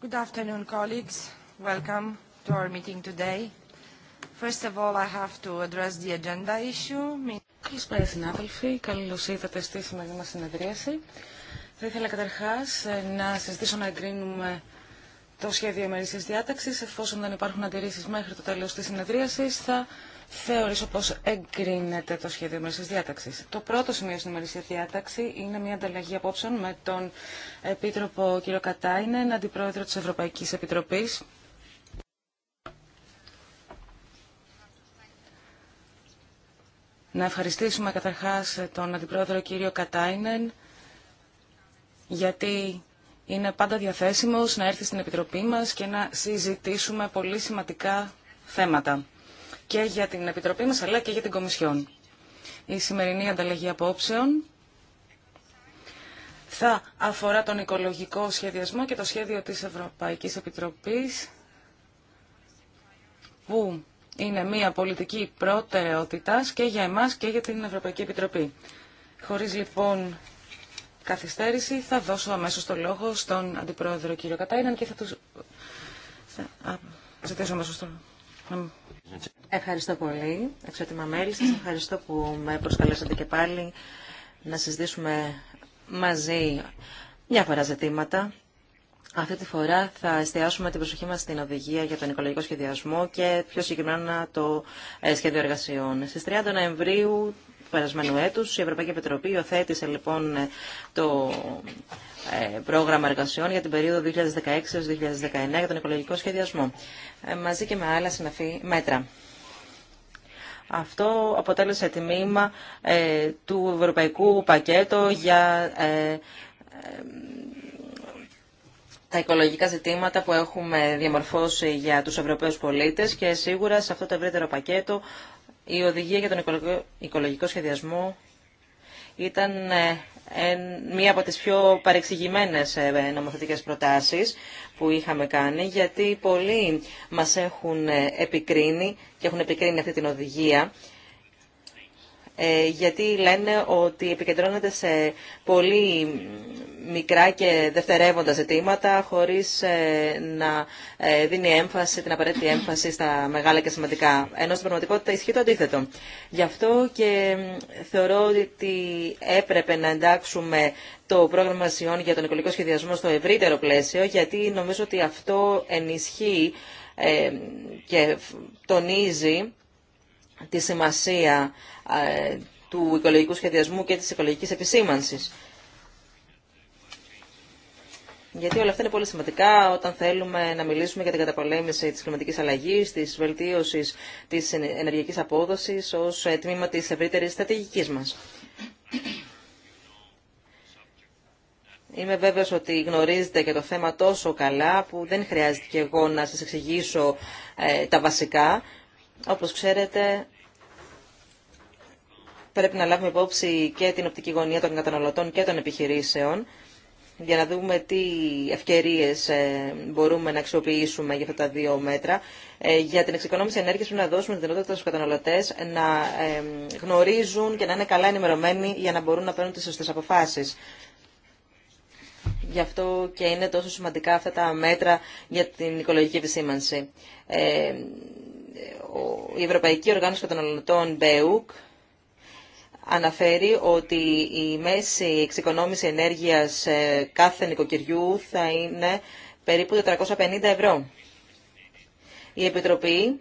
Good afternoon, colleagues. Welcome to our meeting today. First of all, I have to address the agenda issue. Καλησπέρα συνάδελφοι, καλώς ήρθατε στη σημερινή μας συνεδρίαση. Θα ήθελα καταρχάς ε, να συζητήσω να εγκρίνουμε το σχέδιο ημερήσιας διάταξης. Εφόσον δεν υπάρχουν αντιρρήσεις μέχρι το τέλος της συνεδρίασης, θα θεώρησε πω εγκρίνεται το σχέδιο μέσα διάταξη. Το πρώτο σημείο στην ημερησία διάταξη είναι μια ανταλλαγή απόψεων με τον Επίτροπο κ. Κατάινεν, Αντιπρόεδρο τη Ευρωπαϊκής Επιτροπής. Να ευχαριστήσουμε καταρχάς τον Αντιπρόεδρο κύριο Κατάινεν γιατί είναι πάντα διαθέσιμος να έρθει στην Επιτροπή μας και να συζητήσουμε πολύ σημαντικά θέματα και για την Επιτροπή μας αλλά και για την Κομισιόν. Η σημερινή ανταλλαγή απόψεων θα αφορά τον οικολογικό σχεδιασμό και το σχέδιο της Ευρωπαϊκής Επιτροπής που είναι μια πολιτική προτεραιότητα και για εμάς και για την Ευρωπαϊκή Επιτροπή. Χωρίς λοιπόν καθυστέρηση θα δώσω αμέσως το λόγο στον Αντιπρόεδρο κύριο Κατάιναν και θα του θα... ζητήσω αμέσως το λόγο. Ευχαριστώ πολύ. Εξωτήμα μέλη σας. Ευχαριστώ που με προσκαλέσατε και πάλι να συζητήσουμε μαζί διάφορα ζητήματα. Αυτή τη φορά θα εστιάσουμε την προσοχή μας στην οδηγία για τον οικολογικό σχεδιασμό και πιο συγκεκριμένα το ε, σχέδιο εργασιών. Στις 30 Νοεμβρίου περασμένου Η Ευρωπαϊκή Επιτροπή υιοθέτησε λοιπόν το ε, πρόγραμμα εργασιών για την περίοδο 2016-2019 για τον οικολογικό σχεδιασμό, ε, μαζί και με άλλα συναφή μέτρα. Αυτό αποτέλεσε τιμήμα ε, του ευρωπαϊκού πακέτου για τα οικολογικά ζητήματα που έχουμε διαμορφώσει για τους Ευρωπαίους πολίτες και σίγουρα σε αυτό το ευρύτερο πακέτο η οδηγία για τον οικολογικό σχεδιασμό ήταν ε, μία από τις πιο παρεξηγημένες ε, νομοθετικές προτάσεις που είχαμε κάνει, γιατί πολλοί μας έχουν ε, επικρίνει και έχουν επικρίνει αυτή την οδηγία, γιατί λένε ότι επικεντρώνεται σε πολύ μικρά και δευτερεύοντα ζητήματα χωρίς ε, να ε, δίνει έμφαση, την απαραίτητη έμφαση στα μεγάλα και σημαντικά. Ενώ στην πραγματικότητα ισχύει το αντίθετο. Γι' αυτό και θεωρώ ότι έπρεπε να εντάξουμε το πρόγραμμα ΣΥΟΝ για τον οικολογικό σχεδιασμό στο ευρύτερο πλαίσιο, γιατί νομίζω ότι αυτό ενισχύει ε, και τονίζει τη σημασία του οικολογικού σχεδιασμού και της οικολογικής επισήμανσης. Γιατί όλα αυτά είναι πολύ σημαντικά όταν θέλουμε να μιλήσουμε για την καταπολέμηση της κλιματική αλλαγή, τη βελτίωση της ενεργειακής απόδοσης ως ε, τμήμα τη ευρύτερη στρατηγική μας. Είμαι βέβαιος ότι γνωρίζετε και το θέμα τόσο καλά που δεν χρειάζεται και εγώ να σας εξηγήσω ε, τα βασικά. Όπως ξέρετε, πρέπει να λάβουμε υπόψη και την οπτική γωνία των καταναλωτών και των επιχειρήσεων για να δούμε τι ευκαιρίες ε, μπορούμε να αξιοποιήσουμε για αυτά τα δύο μέτρα. Ε, για την εξοικονόμηση ενέργειας πρέπει να δώσουμε τη δυνατότητα στους καταναλωτές να γνωρίζουν και να είναι καλά ενημερωμένοι για να μπορούν να παίρνουν τις σωστές αποφάσεις. Γι' αυτό και είναι τόσο σημαντικά αυτά τα μέτρα για την οικολογική επισήμανση. Ε, η Ευρωπαϊκή Οργάνωση Καταναλωτών, BEUC, αναφέρει ότι η μέση εξοικονόμηση ενέργειας ε, κάθε νοικοκυριού θα είναι περίπου 450 ευρώ. Η Επιτροπή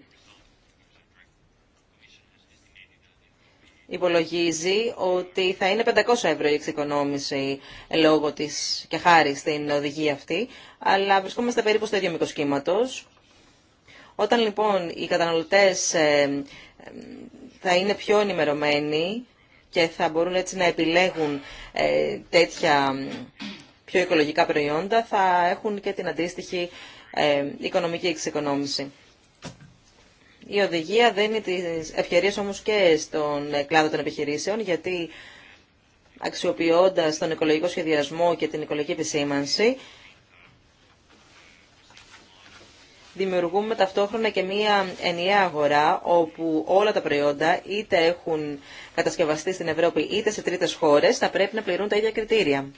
υπολογίζει ότι θα είναι 500 ευρώ η εξοικονόμηση ε, λόγω της και χάρη στην οδηγία αυτή, αλλά βρισκόμαστε περίπου στο ίδιο μήκος Όταν λοιπόν οι καταναλωτές ε, θα είναι πιο ενημερωμένοι, και θα μπορούν έτσι να επιλέγουν ε, τέτοια πιο οικολογικά προϊόντα, θα έχουν και την αντίστοιχη ε, οικονομική εξοικονόμηση. Η οδηγία δίνει τις ευκαιρίες όμως και στον κλάδο των επιχειρήσεων, γιατί αξιοποιώντας τον οικολογικό σχεδιασμό και την οικολογική επισήμανση, δημιουργούμε ταυτόχρονα και μία ενιαία αγορά όπου όλα τα προϊόντα είτε έχουν κατασκευαστεί στην Ευρώπη είτε σε τρίτες χώρες θα πρέπει να πληρούν τα ίδια κριτήρια.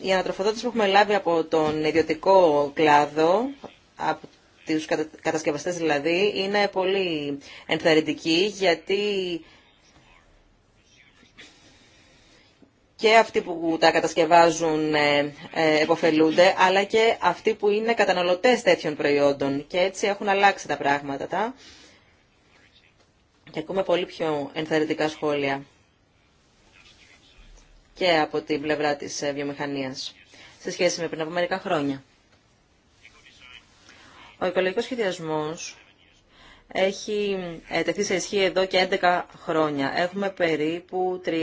Η ανατροφοδότηση που έχουμε λάβει από τον ιδιωτικό κλάδο, από τους κατασκευαστές δηλαδή, είναι πολύ ενθαρρυντική, γιατί και αυτοί που τα κατασκευάζουν ε, ε, εποφελούνται, αλλά και αυτοί που είναι καταναλωτές τέτοιων προϊόντων. Και έτσι έχουν αλλάξει τα πράγματα. Τα. Και ακούμε πολύ πιο ενθαρρυντικά σχόλια και από την πλευρά της ε, βιομηχανίας σε σχέση με πριν από μερικά χρόνια. Ο οικολογικός σχεδιασμός έχει ε, τεθεί σε ισχύ εδώ και 11 χρόνια. Έχουμε περίπου 30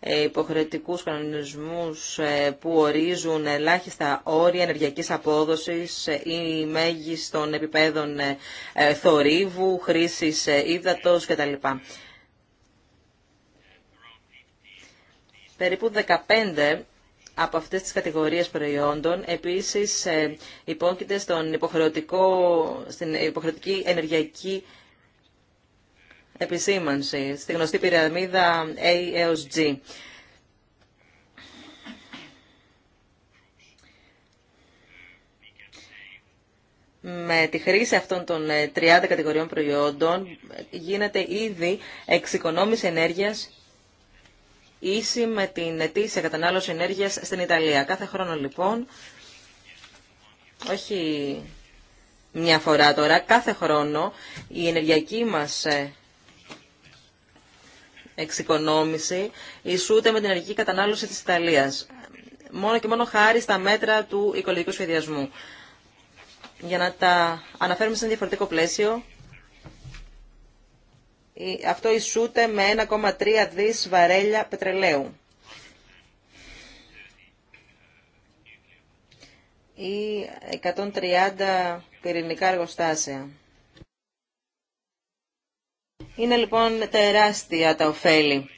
ε, υποχρεωτικούς κανονισμούς ε, που ορίζουν ελάχιστα όρια ενεργειακής απόδοσης ή μέγιστον επιπέδων θορύβου, χρήσης ύδατος κτλ. Περίπου 15 από αυτές τις κατηγορίες προϊόντων. Επίσης, ε, υπόκειται στον υποχρεωτικό, στην υποχρεωτική ενεργειακή επισήμανση, στη γνωστή πυραμίδα A G. με τη χρήση αυτών των 30 ε, κατηγοριών προϊόντων γίνεται ήδη εξοικονόμηση ενέργειας ίση με την ετήσια κατανάλωση ενέργειας στην Ιταλία. Κάθε χρόνο λοιπόν, όχι μια φορά τώρα, κάθε χρόνο η ενεργειακή μας ε, εξοικονόμηση ισούται με την ενεργειακή κατανάλωση της Ιταλίας. Μόνο και μόνο χάρη στα μέτρα του οικολογικού σχεδιασμού. Για να τα αναφέρουμε σε ένα διαφορετικό πλαίσιο, αυτό ισούται με 1,3 δις βαρέλια πετρελαίου. ή 130 πυρηνικά εργοστάσια. Είναι λοιπόν τεράστια τα ωφέλη.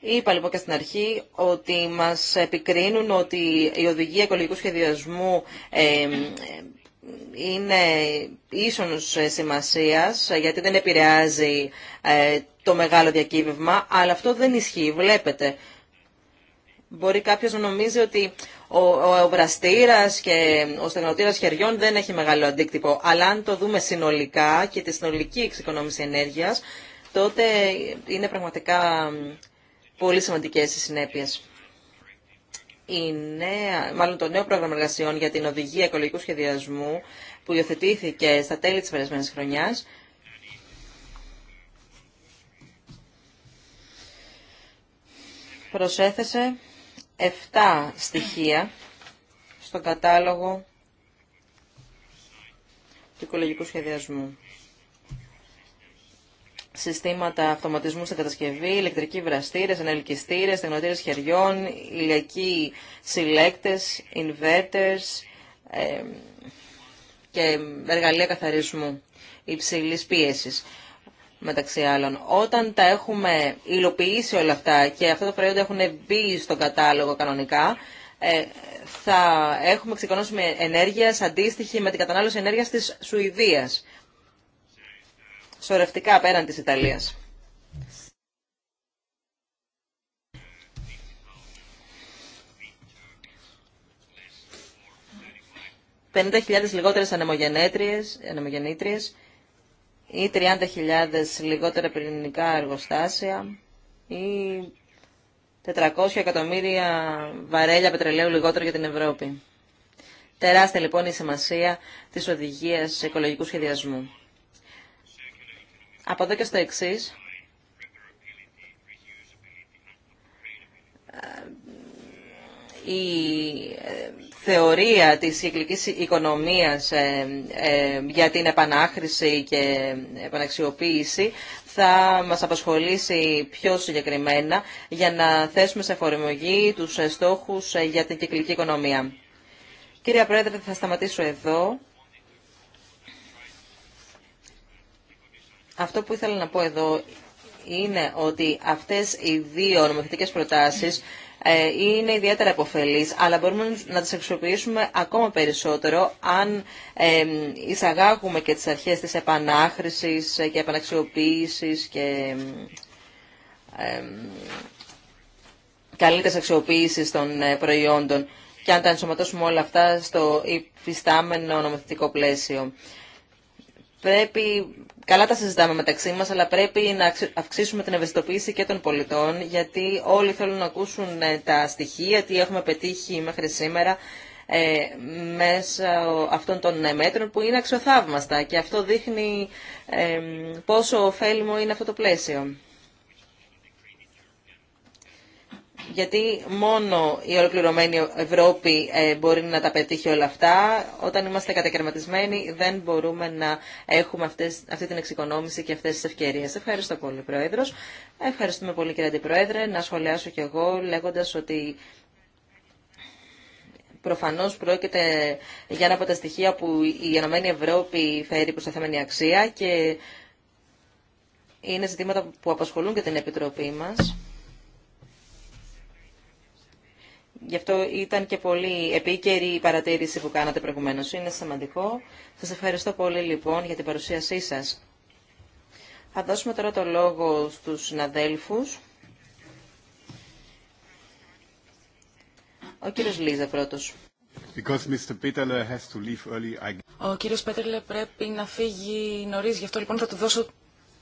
Είπα λοιπόν και στην αρχή ότι μας επικρίνουν ότι η οδηγία οικολογικού σχεδιασμού είναι ίσονος ε, σημασίας ε, γιατί δεν επηρεάζει ε, το μεγάλο διακύβευμα, αλλά αυτό δεν ισχύει, βλέπετε. Μπορεί κάποιος να νομίζει ότι ο, ο, βραστήρας και ο στεγνοτήρας χεριών δεν έχει μεγάλο αντίκτυπο, αλλά αν το δούμε συνολικά και τη συνολική εξοικονόμηση ενέργειας, τότε είναι πραγματικά πολύ σημαντικές οι συνέπειες η νέα, μάλλον το νέο πρόγραμμα εργασιών για την οδηγία οικολογικού σχεδιασμού που υιοθετήθηκε στα τέλη της περασμένης χρονιάς προσέθεσε 7 στοιχεία στον κατάλογο του οικολογικού σχεδιασμού συστήματα αυτοματισμού στην κατασκευή, ηλεκτρικοί βραστήρε, ενελκυστήρε, τεχνοτήρε χεριών, ηλιακοί συλλέκτε, inverters και εργαλεία καθαρισμού υψηλή πίεση μεταξύ άλλων. Όταν τα έχουμε υλοποιήσει όλα αυτά και αυτά τα προϊόντα έχουν μπει στον κατάλογο κανονικά, ε, θα έχουμε ξεκονώσει με ενέργειας αντίστοιχη με την κατανάλωση ενέργειας της Σουηδίας σορευτικά πέραν της Ιταλίας. ...50.000 λιγότερες ανεμογεννήτριες ή 30.000 λιγότερα πυρηνικά εργοστάσια ή 400 εκατομμύρια βαρέλια πετρελαίου λιγότερο για την Ευρώπη. Τεράστια λοιπόν η σημασία της οδηγίας οικολογικού σχεδιασμού. Από εδώ και στο εξή. Ε, η ε, θεωρία της κυκλικής οικονομίας ε, για την επανάχρηση και επαναξιοποίηση θα μας απασχολήσει πιο συγκεκριμένα για να θέσουμε σε εφαρμογή τους στόχους για την κυκλική οικονομία. Κύριε Πρόεδρε, θα σταματήσω εδώ. Αυτό που ήθελα να πω εδώ είναι ότι αυτές οι δύο νομοθετικές προτάσεις ε, είναι ιδιαίτερα υποφελείς, αλλά μπορούμε να τις αξιοποιήσουμε ακόμα περισσότερο αν εισαγάγουμε και τις αρχές της επανάχρησης ε, και επαναξιοποίησης και ε, καλύτερης των προϊόντων και αν τα ενσωματώσουμε όλα αυτά στο υφιστάμενο νομοθετικό πλαίσιο πρέπει, καλά τα συζητάμε μεταξύ μας, αλλά πρέπει να αυξήσουμε την ευαισθητοποίηση και των πολιτών, γιατί όλοι θέλουν να ακούσουν ε, τα στοιχεία, τι έχουμε πετύχει μέχρι σήμερα ε, μέσα αυτών των ε, μέτρων που είναι αξιοθαύμαστα και αυτό δείχνει ε, πόσο ωφέλιμο είναι αυτό το πλαίσιο. γιατί μόνο η ολοκληρωμένη Ευρώπη ε, μπορεί να τα πετύχει όλα αυτά. Όταν είμαστε κατακαιρματισμένοι δεν μπορούμε να έχουμε αυτές, αυτή την εξοικονόμηση και αυτές τις ευκαιρίες. Ευχαριστώ πολύ Πρόεδρος. Ευχαριστούμε πολύ κύριε Αντιπρόεδρε. Να σχολιάσω κι εγώ λέγοντας ότι προφανώς πρόκειται για ένα από τα στοιχεία που η Ενωμένη Ευρώπη φέρει προς τα θέμενη αξία και είναι ζητήματα που απασχολούν και την Επιτροπή μας. Γι' αυτό ήταν και πολύ επίκαιρη η παρατήρηση που κάνατε προηγουμένως. Είναι σημαντικό. Σα ευχαριστώ πολύ λοιπόν για την παρουσίασή σας. Θα δώσουμε τώρα το λόγο στου συναδέλφου. Ο κύριος Λίζα πρώτος. Ο κύριος Πέτερλε πρέπει να φύγει νωρίς, γι' αυτό λοιπόν θα του δώσω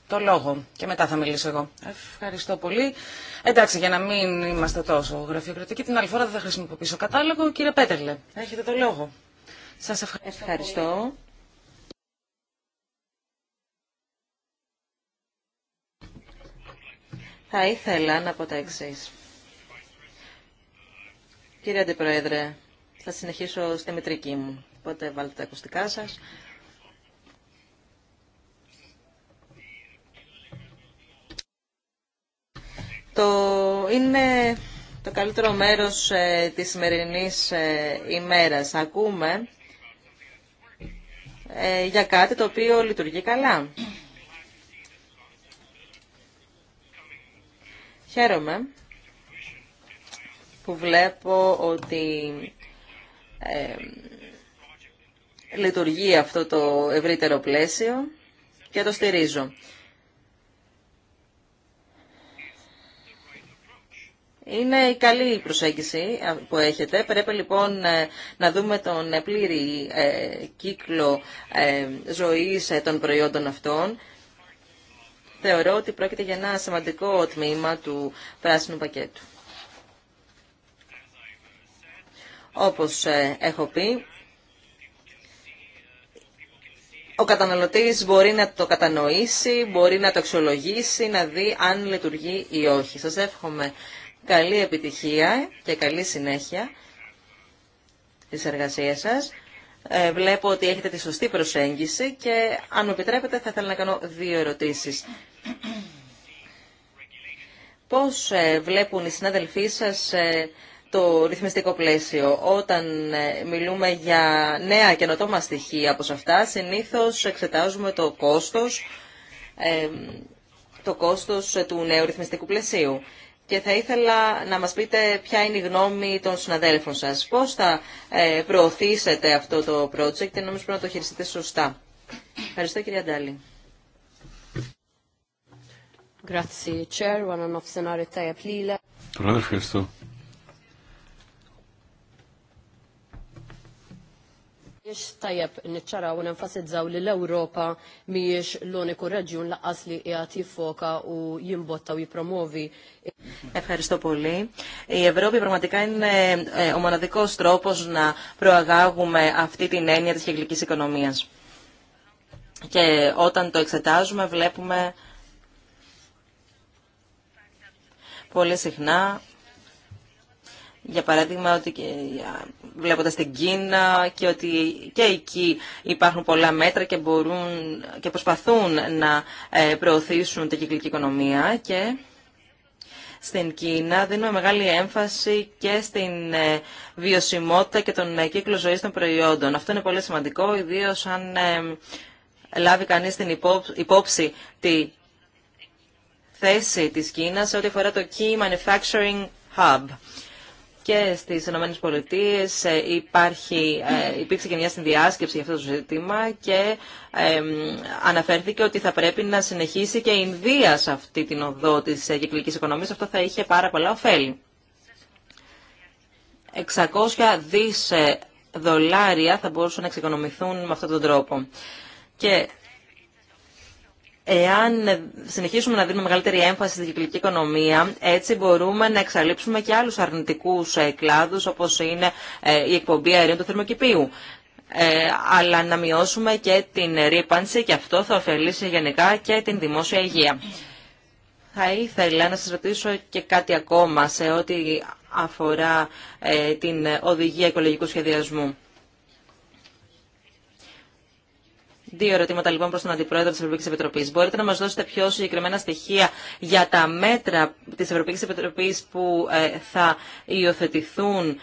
το λόγο και μετά θα μιλήσω εγώ. Ευχαριστώ πολύ. Εντάξει, για να μην είμαστε τόσο γραφειοκρατικοί, την άλλη φορά δεν θα χρησιμοποιήσω κατάλογο. Κύριε Πέτερλε, έχετε το λόγο. Σας ευχαριστώ. ευχαριστώ. Θα ήθελα να πω τα εξή. Κύριε Αντιπρόεδρε, θα συνεχίσω στη μητρική μου. Οπότε βάλτε τα ακουστικά σας. Το είναι το καλύτερο μέρος ε, της σημερινής ε, ημέρας. Ακούμε ε, για κάτι το οποίο λειτουργεί καλά. Χαίρομαι που βλέπω ότι ε, λειτουργεί αυτό το ευρύτερο πλαίσιο και το στηρίζω. Είναι η καλή προσέγγιση που έχετε. Πρέπει λοιπόν ε, να δούμε τον ε, πλήρη ε, κύκλο ζωής των προϊόντων αυτών. Θεωρώ ότι πρόκειται για ένα σημαντικό τμήμα του πράσινου πακέτου. Όπως έχω πει, ο καταναλωτής μπορεί να το κατανοήσει, μπορεί να το αξιολογήσει, να δει αν λειτουργεί ή όχι. Σας εύχομαι Καλή επιτυχία και καλή συνέχεια της εργασίας σας. Ε, βλέπω ότι έχετε τη σωστή προσέγγιση και αν μου επιτρέπετε θα ήθελα να κάνω δύο ερωτήσεις. Πώς ε, βλέπουν οι συνάδελφοί σας ε, το ρυθμιστικό πλαίσιο. Όταν μιλούμε για νέα καινοτόμα στοιχεία από αυτά, συνήθως εξετάζουμε το κόστος, το κόστος του νέου ρυθμιστικού πλαισίου και θα ήθελα να μας πείτε ποια είναι η γνώμη των συναδέλφων σας. Πώς θα ε, προωθήσετε αυτό το project και νομίζω πρέπει να το χειριστείτε σωστά. Ευχαριστώ κυρία Ντάλη. ευχαριστώ. Ix tajjeb niċċaraw u nenfasizzaw li l-Ewropa mhijiex l-uniku reġjun laqas li qiegħed jiffoka u jimbotta u jipromovi. Ευχαριστώ πολύ. Η Ευρώπη πραγματικά είναι ε, ο μοναδικός τρόπος να προαγάγουμε αυτή την έννοια της κυκλικής οικονομίας. Και όταν το εξετάζουμε βλέπουμε πολύ συχνά για παράδειγμα, ότι την Κίνα και ότι και εκεί υπάρχουν πολλά μέτρα και, μπορούν, και προσπαθούν να ε, προωθήσουν την κυκλική οικονομία και στην Κίνα δίνουμε μεγάλη έμφαση και στην ε, βιωσιμότητα και τον ε, κύκλο ζωής των προϊόντων. Αυτό είναι πολύ σημαντικό, ιδίως αν λάβει κανείς την υπόψη τη θέση της Κίνας σε ό,τι αφορά το Key Manufacturing Hub και στις ΗΠΑ ε, υπάρχει, ε, υπήρξε και μια συνδιάσκεψη για αυτό το ζήτημα και αναφέρθηκε ότι θα πρέπει να συνεχίσει και η Ινδία σε αυτή την οδό της ε, κυκλική οικονομία, Αυτό θα είχε πάρα πολλά ωφέλη. 600 δις δολάρια θα μπορούσαν να εξοικονομηθούν με αυτόν τον τρόπο. Και Εάν συνεχίσουμε να δίνουμε μεγαλύτερη έμφαση στην κυκλική οικονομία, έτσι μπορούμε να εξαλείψουμε και άλλους αρνητικούς ε, κλάδους, όπως είναι ε, η εκπομπή αερίων του θερμοκηπίου. Ε, αλλά να μειώσουμε και την ρήπανση και αυτό θα ωφελήσει γενικά και την δημόσια υγεία. Θα ήθελα να σας ρωτήσω και κάτι ακόμα σε ό,τι αφορά την οδηγία οικολογικού σχεδιασμού. Δύο ερωτήματα λοιπόν προς τον Αντιπρόεδρο της Ευρωπαϊκής Επιτροπής. Μπορείτε να μας δώσετε πιο συγκεκριμένα στοιχεία για τα μέτρα της Ευρωπαϊκής Επιτροπής που ε, θα υιοθετηθούν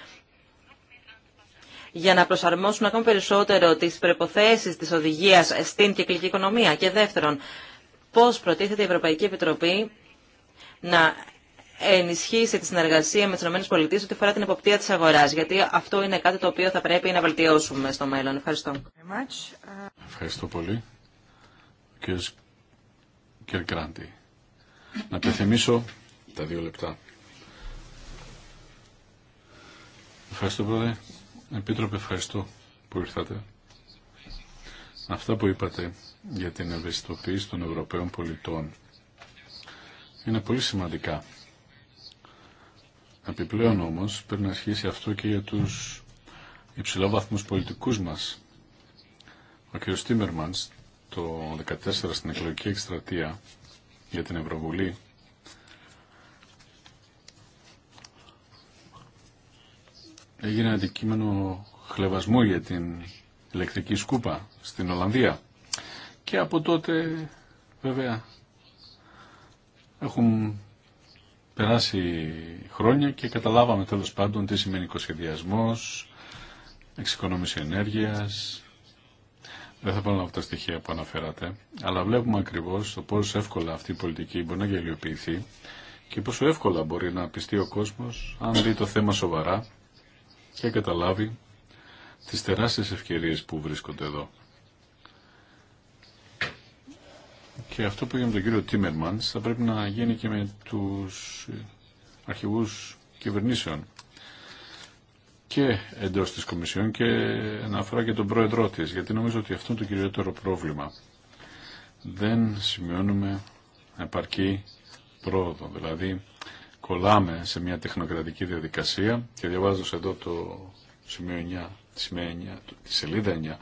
για να προσαρμόσουν ακόμη περισσότερο τις προποθέσει τη οδηγία στην κυκλική οικονομία. Και δεύτερον, πώς προτίθεται η Ευρωπαϊκή Επιτροπή να ενισχύσει τη συνεργασία με τι ΗΠΑ ό,τι αφορά την εποπτεία τη αγορά. Γιατί αυτό είναι κάτι το οποίο θα πρέπει να βελτιώσουμε στο μέλλον. Ευχαριστώ. Ευχαριστώ πολύ. Κερκράντη. Να πεθυμίσω τα δύο λεπτά. Ευχαριστώ πρόεδρε. Επίτροπε ευχαριστώ που ήρθατε. Αυτά που είπατε για την ευαισθητοποίηση των Ευρωπαίων πολιτών είναι πολύ σημαντικά. Επιπλέον όμως πρέπει να ισχύσει αυτό και για τους υψηλόβαθμους πολιτικούς μας. Ο κ. το 2014 στην εκλογική εκστρατεία για την Ευρωβουλή έγινε αντικείμενο χλεβασμού για την ηλεκτρική σκούπα στην Ολλανδία. Και από τότε βέβαια έχουν περάσει χρόνια και καταλάβαμε τέλος πάντων τι σημαίνει οικοσχεδιασμός, εξοικονόμηση ενέργειας. Δεν θα πάω από τα στοιχεία που αναφέρατε, αλλά βλέπουμε ακριβώς το πόσο εύκολα αυτή η πολιτική μπορεί να γελιοποιηθεί και πόσο εύκολα μπορεί να πιστεί ο κόσμος αν δει το θέμα σοβαρά και καταλάβει τις τεράστιες ευκαιρίες που βρίσκονται εδώ. Και αυτό που έγινε με τον κύριο Τίμερμαν θα πρέπει να γίνει και με του αρχηγού κυβερνήσεων και εντό τη Κομισιόν και να αφορά και τον πρόεδρό τη. γιατί νομίζω ότι αυτό είναι το κυριότερο πρόβλημα. Δεν σημειώνουμε επαρκή πρόοδο, δηλαδή κολλάμε σε μια τεχνοκρατική διαδικασία και διαβάζω εδώ το σημείο 9, τη σελίδα 9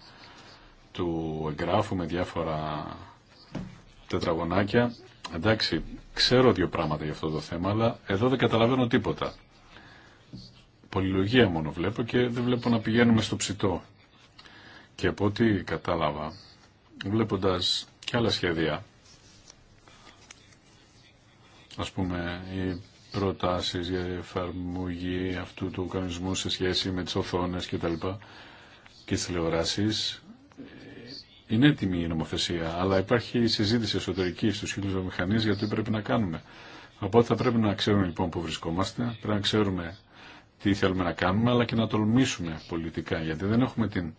του εγγράφου με διάφορα τετραγωνάκια. Εντάξει, ξέρω δύο πράγματα για αυτό το θέμα, αλλά εδώ δεν καταλαβαίνω τίποτα. Πολυλογία μόνο βλέπω και δεν βλέπω να πηγαίνουμε στο ψητό. Και από ό,τι κατάλαβα, βλέποντας και άλλα σχέδια, ας πούμε, οι προτάσεις για εφαρμογή αυτού του κανονισμού σε σχέση με τις οθόνες και και τις τηλεοράσεις είναι έτοιμη η νομοθεσία, αλλά υπάρχει συζήτηση εσωτερική στου βιομηχανίε για το τι πρέπει να κάνουμε. Οπότε θα πρέπει να ξέρουμε λοιπόν που βρισκόμαστε, πρέπει να ξέρουμε τι θέλουμε να κάνουμε, αλλά και να τολμήσουμε πολιτικά, γιατί δεν έχουμε την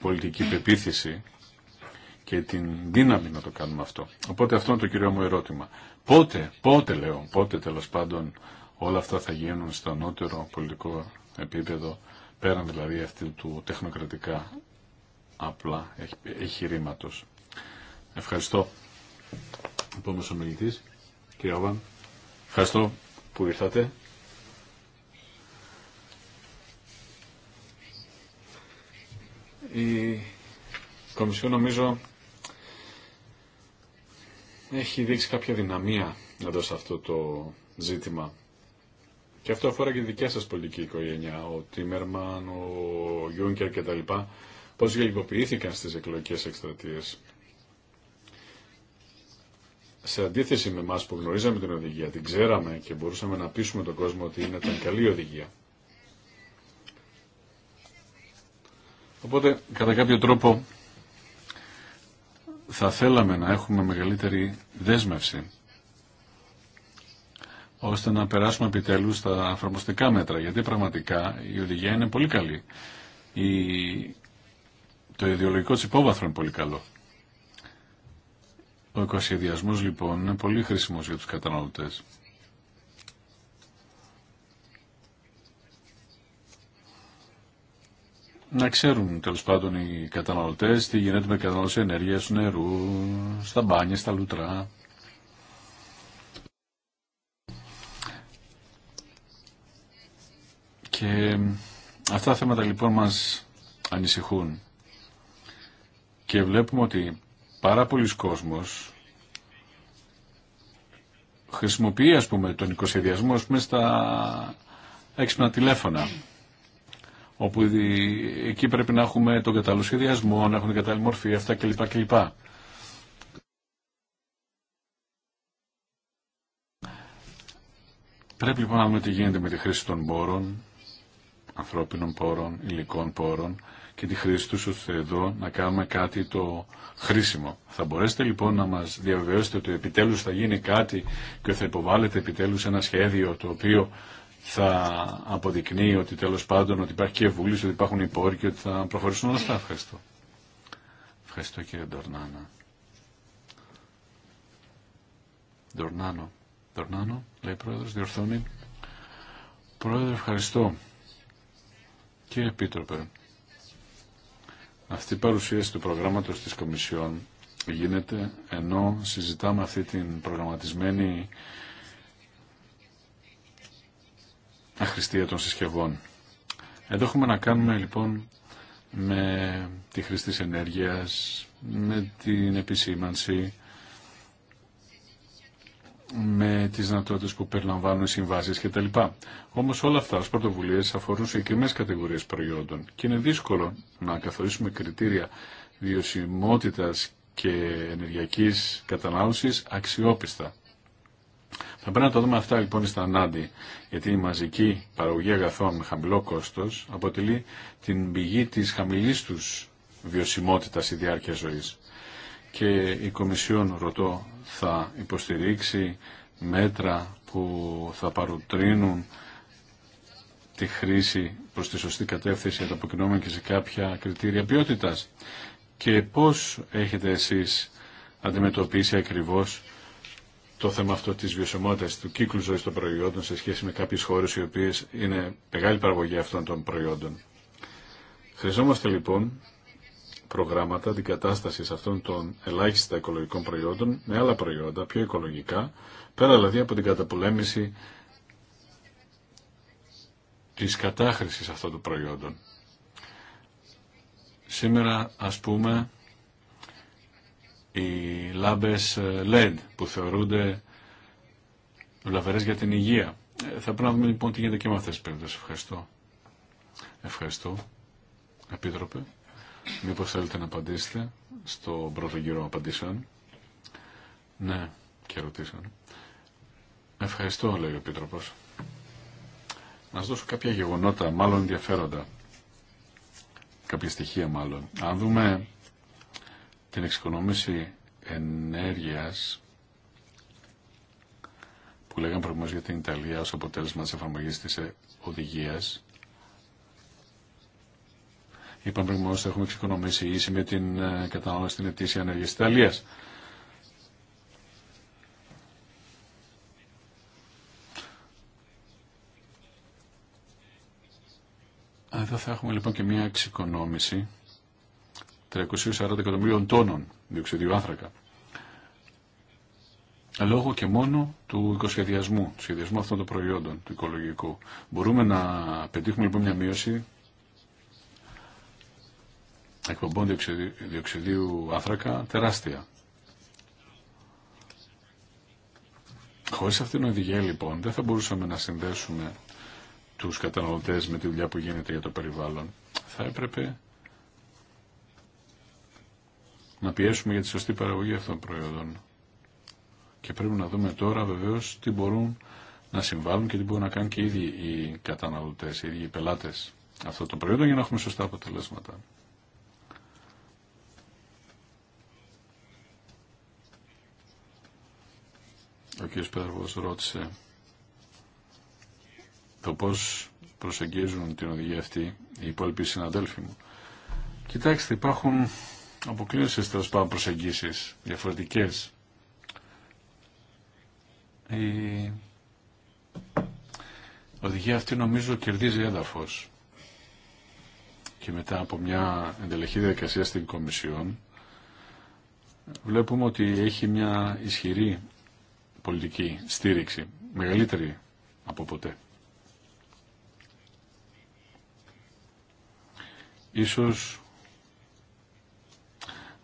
πολιτική πεποίθηση και την δύναμη να το κάνουμε αυτό. Οπότε αυτό είναι το κυρίω μου ερώτημα. Πότε, πότε λέω, πότε τέλο πάντων όλα αυτά θα γίνουν στο ανώτερο πολιτικό επίπεδο, πέραν δηλαδή αυτή του τεχνοκρατικά απλά ρήματος. Ευχαριστώ. Επόμενος ο κύριε Άβαν. Ευχαριστώ που ήρθατε. Η Κομισιόν νομίζω έχει δείξει κάποια δυναμία εδώ σε αυτό το ζήτημα. Και αυτό αφορά και τη δικιά σας πολιτική οικογένεια, ο Τίμερμαν, ο Γιούνκερ κτλ πώς γελικοποιήθηκαν στις εκλογικές εκστρατείες. Σε αντίθεση με εμά που γνωρίζαμε την οδηγία, την ξέραμε και μπορούσαμε να πείσουμε τον κόσμο ότι είναι ήταν καλή οδηγία. Οπότε, κατά κάποιο τρόπο, θα θέλαμε να έχουμε μεγαλύτερη δέσμευση ώστε να περάσουμε επιτέλους στα αφαρμοστικά μέτρα, γιατί πραγματικά η οδηγία είναι πολύ καλή το ιδεολογικό της υπόβαθρο είναι πολύ καλό. Ο οικοσχεδιασμός λοιπόν είναι πολύ χρήσιμος για τους καταναλωτές. Να ξέρουν τέλο πάντων οι καταναλωτέ τι γίνεται με κατανάλωση ενέργεια, νερού, στα μπάνια, στα λουτρά. Και αυτά τα θέματα λοιπόν μας ανησυχούν και βλέπουμε ότι πάρα πολλοί κόσμος χρησιμοποιεί ας πούμε τον οικοσχεδιασμό ας πούμε στα έξυπνα τηλέφωνα όπου εκεί πρέπει να έχουμε τον κατάλληλο σχεδιασμό, να έχουν την κατάλληλη μορφή, αυτά κλπ. κλπ. Πρέπει λοιπόν να δούμε τι γίνεται με τη χρήση των πόρων, ανθρώπινων πόρων, υλικών πόρων και τη χρήση του ώστε εδώ να κάνουμε κάτι το χρήσιμο. Θα μπορέσετε λοιπόν να μας διαβεβαιώσετε ότι επιτέλους θα γίνει κάτι και θα υποβάλλετε επιτέλους ένα σχέδιο το οποίο θα αποδεικνύει ότι τέλος πάντων ότι υπάρχει και βούληση, ότι υπάρχουν οι και ότι θα προχωρήσουν όλα αυτά. Ευχαριστώ. Ευχαριστώ κύριε Ντορνάνα. Ντορνάνο. Ντορνάνο, λέει πρόεδρος, διορθώνει. Πρόεδρε, ευχαριστώ. Κύριε Επίτροπε, αυτή η παρουσίαση του προγράμματος της Κομισιόν γίνεται ενώ συζητάμε αυτή την προγραμματισμένη αχρηστία των συσκευών. Εδώ έχουμε να κάνουμε λοιπόν με τη χρήση της ενέργειας, με την επισήμανση, με τις δυνατότητε που περιλαμβάνουν οι συμβάσεις κτλ. Όμως όλα αυτά ως πρωτοβουλίες αφορούν συγκεκριμένες κατηγορίες προϊόντων και είναι δύσκολο να καθορίσουμε κριτήρια βιωσιμότητας και ενεργειακής κατανάλωσης αξιόπιστα. Θα πρέπει να τα δούμε αυτά λοιπόν στα ανάντι, γιατί η μαζική παραγωγή αγαθών με χαμηλό κόστος αποτελεί την πηγή της χαμηλής τους βιωσιμότητας στη διάρκεια ζωής. Και η Κομισιόν ρωτώ θα υποστηρίξει μέτρα που θα παροτρύνουν τη χρήση προς τη σωστή κατεύθυνση ανταποκρινόμενη και σε κάποια κριτήρια ποιότητας. Και πώς έχετε εσείς αντιμετωπίσει ακριβώς το θέμα αυτό της βιωσιμότητας του κύκλου ζωής των προϊόντων σε σχέση με κάποιες χώρες οι οποίες είναι μεγάλη παραγωγή αυτών των προϊόντων. Χρειαζόμαστε λοιπόν προγράμματα αντικατάστασης αυτών των ελάχιστα οικολογικών προϊόντων με άλλα προϊόντα πιο οικολογικά, πέρα δηλαδή από την καταπολέμηση της κατάχρησης αυτών των προϊόντων. Σήμερα, ας πούμε, οι λάμπες ε, LED που θεωρούνται βλαβερές για την υγεία. Ε, θα πρέπει να δούμε λοιπόν τι γίνεται και με αυτές τις περιπτώσεις. Ευχαριστώ. Ευχαριστώ. Επίτροπε. Μήπως θέλετε να απαντήσετε στο πρώτο γύρο απαντήσεων. Ναι, και ρωτήσαν. Ευχαριστώ, λέει ο Επίτροπος. Να σας δώσω κάποια γεγονότα, μάλλον ενδιαφέροντα. Κάποια στοιχεία μάλλον. Αν δούμε την εξοικονόμηση ενέργειας που λέγαμε προηγουμένως για την Ιταλία ως αποτέλεσμα της εφαρμογής της οδηγίας Είπαμε πριν ότι έχουμε εξοικονομήσει ίση με την ε, κατανάλωση στην ετήσια ενέργεια τη Ιταλία. Εδώ θα έχουμε λοιπόν και μια εξοικονόμηση 340 εκατομμύριων τόνων διοξιδίου άνθρακα. Λόγω και μόνο του οικοσχεδιασμού, του σχεδιασμού αυτών των προϊόντων, του οικολογικού. Μπορούμε να πετύχουμε λοιπόν μια μείωση εκπομπών διοξιδίου, άθρακα τεράστια. Χωρίς αυτήν την οδηγία λοιπόν δεν θα μπορούσαμε να συνδέσουμε τους καταναλωτές με τη δουλειά που γίνεται για το περιβάλλον. Θα έπρεπε να πιέσουμε για τη σωστή παραγωγή αυτών των προϊόντων. Και πρέπει να δούμε τώρα βεβαίως τι μπορούν να συμβάλλουν και τι μπορούν να κάνουν και οι ίδιοι οι καταναλωτές, οι ίδιοι οι πελάτες αυτών των προϊόντων για να έχουμε σωστά αποτελέσματα. Ο κ. ρώτησε το πώς προσεγγίζουν την οδηγία αυτή οι υπόλοιποι συναδέλφοι μου. Κοιτάξτε, υπάρχουν αποκλείωσες τέλος πάντων προσεγγίσεις διαφορετικές. Η οδηγία αυτή νομίζω κερδίζει έδαφος και μετά από μια εντελεχή διαδικασία στην Κομισιόν βλέπουμε ότι έχει μια ισχυρή πολιτική στήριξη, μεγαλύτερη από ποτέ. Ίσως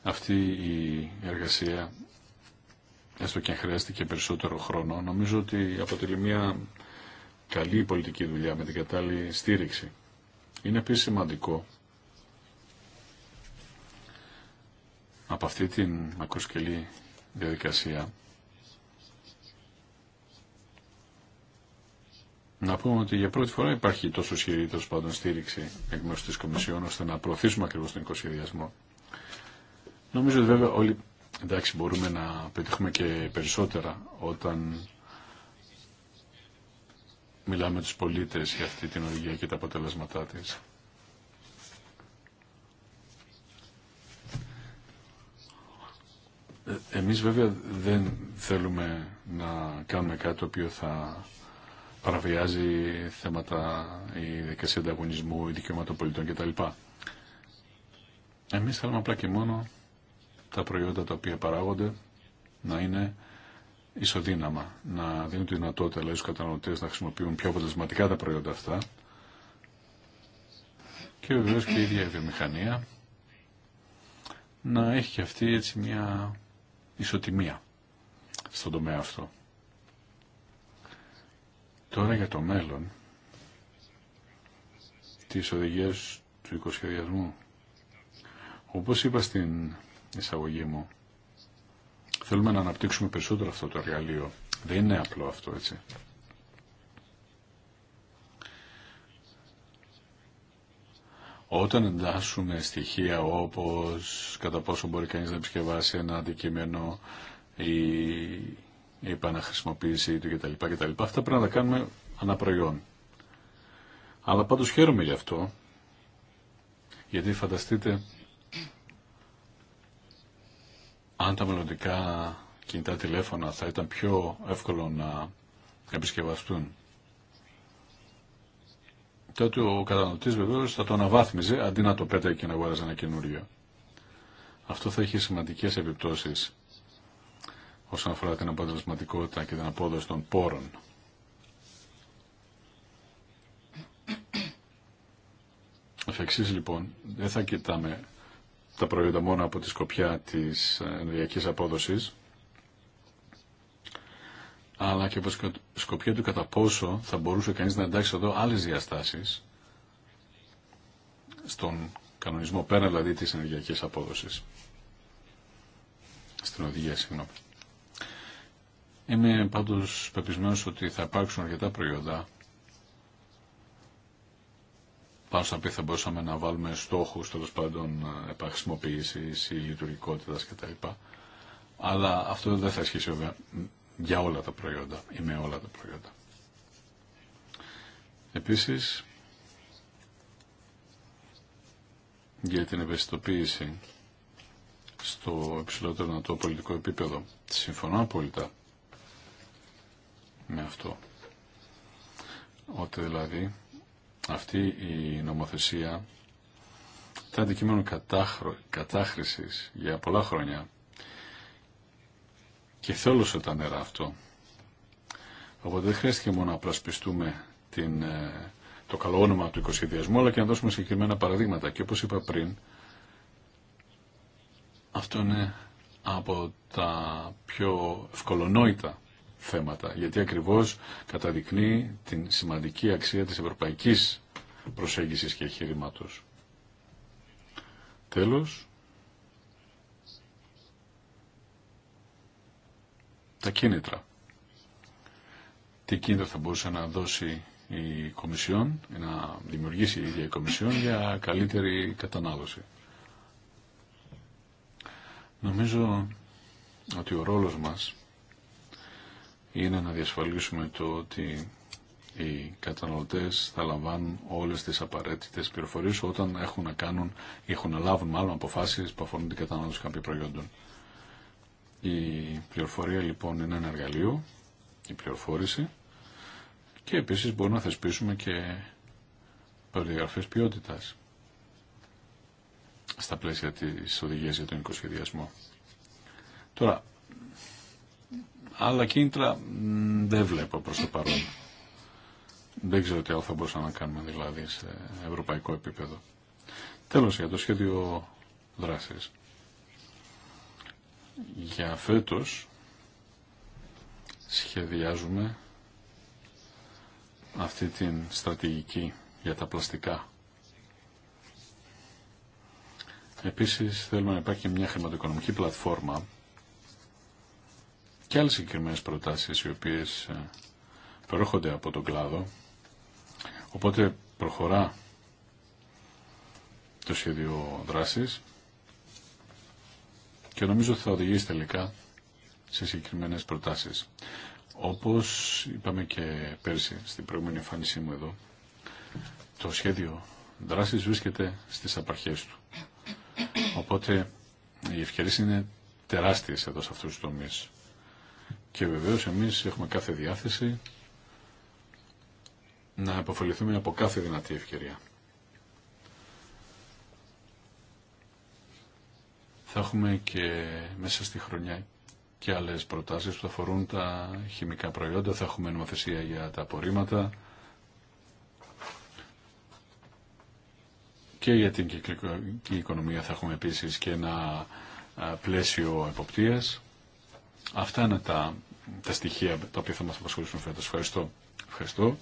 αυτή η εργασία, έστω και αν χρειάστηκε περισσότερο χρόνο, νομίζω ότι αποτελεί μια καλή πολιτική δουλειά με την κατάλληλη στήριξη. Είναι επίσης σημαντικό από αυτή την μακροσκελή διαδικασία Να πούμε ότι για πρώτη φορά υπάρχει τόσο ισχυρή τέλο στήριξη εκ μέρου τη Κομισιόν ώστε να προωθήσουμε ακριβώ τον οικοσχεδιασμό. Νομίζω ότι βέβαια όλοι εντάξει μπορούμε να πετύχουμε και περισσότερα όταν μιλάμε με τους πολίτες για αυτή την οδηγία και τα αποτελέσματά της. Ε, εμείς βέβαια δεν θέλουμε να κάνουμε κάτι το οποίο θα παραβιάζει θέματα η δικασία ανταγωνισμού, η δικαιώματα πολιτών κτλ. Εμείς θέλουμε απλά και μόνο τα προϊόντα τα οποία παράγονται να είναι ισοδύναμα, να δίνουν τη δυνατότητα λέει στους καταναλωτές να χρησιμοποιούν πιο αποτελεσματικά τα προϊόντα αυτά και βεβαίως και η ίδια η βιομηχανία να έχει και αυτή έτσι μια ισοτιμία στον τομέα αυτό. Τώρα για το μέλλον της οδηγίας του οικοσχεδιασμού. Όπως είπα στην εισαγωγή μου, θέλουμε να αναπτύξουμε περισσότερο αυτό το εργαλείο. Δεν είναι απλό αυτό, έτσι. Όταν εντάσσουμε στοιχεία όπως κατά πόσο μπορεί κανείς να επισκευάσει ένα αντικείμενο ή η επαναχρησιμοποίησή του κτλ. κτλ. Αυτά πρέπει να τα κάνουμε αναπροϊόν. Αλλά πάντως χαίρομαι γι' αυτό, γιατί φανταστείτε αν τα μελλοντικά κινητά τηλέφωνα θα ήταν πιο εύκολο να επισκευαστούν. Τότε ο καταναλωτής βεβαίως θα το αναβάθμιζε αντί να το πέταγε και να αγοράζει ένα καινούριο. Αυτό θα έχει σημαντικές επιπτώσεις όσον αφορά την αποτελεσματικότητα και την απόδοση των πόρων. Εφ' λοιπόν, δεν θα κοιτάμε τα προϊόντα μόνο από τη σκοπιά της ενεργειακής απόδοσης, αλλά και από τη σκοπιά του κατά πόσο θα μπορούσε κανείς να εντάξει εδώ άλλες διαστάσεις στον κανονισμό πέρα δηλαδή της ενεργειακής απόδοσης. Στην οδηγία, συγγνώμη. Είμαι πάντως πεπισμένος ότι θα υπάρξουν αρκετά προϊόντα πάνω στα οποία θα μπορούσαμε να βάλουμε στόχους τέλο πάντων επαχρησιμοποίησης ή λειτουργικότητας κτλ. Αλλά αυτό δεν θα ισχύσει βέβαια για όλα τα προϊόντα ή με όλα τα προϊόντα. Επίσης, για την ευαισθητοποίηση στο υψηλότερο να το πολιτικό επίπεδο. Συμφωνώ απόλυτα με αυτό. Ότι δηλαδή αυτή η νομοθεσία ήταν αντικείμενο κατάχρησης για πολλά χρόνια και θέλωσε τα νερά αυτό. Οπότε δεν χρειάστηκε μόνο να πρασπιστούμε την, ε, το καλό όνομα του οικοσχεδιασμού, αλλά και να δώσουμε συγκεκριμένα παραδείγματα. Και όπως είπα πριν, αυτό είναι από τα πιο ευκολονόητα θέματα, γιατί ακριβώς καταδεικνύει την σημαντική αξία της ευρωπαϊκής προσέγγισης και εγχειρήματο. Τέλος, τα κίνητρα. Τι κίνητρα θα μπορούσε να δώσει η Κομισιόν, να δημιουργήσει η ίδια η Κομισιόν για καλύτερη κατανάλωση. Νομίζω ότι ο ρόλος μας είναι να διασφαλίσουμε το ότι οι καταναλωτές θα λαμβάνουν όλες τις απαραίτητες πληροφορίες όταν έχουν να κάνουν ή έχουν να λάβουν μάλλον αποφάσεις που αφορούν την κατανάλωση κάποιων προϊόντων. Η πληροφορία λοιπόν είναι ένα εργαλείο, η πληροφόρηση και επίσης μπορούμε να θεσπίσουμε και περιγραφές ποιότητας στα πλαίσια της οδηγίας για τον οικοσχεδιασμό. Τώρα, αλλά κίνητρα δεν βλέπω προ το παρόν. Δεν ξέρω τι άλλο θα μπορούσαμε να κάνουμε δηλαδή σε ευρωπαϊκό επίπεδο. Τέλος για το σχέδιο δράσης. Για φέτος σχεδιάζουμε αυτή την στρατηγική για τα πλαστικά. Επίσης θέλουμε να υπάρχει μια χρηματοοικονομική πλατφόρμα και άλλες συγκεκριμένε προτάσεις οι οποίες ε, προέρχονται από τον κλάδο. Οπότε προχωρά το σχέδιο δράσης και νομίζω θα οδηγήσει τελικά σε συγκεκριμένες προτάσεις. Όπως είπαμε και πέρσι στην προηγούμενη εμφάνισή μου εδώ, το σχέδιο δράσης βρίσκεται στις απαρχές του. Οπότε οι ευκαιρίες είναι τεράστιες εδώ σε αυτούς τους τομείς. Και βεβαίως εμείς έχουμε κάθε διάθεση να αποφεληθούμε από κάθε δυνατή ευκαιρία. Θα έχουμε και μέσα στη χρονιά και άλλες προτάσεις που αφορούν τα χημικά προϊόντα. Θα έχουμε νομοθεσία για τα απορρίμματα και για την κυκλική οικονομία θα έχουμε επίσης και ένα πλαίσιο εποπτείας Αυτά είναι τα, τα στοιχεία τα οποία θα μας απασχολήσουν φέτος. Ευχαριστώ. Ευχαριστώ.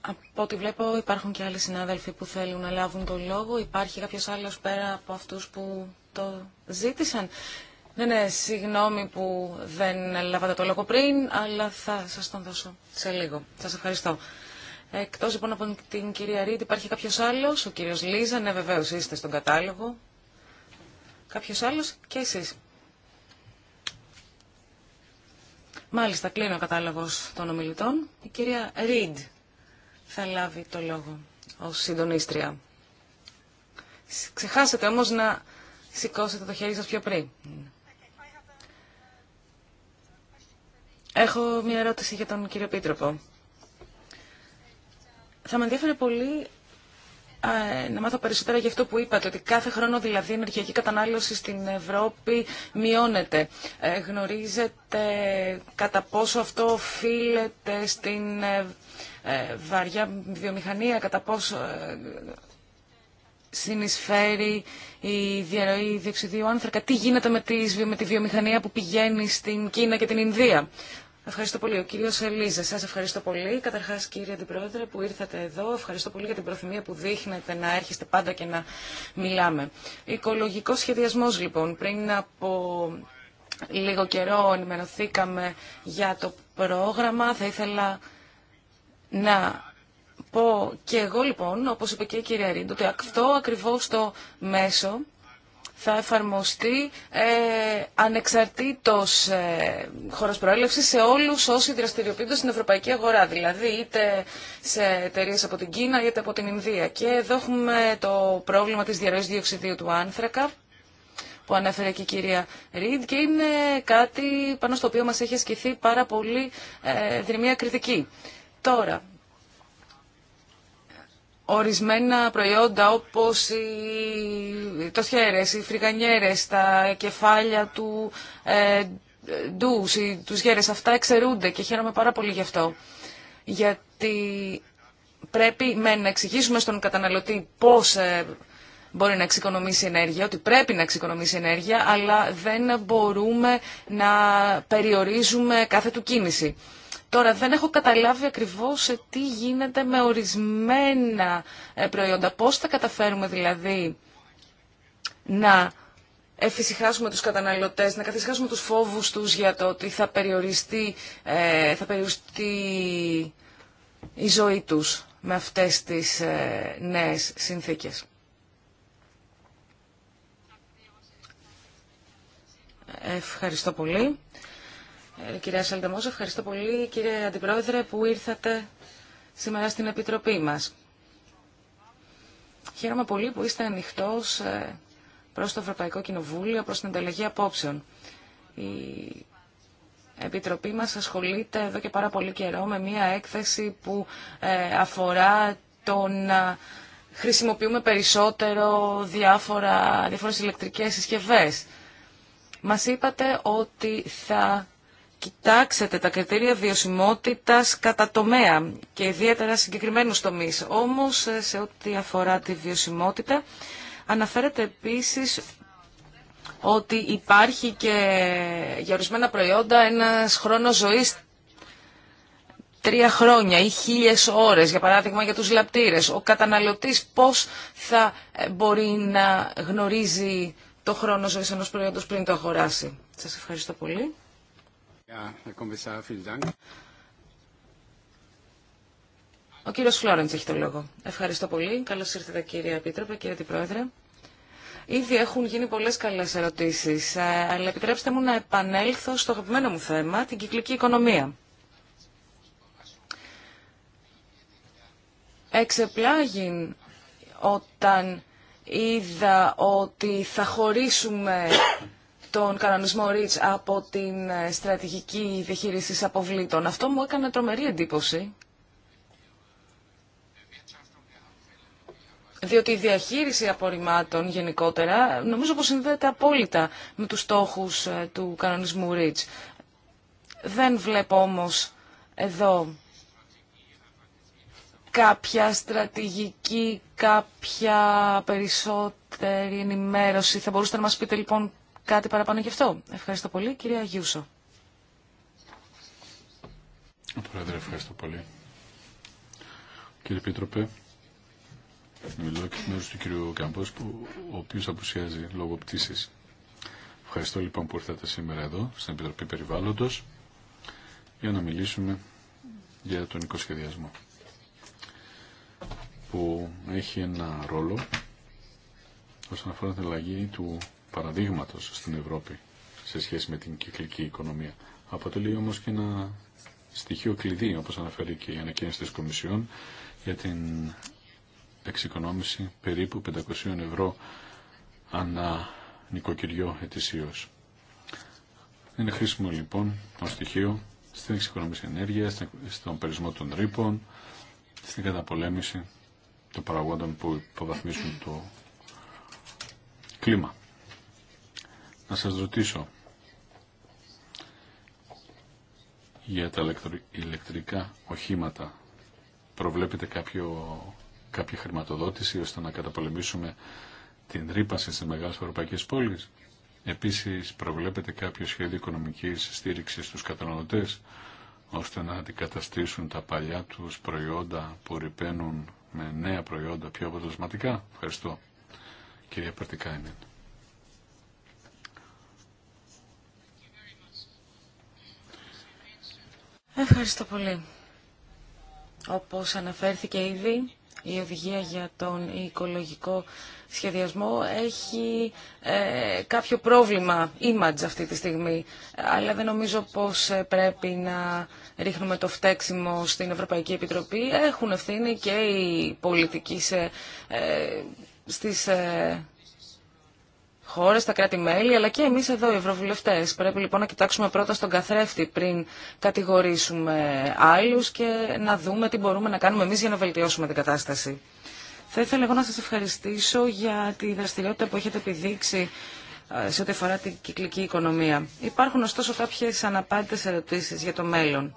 Από ό,τι βλέπω υπάρχουν και άλλοι συνάδελφοι που θέλουν να λάβουν το λόγο. Υπάρχει κάποιος άλλος πέρα από αυτούς που το ζήτησαν. Ναι, ναι, συγγνώμη που δεν λάβατε το λόγο πριν, αλλά θα σας τον δώσω σε λίγο. Σας ευχαριστώ. Εκτός λοιπόν από την κυρία Ρίτ, υπάρχει κάποιος άλλος, ο κύριος Λίζα, ναι βεβαίως είστε στον κατάλογο. Κάποιος άλλος και εσείς. Μάλιστα, κλείνω ο κατάλογος των ομιλητών. Η κυρία Ριντ θα λάβει το λόγο ως συντονίστρια. Ξεχάσετε όμως να σηκώσετε το χέρι σας πιο πριν. Έχω μια ερώτηση για τον κύριο Πίτροπο. Θα με ενδιαφέρει πολύ ε, να μάθω περισσότερα για αυτό που είπατε, ότι κάθε χρόνο δηλαδή η ενεργειακή κατανάλωση στην Ευρώπη μειώνεται. Ε, γνωρίζετε κατά πόσο αυτό οφείλεται στην ε, βαριά βιομηχανία, κατά πόσο συνεισφέρει η διαρροή διεξιδίου άνθρακα. Τι γίνεται με τη βιομηχανία που πηγαίνει στην Κίνα και την Ινδία. Ευχαριστώ πολύ. Ο κύριος Ελίζα, σας ευχαριστώ πολύ. Καταρχάς κύριε Αντιπρόεδρε που ήρθατε εδώ, ευχαριστώ πολύ για την προθυμία που δείχνετε να έρχεστε πάντα και να μιλάμε. Οικολογικός σχεδιασμός λοιπόν, πριν από λίγο καιρό ενημερωθήκαμε για το πρόγραμμα, θα ήθελα να πω και εγώ λοιπόν, όπως είπε και η κυρία Ρίντο, ότι αυτό ακριβώ το μέσο θα εφαρμοστεί ε, ανεξαρτήτως ε, χώρος προέλευσης σε όλους όσοι δραστηριοποιούνται στην ευρωπαϊκή αγορά, δηλαδή είτε σε εταιρείε από την Κίνα είτε από την Ινδία. Και εδώ έχουμε το πρόβλημα της διαρροής διοξιδίου του άνθρακα που ανέφερε και η κυρία Ριντ και είναι κάτι πάνω στο οποίο μας έχει ασκηθεί πάρα πολύ ε, κριτική. Τώρα, ορισμένα προϊόντα όπως οι τοθιέρες, οι φρυγανιέρες, τα κεφάλια του ε, ντους, οι, τους γέρες, αυτά εξαιρούνται και χαίρομαι πάρα πολύ γι' αυτό. Γιατί πρέπει με, να εξηγήσουμε στον καταναλωτή πώς ε, μπορεί να εξοικονομήσει ενέργεια, ότι πρέπει να εξοικονομήσει ενέργεια, αλλά δεν μπορούμε να περιορίζουμε κάθε του κίνηση. Τώρα δεν έχω καταλάβει ακριβώς τι γίνεται με ορισμένα ε, προϊόντα. Πώς θα καταφέρουμε δηλαδή να εφησυχάσουμε τους καταναλωτές, να καθησυχάσουμε τους φόβους τους για το ότι θα περιοριστεί, ε, θα περιοριστεί η ζωή τους με αυτές τις ε, νέες συνθήκες. Ευχαριστώ πολύ. Ε, κυρία Σαλτεμόζο, ευχαριστώ πολύ κύριε Αντιπρόεδρε που ήρθατε σήμερα στην Επιτροπή μας. Χαίρομαι πολύ που είστε ανοιχτό ε, προς το Ευρωπαϊκό Κοινοβούλιο, προς την ανταλλαγή απόψεων. Η Επιτροπή μας ασχολείται εδώ και πάρα πολύ καιρό με μια έκθεση που ε, αφορά το να χρησιμοποιούμε περισσότερο διάφορα, διάφορες ηλεκτρικές συσκευές. Μας είπατε ότι θα Κοιτάξτε τα κριτήρια βιωσιμότητας κατά τομέα και ιδιαίτερα συγκεκριμένους τομείς. Όμως ε, σε ό,τι αφορά τη βιωσιμότητα αναφέρεται επίσης ότι υπάρχει και για ορισμένα προϊόντα ένας χρόνος ζωής τρία χρόνια ή χίλιες ώρες, για παράδειγμα για τους λαπτήρες. Ο καταναλωτής πώς θα ε, μπορεί να γνωρίζει το χρόνο ζωής ενός προϊόντος πριν το αγοράσει. Σας ευχαριστώ πολύ. Ο κύριος Φλόρεντς έχει το λόγο. Ευχαριστώ πολύ. Καλώς ήρθατε κύριε Επίτροπε, κύριε την Πρόεδρε. Ήδη έχουν γίνει πολλές καλές ερωτήσεις, ε, αλλά επιτρέψτε μου να επανέλθω στο αγαπημένο μου θέμα, την κυκλική οικονομία. Εξεπλάγει όταν είδα ότι θα χωρίσουμε τον κανονισμό REACH από την ε, στρατηγική διαχείριση αποβλήτων. Αυτό μου έκανε τρομερή εντύπωση. Διότι η διαχείριση απορριμμάτων γενικότερα νομίζω πως συνδέεται απόλυτα με τους στόχους ε, του κανονισμού REACH. Δεν βλέπω όμως εδώ κάποια στρατηγική, κάποια περισσότερη ενημέρωση. Θα μπορούσατε να μας πείτε λοιπόν κάτι παραπάνω γι' αυτό. Ευχαριστώ πολύ, κυρία Γιούσο. Πρόεδρε, ευχαριστώ πολύ. Κύριε Πίτροπε, μιλώ και μέρου του κύριου που, ο οποίος απουσιάζει λόγω πτήση. Ευχαριστώ λοιπόν που ήρθατε σήμερα εδώ, στην Επιτροπή Περιβάλλοντος, για να μιλήσουμε για τον οικοσχεδιασμό που έχει ένα ρόλο όσον αφορά την αλλαγή του Παραδείγματο στην Ευρώπη σε σχέση με την κυκλική οικονομία. Αποτελεί όμως και ένα στοιχείο κλειδί, όπως αναφέρει και η ανακοίνωση της Κομισιόν, για την εξοικονόμηση περίπου 500 ευρώ ανά νοικοκυριό ετησίως. Είναι χρήσιμο λοιπόν το στοιχείο στην εξοικονόμηση ενέργειας, στον περισμό των ρήπων, στην καταπολέμηση των παραγόντων που υποβαθμίσουν το κλίμα να σας ρωτήσω για τα ηλεκτρικά οχήματα. Προβλέπετε κάποιο, κάποια χρηματοδότηση ώστε να καταπολεμήσουμε την ρήπαση στις μεγάλες ευρωπαϊκές πόλεις. Επίσης προβλέπετε κάποιο σχέδιο οικονομικής στήριξης στους καταναλωτές ώστε να αντικαταστήσουν τα παλιά τους προϊόντα που ρηπαίνουν με νέα προϊόντα πιο αποτελεσματικά. Ευχαριστώ. Κυρία Περτικάινεν. Ευχαριστώ πολύ. Όπως αναφέρθηκε ήδη, η οδηγία για τον οικολογικό σχεδιασμό έχει ε, κάποιο πρόβλημα image αυτή τη στιγμή. Αλλά δεν νομίζω πως ε, πρέπει να ρίχνουμε το φταίξιμο στην Ευρωπαϊκή Επιτροπή. Έχουν ευθύνη και οι πολιτικοί σε, ε, στις... Ε, χώρες, τα κράτη-μέλη, αλλά και εμείς εδώ οι ευρωβουλευτές. Πρέπει λοιπόν να κοιτάξουμε πρώτα στον καθρέφτη πριν κατηγορήσουμε άλλους και να δούμε τι μπορούμε να κάνουμε εμείς για να βελτιώσουμε την κατάσταση. Θα ήθελα εγώ να σας ευχαριστήσω για τη δραστηριότητα που έχετε επιδείξει ε, σε ό,τι αφορά την κυκλική οικονομία. Υπάρχουν ωστόσο κάποιες αναπάντητες ερωτήσεις για το μέλλον.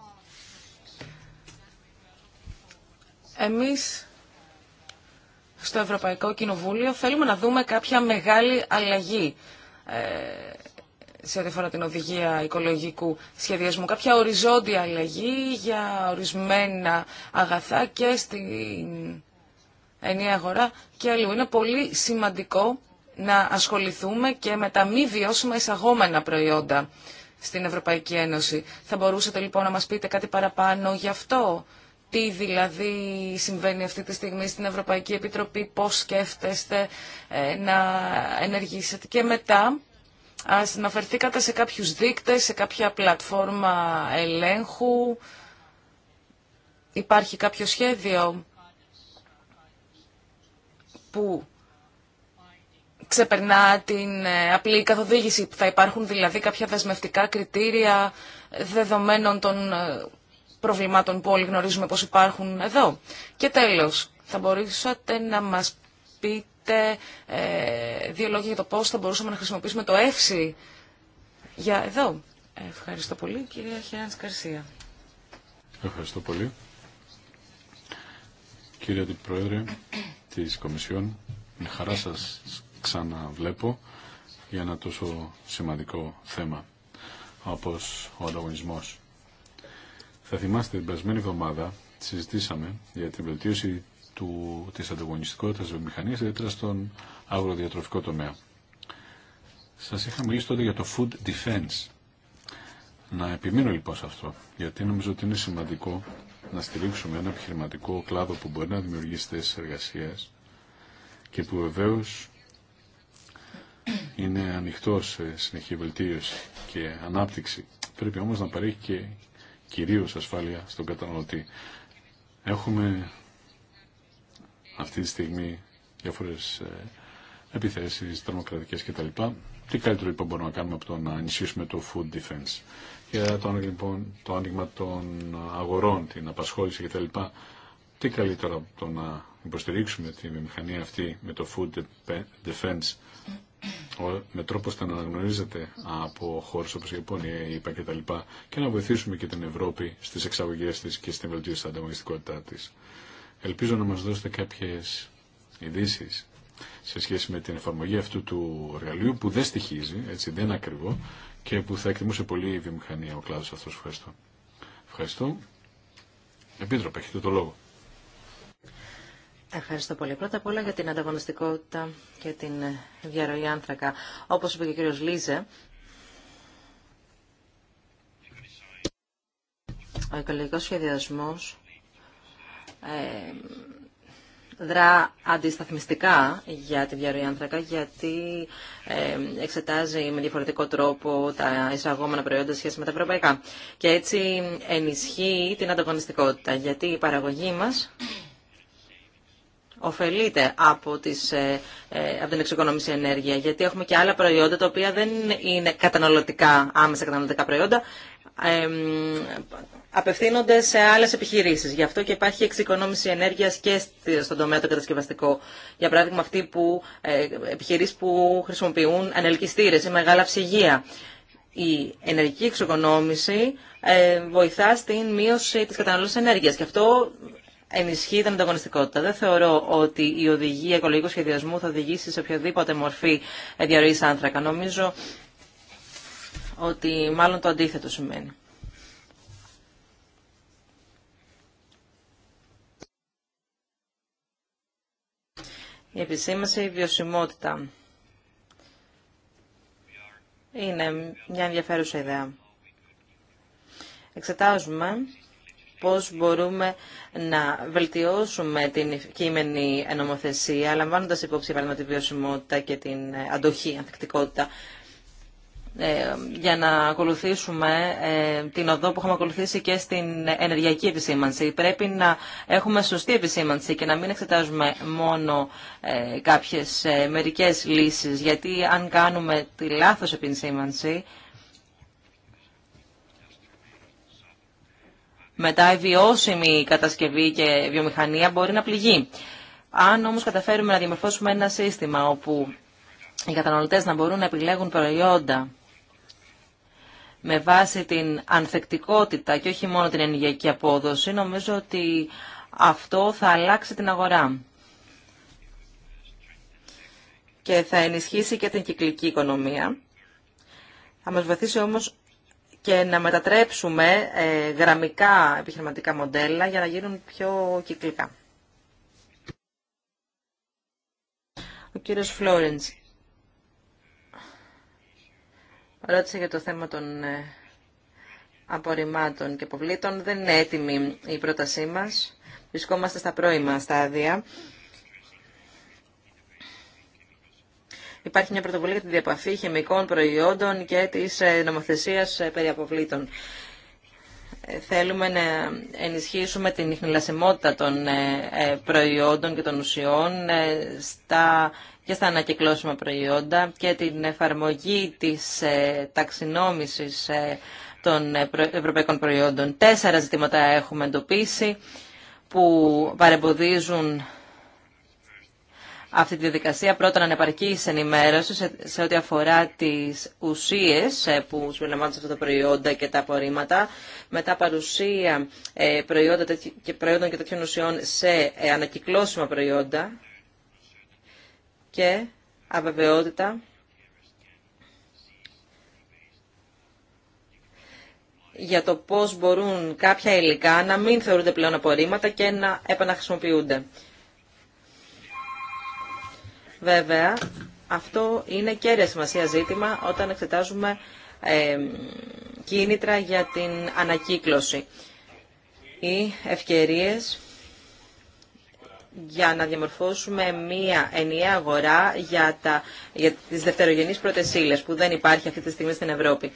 Εμείς στο Ευρωπαϊκό Κοινοβούλιο θέλουμε να δούμε κάποια μεγάλη αλλαγή ε, σε ό,τι αφορά την οδηγία οικολογικού σχεδιασμού. Κάποια οριζόντια αλλαγή για ορισμένα αγαθά και στην ενία αγορά και αλλού. Είναι πολύ σημαντικό να ασχοληθούμε και με τα μη βιώσιμα εισαγόμενα προϊόντα στην Ευρωπαϊκή Ένωση. Θα μπορούσατε λοιπόν να μας πείτε κάτι παραπάνω γι' αυτό τι δηλαδή συμβαίνει αυτή τη στιγμή στην Ευρωπαϊκή Επιτροπή, πώς σκέφτεστε ε, να ενεργήσετε. Και μετά, ας αναφερθήκατε σε κάποιους δείκτες, σε κάποια πλατφόρμα ελέγχου, υπάρχει κάποιο σχέδιο που ξεπερνά την ε, απλή καθοδήγηση. Θα υπάρχουν δηλαδή κάποια δεσμευτικά κριτήρια δεδομένων των ε, προβλημάτων που όλοι γνωρίζουμε πως υπάρχουν εδώ. Και τέλος, θα μπορούσατε να μας πείτε ε, δύο λόγια για το πώς θα μπορούσαμε να χρησιμοποιήσουμε το ΕΦΣΥ για εδώ. Ευχαριστώ πολύ, κυρία Χιάνς Καρσία. Ευχαριστώ πολύ. Κύριε Αντιπρόεδρε της Κομισιόν, με χαρά σας ξαναβλέπω για ένα τόσο σημαντικό θέμα όπως ο ανταγωνισμός. Θα θυμάστε την περασμένη εβδομάδα συζητήσαμε για την βελτίωση του, της ανταγωνιστικότητας της βιομηχανίας, ιδιαίτερα στον αγροδιατροφικό τομέα. Σας είχα μιλήσει τότε για το food defense. Να επιμείνω λοιπόν σε αυτό, γιατί νομίζω ότι είναι σημαντικό να στηρίξουμε ένα επιχειρηματικό κλάδο που μπορεί να δημιουργήσει θέσει εργασία και που βεβαίω είναι ανοιχτό σε συνεχή βελτίωση και ανάπτυξη. Πρέπει όμως να παρέχει και κυρίως ασφάλεια στον καταναλωτή. Έχουμε αυτή τη στιγμή διάφορες ε, επιθέσεις, τρομοκρατικές κτλ. Τι καλύτερο λοιπόν μπορούμε να κάνουμε από το να ενισχύσουμε το food defense. Για το, λοιπόν, το άνοιγμα των αγορών, την απασχόληση κτλ. Τι καλύτερο από το να υποστηρίξουμε τη μηχανία αυτή με το food defense με τρόπο ώστε να αναγνωρίζεται από χώρε όπω η Ιαπωνία, η ΕΕ ΙΠΑ κτλ. και να βοηθήσουμε και την Ευρώπη στι εξαγωγέ τη και στην βελτίωση τη ανταγωνιστικότητά τη. Ελπίζω να μα δώσετε κάποιε ειδήσει σε σχέση με την εφαρμογή αυτού του εργαλείου που δεν στοιχίζει, έτσι δεν είναι ακριβό και που θα εκτιμούσε πολύ η βιομηχανία ο κλάδο αυτό. Ευχαριστώ. Ευχαριστώ. Επίτροπε, έχετε το λόγο. Ευχαριστώ πολύ. Πρώτα απ' όλα για την ανταγωνιστικότητα και την διαρροή άνθρακα. Όπως είπε και ο κύριος Λίζε, ο οικολογικός σχεδιασμός ε, δρά αντισταθμιστικά για τη διαρροή άνθρακα γιατί ε, εξετάζει με διαφορετικό τρόπο τα εισαγόμενα προϊόντα σχέση με τα ευρωπαϊκά. Και έτσι ενισχύει την ανταγωνιστικότητα γιατί η παραγωγή μας ωφελείται από, τις, ε, ε, από την εξοικονόμηση ενέργεια, γιατί έχουμε και άλλα προϊόντα τα οποία δεν είναι καταναλωτικά, άμεσα καταναλωτικά προϊόντα, απευθύνονται σε άλλες επιχειρήσεις. Γι' αυτό και υπάρχει εξοικονόμηση ενέργειας και στον τομέα το κατασκευαστικό. Για παράδειγμα, αυτή που, ε, επιχειρήσεις που χρησιμοποιούν ανελκυστήρες ή μεγάλα ψυγεία. Η ενεργική εξοικονόμηση βοηθά στην μείωση της κατανάλωσης ενέργειας και αυτό ενισχύει την ανταγωνιστικότητα. Δεν θεωρώ ότι η οδηγία οικολογικού σχεδιασμού θα οδηγήσει σε οποιαδήποτε μορφή διαρροή άνθρακα. Νομίζω ότι μάλλον το αντίθετο σημαίνει. Η επισήμαση, η βιωσιμότητα είναι μια ενδιαφέρουσα ιδέα. Εξετάζουμε πώς μπορούμε να βελτιώσουμε την κείμενη νομοθεσία, λαμβάνοντας υπόψη παράδειγμα τη βιωσιμότητα και την ε, αντοχή, ανθεκτικότητα, ε, για να ακολουθήσουμε ε, την οδό που έχουμε ακολουθήσει και στην ενεργειακή επισήμανση. Πρέπει να έχουμε σωστή επισήμανση και να μην εξετάζουμε μόνο κάποιες μερικές λύσεις, γιατί αν κάνουμε τη λάθος επισήμανση, μετά η βιώσιμη κατασκευή και βιομηχανία μπορεί να πληγεί. Αν όμως καταφέρουμε να διαμορφώσουμε ένα σύστημα όπου οι καταναλωτές να μπορούν να επιλέγουν προϊόντα με βάση την ανθεκτικότητα και όχι μόνο την ενεργειακή απόδοση, νομίζω ότι αυτό θα αλλάξει την αγορά και θα ενισχύσει και την κυκλική οικονομία. Θα μας βοηθήσει όμως και να μετατρέψουμε ε, γραμμικά επιχειρηματικά μοντέλα για να γίνουν πιο κυκλικά. Ο κύριος Φλόρεντς ρώτησε για το θέμα των ε, απορριμμάτων και αποβλήτων. Δεν είναι έτοιμη η πρότασή μας. Βρισκόμαστε στα πρώιμα στάδια Υπάρχει μια πρωτοβουλία για τη διαπαφή χημικών προϊόντων και της ε, νομοθεσίας ε, περί αποβλήτων. Ε, θέλουμε να ενισχύσουμε την ιχνηλασιμότητα των προϊόντων και των ουσιών στα και στα ανακυκλώσιμα προϊόντα και την εφαρμογή της ταξινόμησης των ευρωπαϊκών προϊόντων. Τέσσερα ζητήματα έχουμε εντοπίσει που παρεμποδίζουν αυτή τη διαδικασία. πρώτα ανεπαρκή ενημέρωση σε, σε ό,τι αφορά τι ουσίε ε, που συμπεριλαμβάνονται σε αυτά τα προϊόντα και τα απορρίμματα. Μετά, παρουσία ε, προϊόντα και προϊόντων και τέτοιων ουσιών σε ε, ανακυκλώσιμα προϊόντα. Και αβεβαιότητα. για το πώς μπορούν κάποια υλικά να μην θεωρούνται πλέον απορρίμματα και να επαναχρησιμοποιούνται. Βέβαια, αυτό είναι κέρια σημασία ζήτημα όταν εξετάζουμε κίνητρα για την ανακύκλωση ή ευκαιρίες για να διαμορφώσουμε μία ενιαία αγορά για, τα, για τις δευτερογενείς πρωτεσίλες που δεν υπάρχει αυτή τη στιγμή στην Ευρώπη.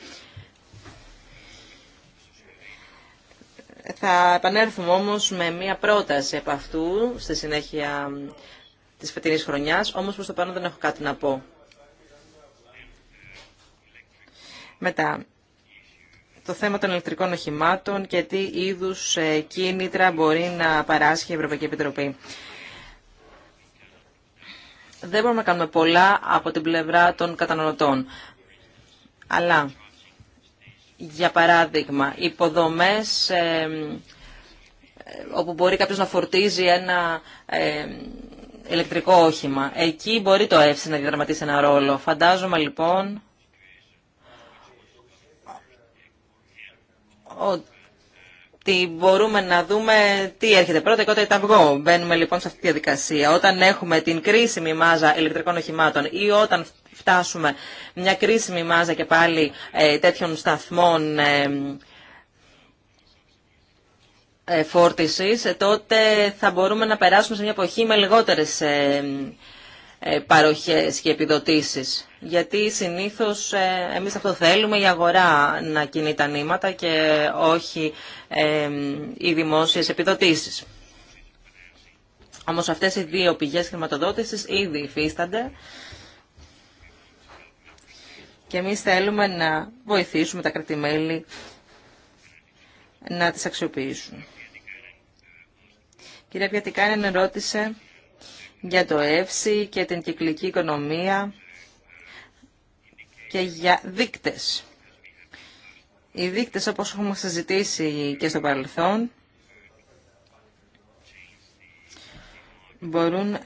Θα επανέλθουμε όμως με μία πρόταση από αυτού στη συνέχεια Τη φετινή χρονιά, όμω προ το πάνω δεν έχω κάτι να πω. Μετά, το θέμα των ηλεκτρικών οχημάτων και τι είδου ε, κίνητρα μπορεί να παράσχει η Ευρωπαϊκή Επιτροπή. Δεν μπορούμε να κάνουμε πολλά από την πλευρά των καταναλωτών. Αλλά, για παράδειγμα, υποδομές ε, ε, όπου μπορεί κάποιος να φορτίζει ένα ηλεκτρικό όχημα. Εκεί μπορεί το ΕΦΣΙ να διαδραματίσει ένα ρόλο. Φαντάζομαι λοιπόν ότι μπορούμε να δούμε τι έρχεται πρώτα και όταν τα αυγό. Μπαίνουμε λοιπόν σε αυτή τη διαδικασία. Όταν έχουμε την κρίσιμη μάζα ηλεκτρικών οχημάτων ή όταν φτάσουμε μια κρίσιμη μάζα και πάλι ε, τέτοιων σταθμών ε, ε, φόρτισης, ε, τότε θα μπορούμε να περάσουμε σε μια εποχή με λιγότερες ε, παροχές και επιδοτήσεις. Γιατί συνήθως εμείς αυτό θέλουμε, η αγορά να κινεί τα νήματα και όχι οι δημόσιες επιδοτήσεις. Όμως αυτές οι δύο πηγές χρηματοδότησης ήδη υφίστανται και εμείς θέλουμε να βοηθήσουμε τα κρατημέλη να τις αξιοποιήσουν. Κυρία Πιατικάνεν ρώτησε για το ΕΦΣΥ και την κυκλική οικονομία και για δείκτες. Οι δείκτες, όπως έχουμε συζητήσει και στο παρελθόν, μπορούν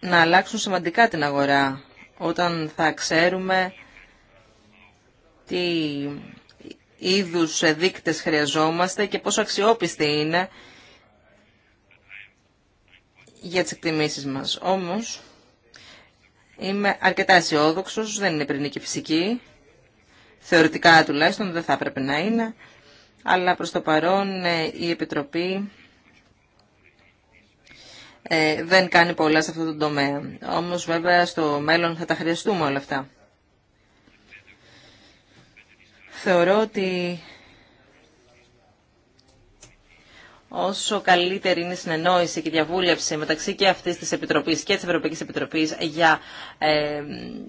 να αλλάξουν σημαντικά την αγορά όταν θα ξέρουμε τι είδους δείκτες χρειαζόμαστε και πόσο αξιόπιστοι είναι για τις εκτιμήσεις μας. Όμως, είμαι αρκετά αισιόδοξο, δεν είναι πριν και φυσική. Θεωρητικά τουλάχιστον δεν θα έπρεπε να είναι. Αλλά προς το παρόν ναι, η Επιτροπή ε, δεν κάνει πολλά σε αυτό το τομέα. Όμως βέβαια στο μέλλον θα τα χρειαστούμε όλα αυτά. Θεωρώ ότι όσο καλύτερη είναι η συνεννόηση και η διαβούλευση μεταξύ και αυτής της Επιτροπής και της Ευρωπαϊκής Επιτροπής για ε,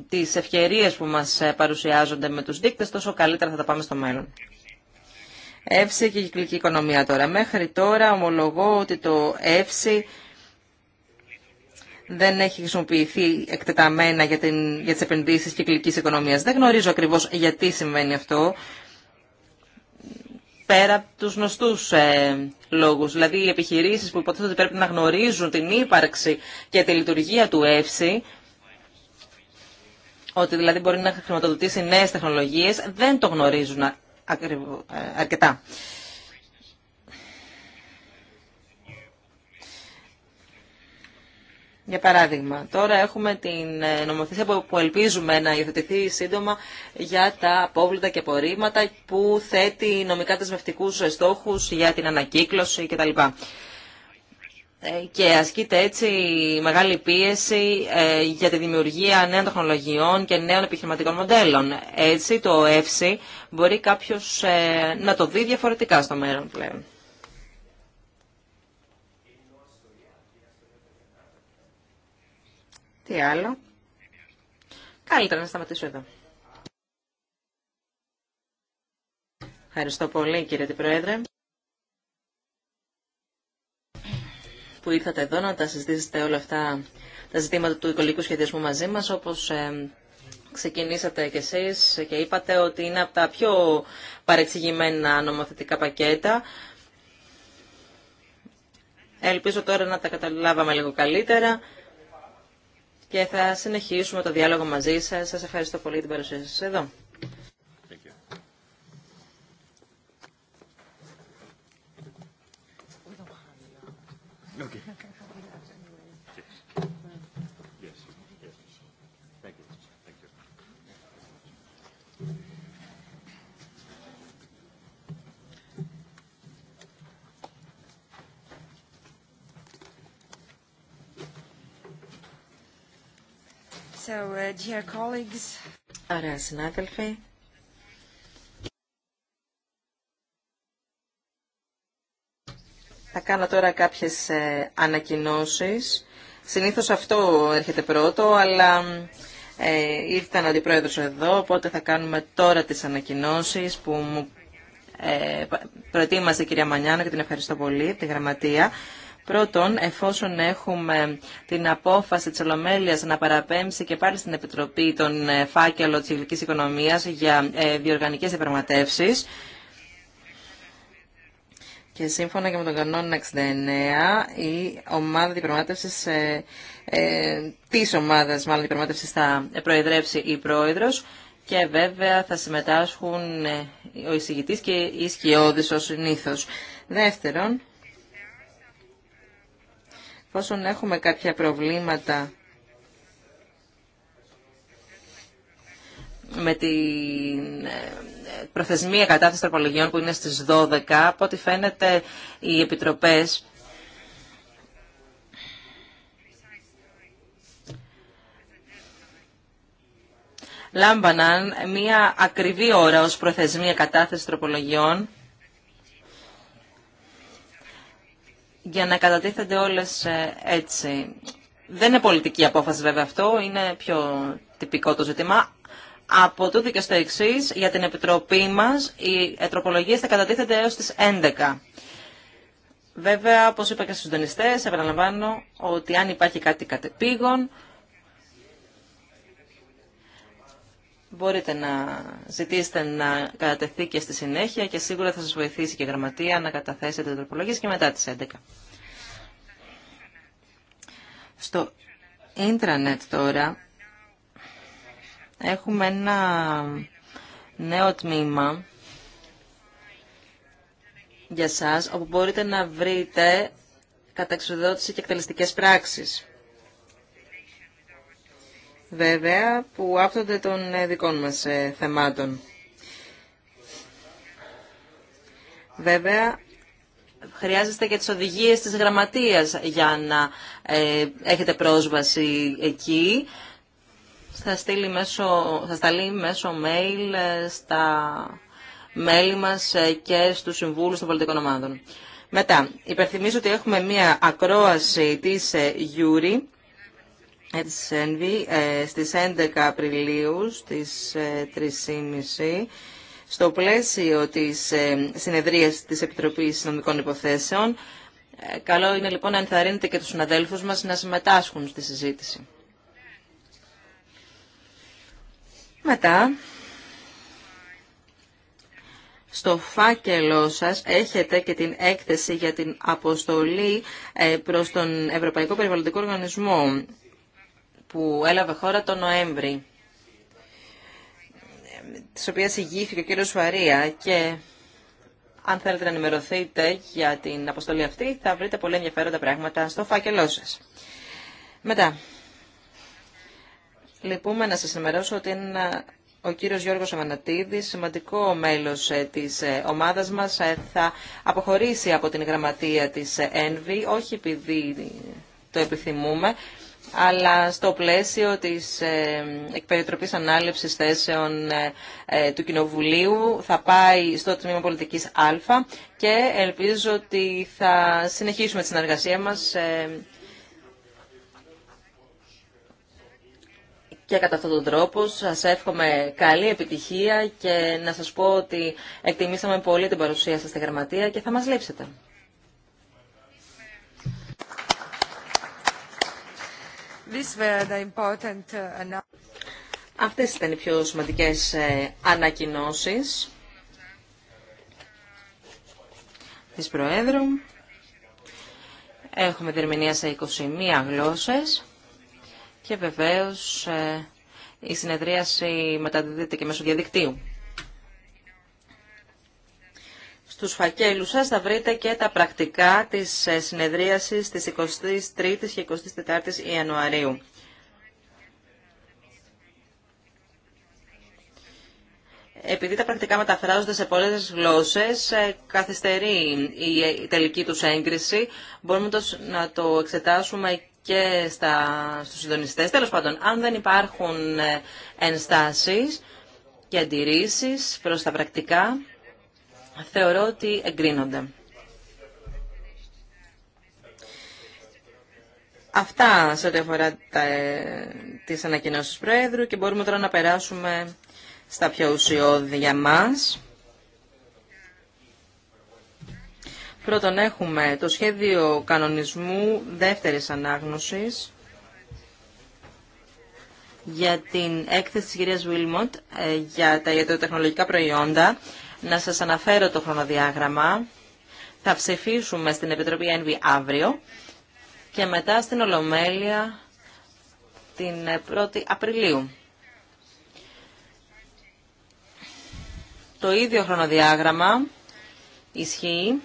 τις ευκαιρίες που μας ε, παρουσιάζονται με τους δείκτες, τόσο καλύτερα θα τα πάμε στο μέλλον. Εύση και κυκλική οικονομία τώρα. Μέχρι τώρα ομολογώ ότι το εύση δεν έχει χρησιμοποιηθεί εκτεταμένα για, την, για τις επενδύσεις κυκλικής οικονομίας. Δεν γνωρίζω ακριβώς γιατί συμβαίνει αυτό πέρα από τους γνωστού ε, λόγους. Δηλαδή οι επιχειρήσεις που υποτίθεται ότι πρέπει να γνωρίζουν την ύπαρξη και τη λειτουργία του ΕΦΣΥ, ότι δηλαδή μπορεί να χρηματοδοτήσει νέες τεχνολογίες, δεν το γνωρίζουν ε, αρκετά. Για παράδειγμα, τώρα έχουμε την ε, νομοθεσία που ελπίζουμε να υιοθετηθεί σύντομα για τα απόβλητα και απορρίμματα που θέτει νομικά δεσμευτικούς στόχους για την ανακύκλωση κτλ. Ε, και ασκείται έτσι μεγάλη πίεση ε, για τη δημιουργία νέων τεχνολογιών και νέων επιχειρηματικών μοντέλων. Έτσι το ΕΦΣΙ μπορεί κάποιος να το δει διαφορετικά στο μέλλον πλέον. Τι άλλο. Καλύτερα να σταματήσω εδώ. Ευχαριστώ πολύ κύριε την Πρόεδρε που ήρθατε εδώ να τα συζητήσετε όλα αυτά τα ζητήματα του οικολογικού σχεδιασμού μαζί μας όπως ε, ξεκινήσατε κι εσείς και είπατε ότι είναι από τα πιο παρεξηγημένα νομοθετικά πακέτα. Ελπίζω τώρα να τα καταλάβαμε λίγο καλύτερα και θα συνεχίσουμε το διάλογο μαζί σας. Σας ευχαριστώ πολύ για την παρουσία σας εδώ. Άρα, uh, συνάδελφοι. Θα κάνω τώρα κάποιες ε, ανακοινώσεις. Συνήθως αυτό έρχεται πρώτο, αλλά ε, ήρθαν αντιπρόεδρος εδώ, οπότε θα κάνουμε τώρα τις ανακοινώσεις που μου ε, προετοίμασε η κυρία Μανιάνα και την ευχαριστώ πολύ, τη γραμματεία. Πρώτον, εφόσον έχουμε την απόφαση τη Ολομέλειας να παραπέμψει και πάλι στην Επιτροπή τον ε, φάκελο τη Ιεκλικής Οικονομίας για ε, διοργανικέ διαπραγματεύσει. και σύμφωνα και με τον κανόνα 69, η ομάδα διαπραγμάτευση ε, ε, τη ομάδα μάλλον θα προεδρεύσει η πρόεδρο και βέβαια θα συμμετάσχουν ε, ο εισηγητή και οι σκιώδει ω συνήθω. Δεύτερον, εφόσον έχουμε κάποια προβλήματα με την ε, προθεσμία κατάθεση τροπολογιών που είναι στις 12, από ό,τι φαίνεται οι επιτροπές λάμπαναν μία ακριβή ώρα ως προθεσμία κατάθεση τροπολογιών για να κατατίθενται όλες ε, έτσι. Δεν είναι πολιτική απόφαση βέβαια αυτό, είναι πιο τυπικό το ζήτημα. Από τούτο και στο εξή, για την Επιτροπή μας, οι τροπολογίε θα κατατίθενται έως τις 11. Βέβαια, όπως είπα και στους συντονιστέ, επαναλαμβάνω ότι αν υπάρχει κάτι κατεπήγον, μπορείτε να ζητήσετε να κατατεθεί και στη συνέχεια και σίγουρα θα σας βοηθήσει και η γραμματεία να καταθέσετε τροπολογίες και μετά τις 11. Στο ίντρανετ τώρα έχουμε ένα νέο τμήμα για σας όπου μπορείτε να βρείτε καταξιδότηση και εκτελεστικές πράξεις βέβαια που άφτονται των ε, δικών μας ε, θεμάτων. Βέβαια, χρειάζεστε και τις οδηγίες της γραμματείας για να ε, έχετε πρόσβαση εκεί. Θα, στείλει μέσω, θα σταλεί μέσω mail στα μέλη μας και στους συμβούλους των πολιτικών ομάδων. Μετά, υπερθυμίζω ότι έχουμε μία ακρόαση της Γιούρη της ε, στις 11 Απριλίου στις 3.30 ε, στο πλαίσιο της ε, συνεδρίας της Επιτροπής Νομικών Υποθέσεων. Καλό είναι λοιπόν να ενθαρρύνετε και τους συναδέλφους μας να συμμετάσχουν στη συζήτηση. Μετά, στο φάκελό σας έχετε και την έκθεση για την αποστολή προς τον Ευρωπαϊκό Περιβαλλοντικό Οργανισμό που έλαβε χώρα τον Νοέμβρη, τη οποία ηγήθηκε ο κύριο Σουαρία και αν θέλετε να ενημερωθείτε για την αποστολή αυτή θα βρείτε πολύ ενδιαφέροντα πράγματα στο φάκελό σα. Μετά, λυπούμε να σα ενημερώσω ότι ο κύριος Γιώργος Αμανατίδης, σημαντικό μέλο ε, της ε, ομάδας μας, ε, θα αποχωρήσει από την γραμματεία της ΕΝΒΗ, όχι επειδή το επιθυμούμε, αλλά στο πλαίσιο της ε, εκπεριτροπής ανάληψης θέσεων ε, ε, του Κοινοβουλίου θα πάει στο Τμήμα Πολιτικής Α και ελπίζω ότι θα συνεχίσουμε τη συνεργασία μας ε, και κατά αυτόν τον τρόπο σας εύχομαι καλή επιτυχία και να σας πω ότι εκτιμήσαμε πολύ την παρουσία σας στη Γραμματεία και θα μας λείψετε. Uh, Αυτές ήταν οι πιο σημαντικές ε, ανακοινώσεις της Προέδρου. Έχουμε τερμηνία σε 21 γλώσσες και βεβαίως ε, η συνεδρίαση μεταδίδεται και μέσω διαδικτύου. Στους φακέλους σας θα βρείτε και τα πρακτικά της ε, συνεδρίασης της 23ης και 24ης Ιανουαρίου. Επειδή τα πρακτικά μεταφράζονται σε πολλές γλώσσες, ε, καθυστερεί ε, η τελική τους έγκριση. Μπορούμε να το εξετάσουμε και στα, στους συντονιστές. Τέλος πάντων, αν δεν υπάρχουν ενστάσεις και αντιρρήσεις προς τα πρακτικά, θεωρώ ότι εγκρίνονται. Αυτά σε ό,τι αφορά τα, τις ανακοινώσεις Προέδρου και μπορούμε τώρα να περάσουμε στα πιο ουσιώδη για μας. Πρώτον έχουμε το σχέδιο κανονισμού δεύτερης ανάγνωσης για την έκθεση της κυρίας Βίλμοντ ε, για τα ιατροτεχνολογικά προϊόντα να σας αναφέρω το χρονοδιάγραμμα. Θα ψηφίσουμε στην Επιτροπή ΕΝΒΙ αύριο και μετά στην Ολομέλεια την 1η Απριλίου. Το ίδιο χρονοδιάγραμμα ισχύει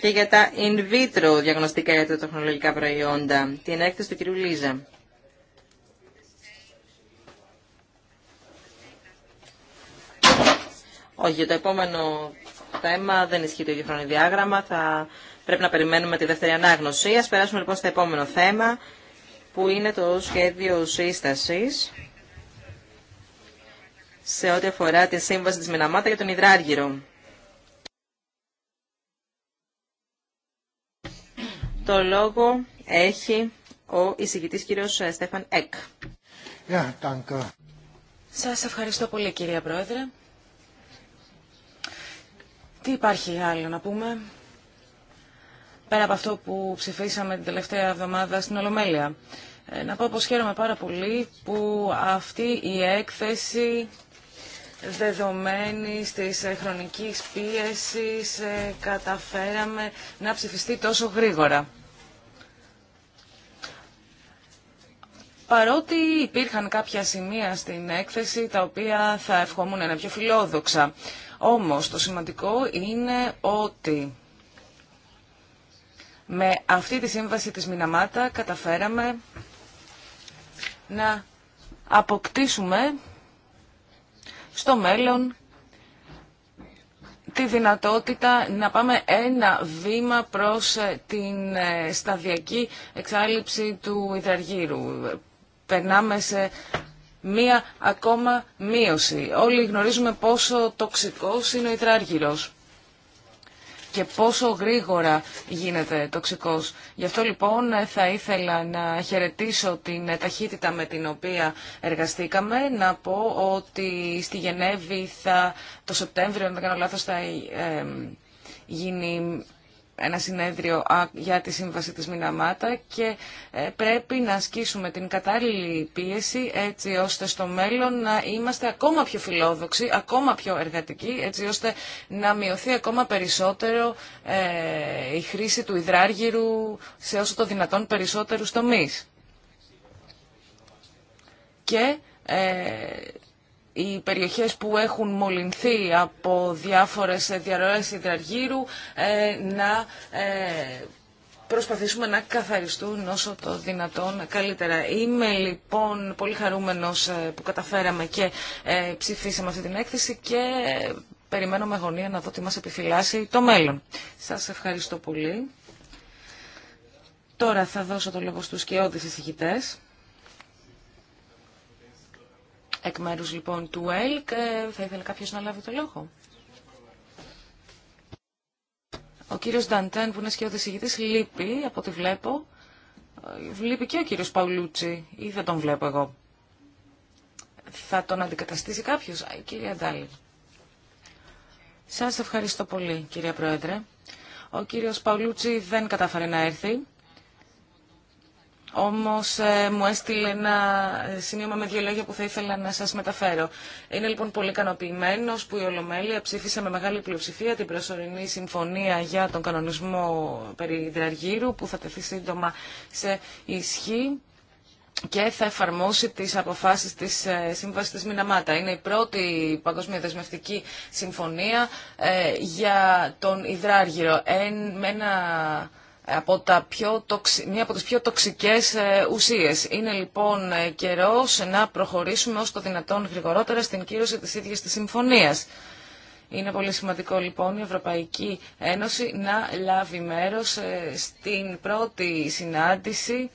και για τα in vitro διαγνωστικά για τεχνολογικά προϊόντα, την έκθεση του κ. Λίζα. Όχι, για το επόμενο θέμα δεν ισχύει το ίδιο διάγραμμα. Θα πρέπει να περιμένουμε τη δεύτερη ανάγνωση. Ας περάσουμε λοιπόν στο επόμενο θέμα που είναι το σχέδιο σύσταση σε ό,τι αφορά τη σύμβαση της Μιναμάτα για τον Ιδράργυρο. Το λόγο έχει ο εισηγητής κύριος Στέφαν Εκ. Yeah, Σας ευχαριστώ πολύ κυρία Πρόεδρε. Τι υπάρχει άλλο να πούμε, πέρα από αυτό που ψηφίσαμε την τελευταία εβδομάδα στην Ολομέλεια. Ε, να πω πως χαίρομαι πάρα πολύ που αυτή η έκθεση δεδομένη της χρονικής πίεσης ε, καταφέραμε να ψηφιστεί τόσο γρήγορα. Παρότι υπήρχαν κάποια σημεία στην έκθεση τα οποία θα ευχόμουν ένα πιο φιλόδοξα. Όμως το σημαντικό είναι ότι με αυτή τη σύμβαση της Μιναμάτα καταφέραμε να αποκτήσουμε στο μέλλον τη δυνατότητα να πάμε ένα βήμα προς ε, την ε, σταδιακή εξάλληψη του υδραργύρου. Περνάμε σε μία ακόμα μείωση. Όλοι γνωρίζουμε πόσο τοξικός είναι ο υδράργυρος και πόσο γρήγορα γίνεται τοξικός. Γι' αυτό λοιπόν θα ήθελα να χαιρετήσω την ταχύτητα με την οποία εργαστήκαμε, να πω ότι στη Γενέβη θα, το Σεπτέμβριο, αν δεν κάνω λάθος, θα ε, ε, γίνει ένα συνέδριο για τη σύμβαση της Μιναμάτα και ε, πρέπει να ασκήσουμε την κατάλληλη πίεση έτσι ώστε στο μέλλον να είμαστε ακόμα πιο φιλόδοξοι, ακόμα πιο εργατικοί έτσι ώστε να μειωθεί ακόμα περισσότερο ε, η χρήση του υδράργυρου σε όσο το δυνατόν περισσότερους τομείς. Και ε, οι περιοχές που έχουν μολυνθεί από διάφορες διαρροές υδραργύρου ε, να ε, προσπαθήσουμε να καθαριστούν όσο το δυνατόν καλύτερα. Είμαι λοιπόν πολύ χαρούμενος ε, που καταφέραμε και ψηφίσαμε αυτή την έκθεση και περιμένω με αγωνία να δω τι μας επιφυλάσσει το μέλλον. Σας ευχαριστώ πολύ. Τώρα θα δώσω το λόγο στους και εισηγητές. Εκ μέρους λοιπόν του ΕΛΚ ε, θα ήθελε κάποιος να λάβει το λόγο. Ο κύριος Νταντέν που είναι σχεδόν ηγητής λείπει από ό,τι βλέπω. Βλείπει ε, και ο κύριος Παουλούτσι ή δεν τον βλέπω εγώ. Θα τον αντικαταστήσει κάποιος. Κύριε Ντάλη. Σας ευχαριστώ πολύ κυρία Πρόεδρε. Ο κύριος Παουλούτσι δεν κατάφερε να έρθει όμως ε, μου έστειλε ένα σημείωμα με δύο λόγια που θα ήθελα να σας μεταφέρω. Είναι λοιπόν πολύ ικανοποιημένο που η Ολομέλεια ψήφισε με μεγάλη πλειοψηφία την προσωρινή συμφωνία για τον κανονισμό περί υδραργύρου που θα τεθεί σύντομα σε ισχύ και θα εφαρμόσει τις αποφάσεις της ε, Σύμβασης της Μιναμάτα. Είναι η πρώτη παγκόσμια δεσμευτική συμφωνία ε, για τον υδράργυρο. με ένα από τα πιο μία από τις πιο τοξικές ε, ουσίες. Είναι λοιπόν ε, καιρός να προχωρήσουμε ως το δυνατόν γρηγορότερα στην κύρωση της ίδιας της συμφωνίας. Είναι πολύ σημαντικό λοιπόν η Ευρωπαϊκή Ένωση να λάβει μέρος ε, στην πρώτη συνάντηση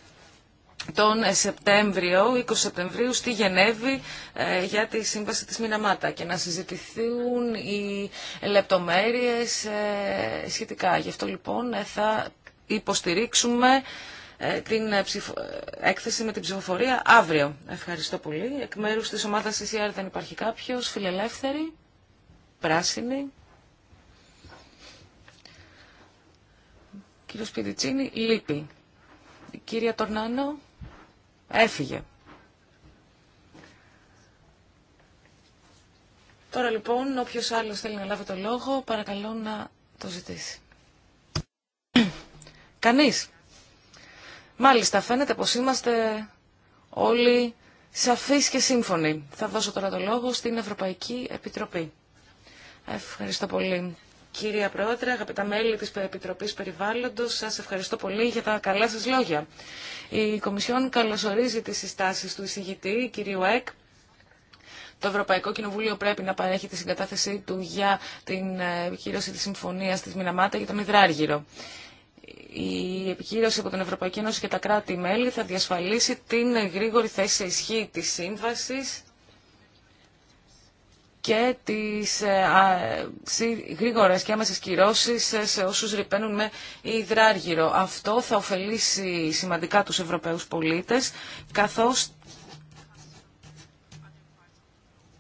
τον Σεπτέμβριο, 20 Σεπτεμβρίου, στη Γενέβη για τη Σύμβαση της Μιναμάτα και να συζητηθούν οι λεπτομέρειες σχετικά. Γι' αυτό λοιπόν θα υποστηρίξουμε ε, την ε, ε, έκθεση με την ψηφοφορία αύριο. Ευχαριστώ πολύ. Εκ μέρου τη ομάδα CCR δεν υπάρχει κάποιο. Φιλελεύθερη. Πράσινη. Κύριο Πιδιτσίνη, λείπει. Κύριε κυρία Τορνάνο έφυγε. Τώρα λοιπόν, όποιος άλλος θέλει να λάβει το λόγο, παρακαλώ να το ζητήσει. Κανείς. Μάλιστα, φαίνεται πως είμαστε όλοι σαφείς και σύμφωνοι. Θα δώσω τώρα το λόγο στην Ευρωπαϊκή Επιτροπή. Ευχαριστώ πολύ. Κυρία Πρόεδρε, αγαπητά μέλη της Επιτροπής Περιβάλλοντος, σας ευχαριστώ πολύ για τα καλά σας λόγια. Η Κομισιόν καλωσορίζει τις συστάσεις του εισηγητή, κυρίου ΕΚ, το Ευρωπαϊκό Κοινοβούλιο πρέπει να παρέχει τη συγκατάθεσή του για την ε, κύρωση της συμφωνίας της Μιναμάτα για τον Ιδράργυρο η επικύρωση από την Ευρωπαϊκή Ένωση και τα κράτη-μέλη θα διασφαλίσει την γρήγορη θέση ισχύ της σύμβασης και τις ε, γρήγορες και άμεσες κυρώσεις σε όσους ρηπαίνουν με υδράργυρο. Αυτό θα ωφελήσει σημαντικά τους Ευρωπαίους πολίτες, καθώς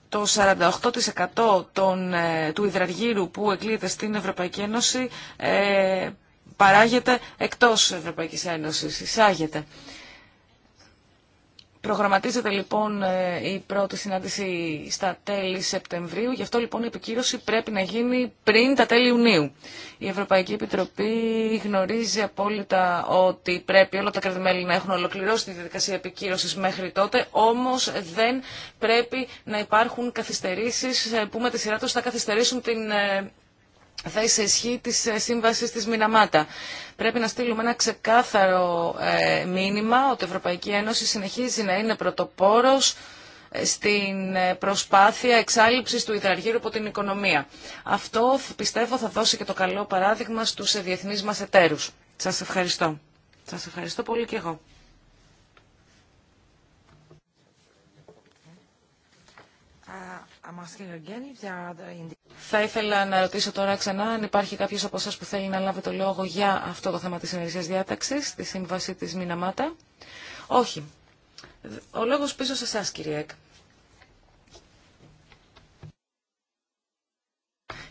το 48% των, ε, του υδραργύρου που εκλείεται στην Ευρωπαϊκή Ένωση ε, παράγεται εκτός Ευρωπαϊκής Ένωσης, εισάγεται. Προγραμματίζεται λοιπόν ε, η πρώτη συνάντηση στα τέλη Σεπτεμβρίου, γι' αυτό λοιπόν η επικύρωση πρέπει να γίνει πριν τα τέλη Ιουνίου. Η Ευρωπαϊκή Επιτροπή γνωρίζει απόλυτα ότι πρέπει όλα τα κρατημέλη να έχουν ολοκληρώσει τη διαδικασία επικύρωσης μέχρι τότε, όμως δεν πρέπει να υπάρχουν καθυστερήσεις ε, που με τη σειρά τους θα καθυστερήσουν την ε, σε ισχύ τη ε, σύμβαση της Μιναμάτα. Πρέπει να στείλουμε ένα ξεκάθαρο ε, μήνυμα ότι η Ευρωπαϊκή Ένωση συνεχίζει να είναι πρωτοπόρος ε, στην προσπάθεια εξάλληψης του υδραργύρου από την οικονομία. Αυτό πιστεύω θα δώσει και το καλό παράδειγμα στους διεθνείς μας εταίρους. Σας ευχαριστώ. Σας ευχαριστώ πολύ και εγώ. Θα ήθελα να ρωτήσω τώρα ξανά αν υπάρχει κάποιος από εσάς που θέλει να λάβει το λόγο για αυτό το θέμα της ενέργειας διάταξης, τη σύμβαση της Μιναμάτα. Όχι. Ο λόγος πίσω σε εσάς, κύριε Εκ.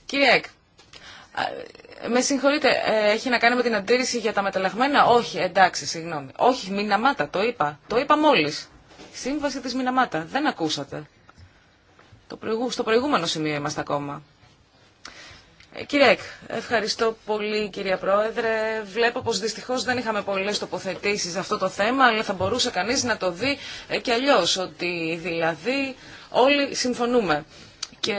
Κύριε Εκ, με συγχωρείτε, ε, έχει να κάνει με την αντίρρηση για τα μεταλλαγμένα. Όχι, εντάξει, συγγνώμη. Όχι, Μιναμάτα, το είπα. Το είπα μόλις. Σύμβαση της Μιναμάτα. Δεν ακούσατε στο προηγούμενο σημείο είμαστε ακόμα. Ε, κύριε Εκ, ευχαριστώ πολύ κυρία Πρόεδρε. Βλέπω πως δυστυχώς δεν είχαμε πολλές τοποθετήσεις σε αυτό το θέμα, αλλά θα μπορούσε κανείς να το δει ε, και αλλιώς, ότι δηλαδή όλοι συμφωνούμε. Και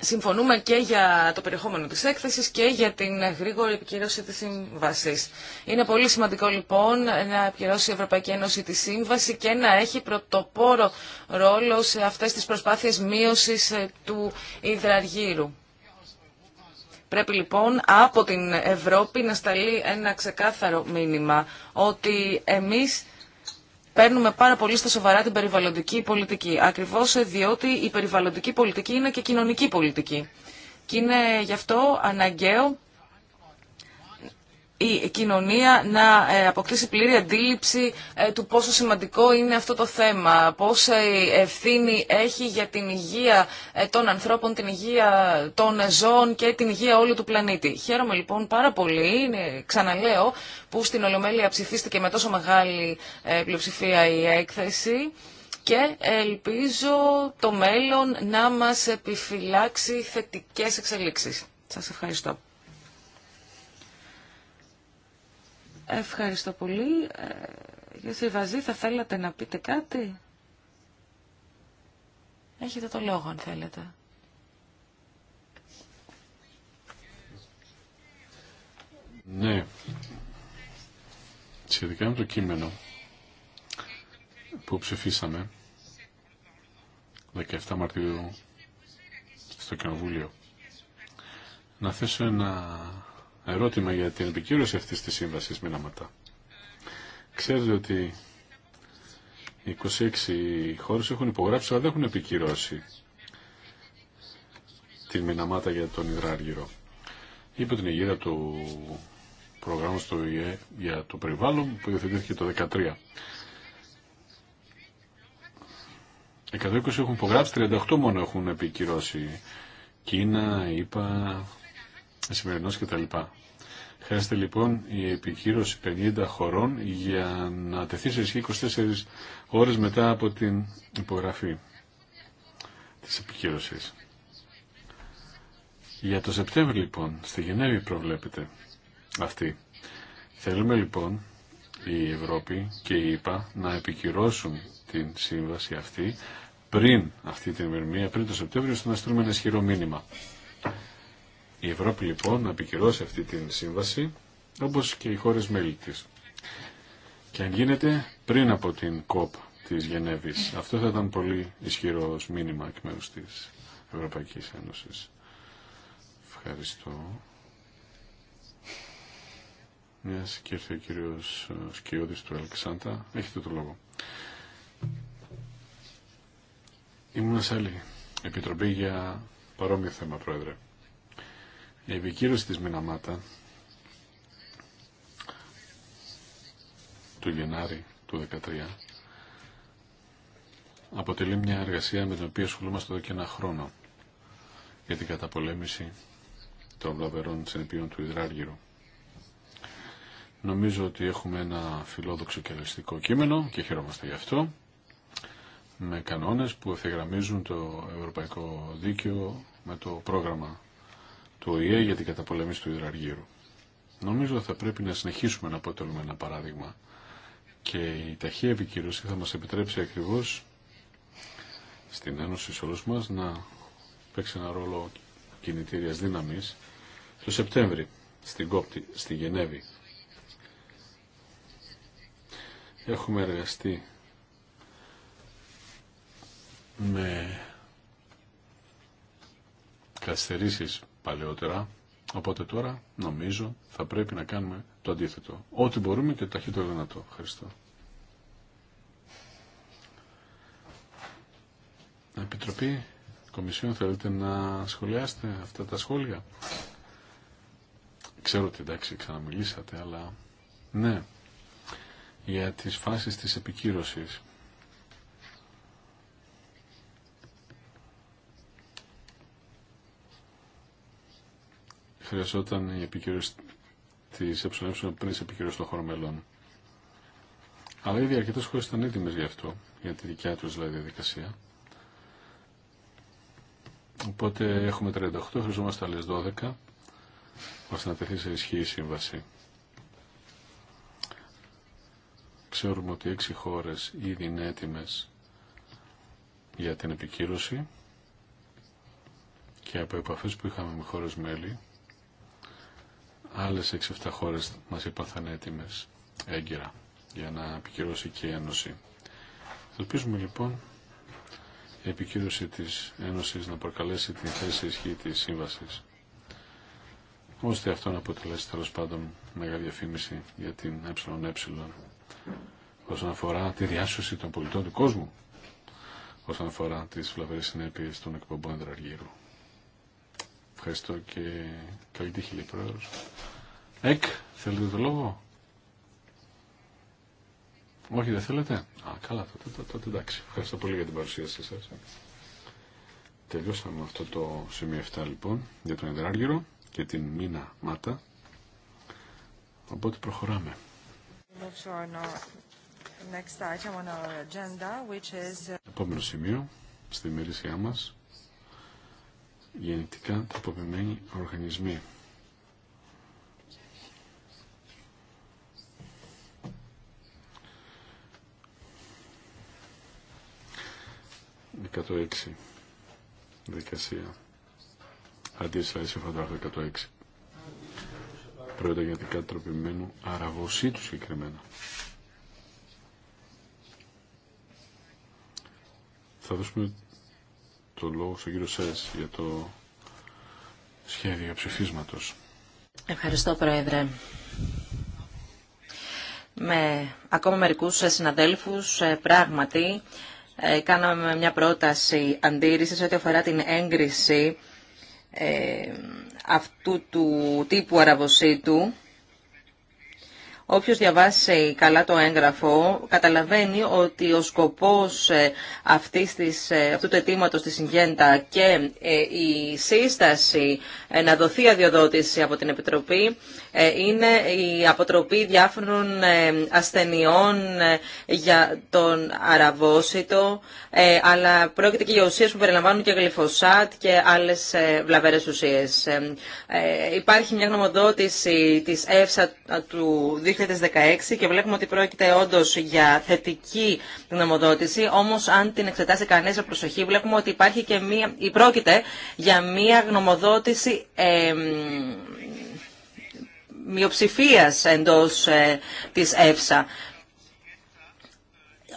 Συμφωνούμε και για το περιεχόμενο της έκθεσης και για την γρήγορη επικύρωση της σύμβασης. Είναι πολύ σημαντικό λοιπόν να επικυρώσει η Ευρωπαϊκή Ένωση τη σύμβαση και να έχει πρωτοπόρο ρόλο σε αυτές τις προσπάθειες μείωσης ε, του υδραργύρου. Πρέπει λοιπόν από την Ευρώπη να σταλεί ένα ξεκάθαρο μήνυμα ότι εμείς παίρνουμε πάρα πολύ στα σοβαρά την περιβαλλοντική πολιτική. Ακριβώς διότι η περιβαλλοντική πολιτική είναι και κοινωνική πολιτική. Και είναι γι' αυτό αναγκαίο η κοινωνία να ε, αποκτήσει πλήρη αντίληψη ε, του πόσο σημαντικό είναι αυτό το θέμα, πόσα ευθύνη έχει για την υγεία ε, των ανθρώπων, την υγεία των ζώων και την υγεία όλου του πλανήτη. Χαίρομαι λοιπόν πάρα πολύ, ξαναλέω, που στην Ολομέλεια ψηφίστηκε με τόσο μεγάλη πλειοψηφία η έκθεση και ελπίζω το μέλλον να μας επιφυλάξει θετικές εξελίξεις. Σας ευχαριστώ. Ευχαριστώ πολύ. Κύριε βαζή θα θέλατε να πείτε κάτι. Έχετε το λόγο αν θέλετε. Ναι. Σχετικά με το κείμενο που ψηφίσαμε 17 Μαρτίου στο Κοινοβούλιο να θέσω ένα ερώτημα για την επικύρωση αυτής της σύμβασης μηναματά. Ξέρετε ότι 26 χώρες έχουν υπογράψει αλλά δεν έχουν επικυρώσει την μηναμάτα για τον Ιδράργυρο. Είπε την Αιγύρια του προγράμματος του ΙΕ για το περιβάλλον που υιοθετήθηκε το 2013. 120 έχουν υπογράψει, 38 μόνο έχουν επικυρώσει. Κίνα, ΙΠΑ, σημερινό κτλ. Χρειάζεται λοιπόν η επικύρωση 50 χωρών για να τεθεί σε ισχύ 24 ώρες μετά από την υπογραφή της επικύρωσης. Για το Σεπτέμβριο λοιπόν, στη Γενέβη προβλέπεται αυτή. Θέλουμε λοιπόν η Ευρώπη και η ΕΠΑ να επικυρώσουν την σύμβαση αυτή πριν αυτή την ημερομηνία, πριν το Σεπτέμβριο, ώστε να στείλουμε ένα ισχυρό μήνυμα. Η Ευρώπη λοιπόν να επικυρώσει αυτή την σύμβαση όπως και οι χώρες μέλη της. Και αν γίνεται πριν από την ΚΟΠ της Γενέβης. Αυτό θα ήταν πολύ ισχυρό μήνυμα εκ μέρους της Ευρωπαϊκής Ένωσης. Ευχαριστώ. Μια και ήρθε ο κύριος Σκιώδης του Αλεξάντα. Έχετε το λόγο. Ήμουν σε άλλη επιτροπή για παρόμοιο θέμα, Πρόεδρε. Η επικύρωση της Μιναμάτα του Γενάρη του 2013 αποτελεί μια εργασία με την οποία ασχολούμαστε εδώ και ένα χρόνο για την καταπολέμηση των βλαβερών συνεπειών του Ιδράργυρου. Νομίζω ότι έχουμε ένα φιλόδοξο και ελιστικό κείμενο και χαιρόμαστε γι' αυτό με κανόνες που ευθυγραμμίζουν το Ευρωπαϊκό Δίκαιο με το πρόγραμμα του ΟΗΕ για την καταπολέμηση του υδραργύρου. Νομίζω θα πρέπει να συνεχίσουμε να αποτελούμε ένα παράδειγμα και η ταχεία επικύρωση θα μας επιτρέψει ακριβώς στην Ένωση σε όλους μας να παίξει ένα ρόλο κινητήριας δύναμης το Σεπτέμβρη στην Κόπτη, στη Γενέβη. Έχουμε εργαστεί με καθυστερήσεις παλαιότερα. Οπότε τώρα νομίζω θα πρέπει να κάνουμε το αντίθετο. Ό,τι μπορούμε και ταχύτερο δυνατό. Ευχαριστώ. Επιτροπή Κομισιόν θέλετε να σχολιάσετε αυτά τα σχόλια. Ξέρω ότι εντάξει ξαναμιλήσατε αλλά ναι για τις φάσεις της επικύρωσης χρειαζόταν η επικύρωση τη ΕΕ πριν σε επικύρωση των χωρών μελών. Αλλά ήδη αρκετέ χώρε ήταν έτοιμε γι' αυτό, για τη δικιά του δηλαδή διαδικασία. Οπότε έχουμε 38, χρειαζόμαστε άλλε 12, ώστε να τεθεί σε ισχύ η σύμβαση. Ξέρουμε ότι 6 χώρε ήδη είναι έτοιμε για την επικύρωση και από επαφές που είχαμε με χώρες μέλη Άλλες 6-7 χώρες μας είπαν θα είναι έτοιμες έγκυρα για να επικυρώσει και η Ένωση. Ελπίζουμε λοιπόν η επικύρωση της Ένωσης να προκαλέσει την θέση ισχύ τη σύμβασης ώστε αυτό να αποτελέσει τέλο πάντων μεγάλη διαφήμιση για την ΕΕ όσον αφορά τη διάσωση των πολιτών του κόσμου όσον αφορά τις φλαβερές συνέπειε των εκπομπών δραγύρου. Ευχαριστώ και καλή τύχη, λέει πρόεδρο. Εκ, θέλετε το λόγο. Όχι, δεν θέλετε. Α, καλά, τότε, τότε εντάξει. Ευχαριστώ πολύ για την παρουσίασή σα. Τελειώσαμε αυτό το σημείο 7 λοιπόν για τον Ενδράργυρο και την Μίνα Μάτα. Οπότε προχωράμε. Uh, Επόμενο σημείο στη μερίσια μας γενετικά τροποποιημένοι οργανισμοί. Δικατοέξι. Δικασία. Αντίσταση αφορά το 106. Πρόεδρο γενετικά τροποποιημένου αραβοσίτου συγκεκριμένα. Θα δώσουμε το λόγο στον κύριο για το σχέδιο ψηφίσματος. Ευχαριστώ, Πρόεδρε. Με ακόμα μερικούς συναδέλφους, ε, πράγματι, ε, κάναμε μια πρόταση αντίρρησης ό,τι αφορά την έγκριση ε, αυτού του τύπου αραβοσίτου Όποιος διαβάσει καλά το έγγραφο καταλαβαίνει ότι ο σκοπός ε, αυτής της, ε, αυτού του αιτήματος της Συγγέντα και ε, η σύσταση να δοθεί αδειοδότηση από την Επιτροπή είναι η αποτροπή διάφορων ασθενειών για τον αραβόσιτο αλλά πρόκειται και για ουσίες που περιλαμβάνουν και γλυφοσάτ και άλλες βλαβερές ουσίες. Υπάρχει μια γνωμοδότηση της ΕΦΣΑ του 2016 και βλέπουμε ότι πρόκειται όντω για θετική γνωμοδότηση. Όμω, αν την εξετάσει κανεί με προσοχή, βλέπουμε ότι υπάρχει και μία, ή πρόκειται για μία γνωμοδότηση ε, μειοψηφία εντό ε, τη ΕΦΣΑ.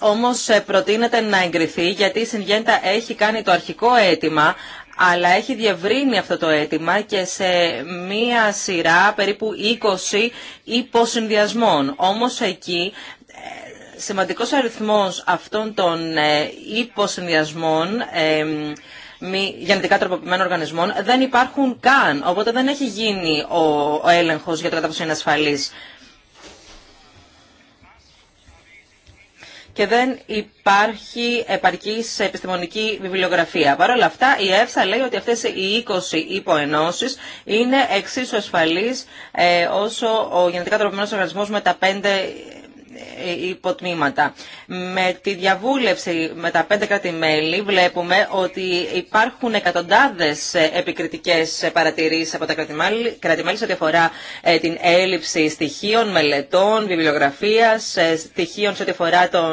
Όμω προτείνεται να εγκριθεί γιατί η Συνγέντα έχει κάνει το αρχικό αίτημα αλλά έχει διευρύνει αυτό το αίτημα και σε μία σειρά περίπου 20 υποσυνδυασμών. Όμως εκεί ε, σημαντικός αριθμός αυτών των ε, υποσυνδυασμών ε, μη γενετικά τροποποιημένων οργανισμών δεν υπάρχουν καν, οπότε δεν έχει γίνει ο, έλεγχος για το κατά είναι ασφαλής. και δεν υπάρχει επαρκής επιστημονική βιβλιογραφία. Παρ' όλα αυτά, η ΕΦΣΑ λέει ότι αυτές οι 20 υποενώσεις είναι εξίσου ασφαλείς ε, όσο ο γενετικά τροποποιημένος οργανισμός με τα 5 υποτμήματα. Με τη διαβούλευση με τα πέντε κράτη-μέλη βλέπουμε ότι υπάρχουν εκατοντάδες επικριτικές παρατηρήσεις από τα κράτη-μέλη σε ό,τι αφορά ε, την έλλειψη στοιχείων, μελετών, βιβλιογραφίας, ε, στοιχείων σε ό,τι αφορά το,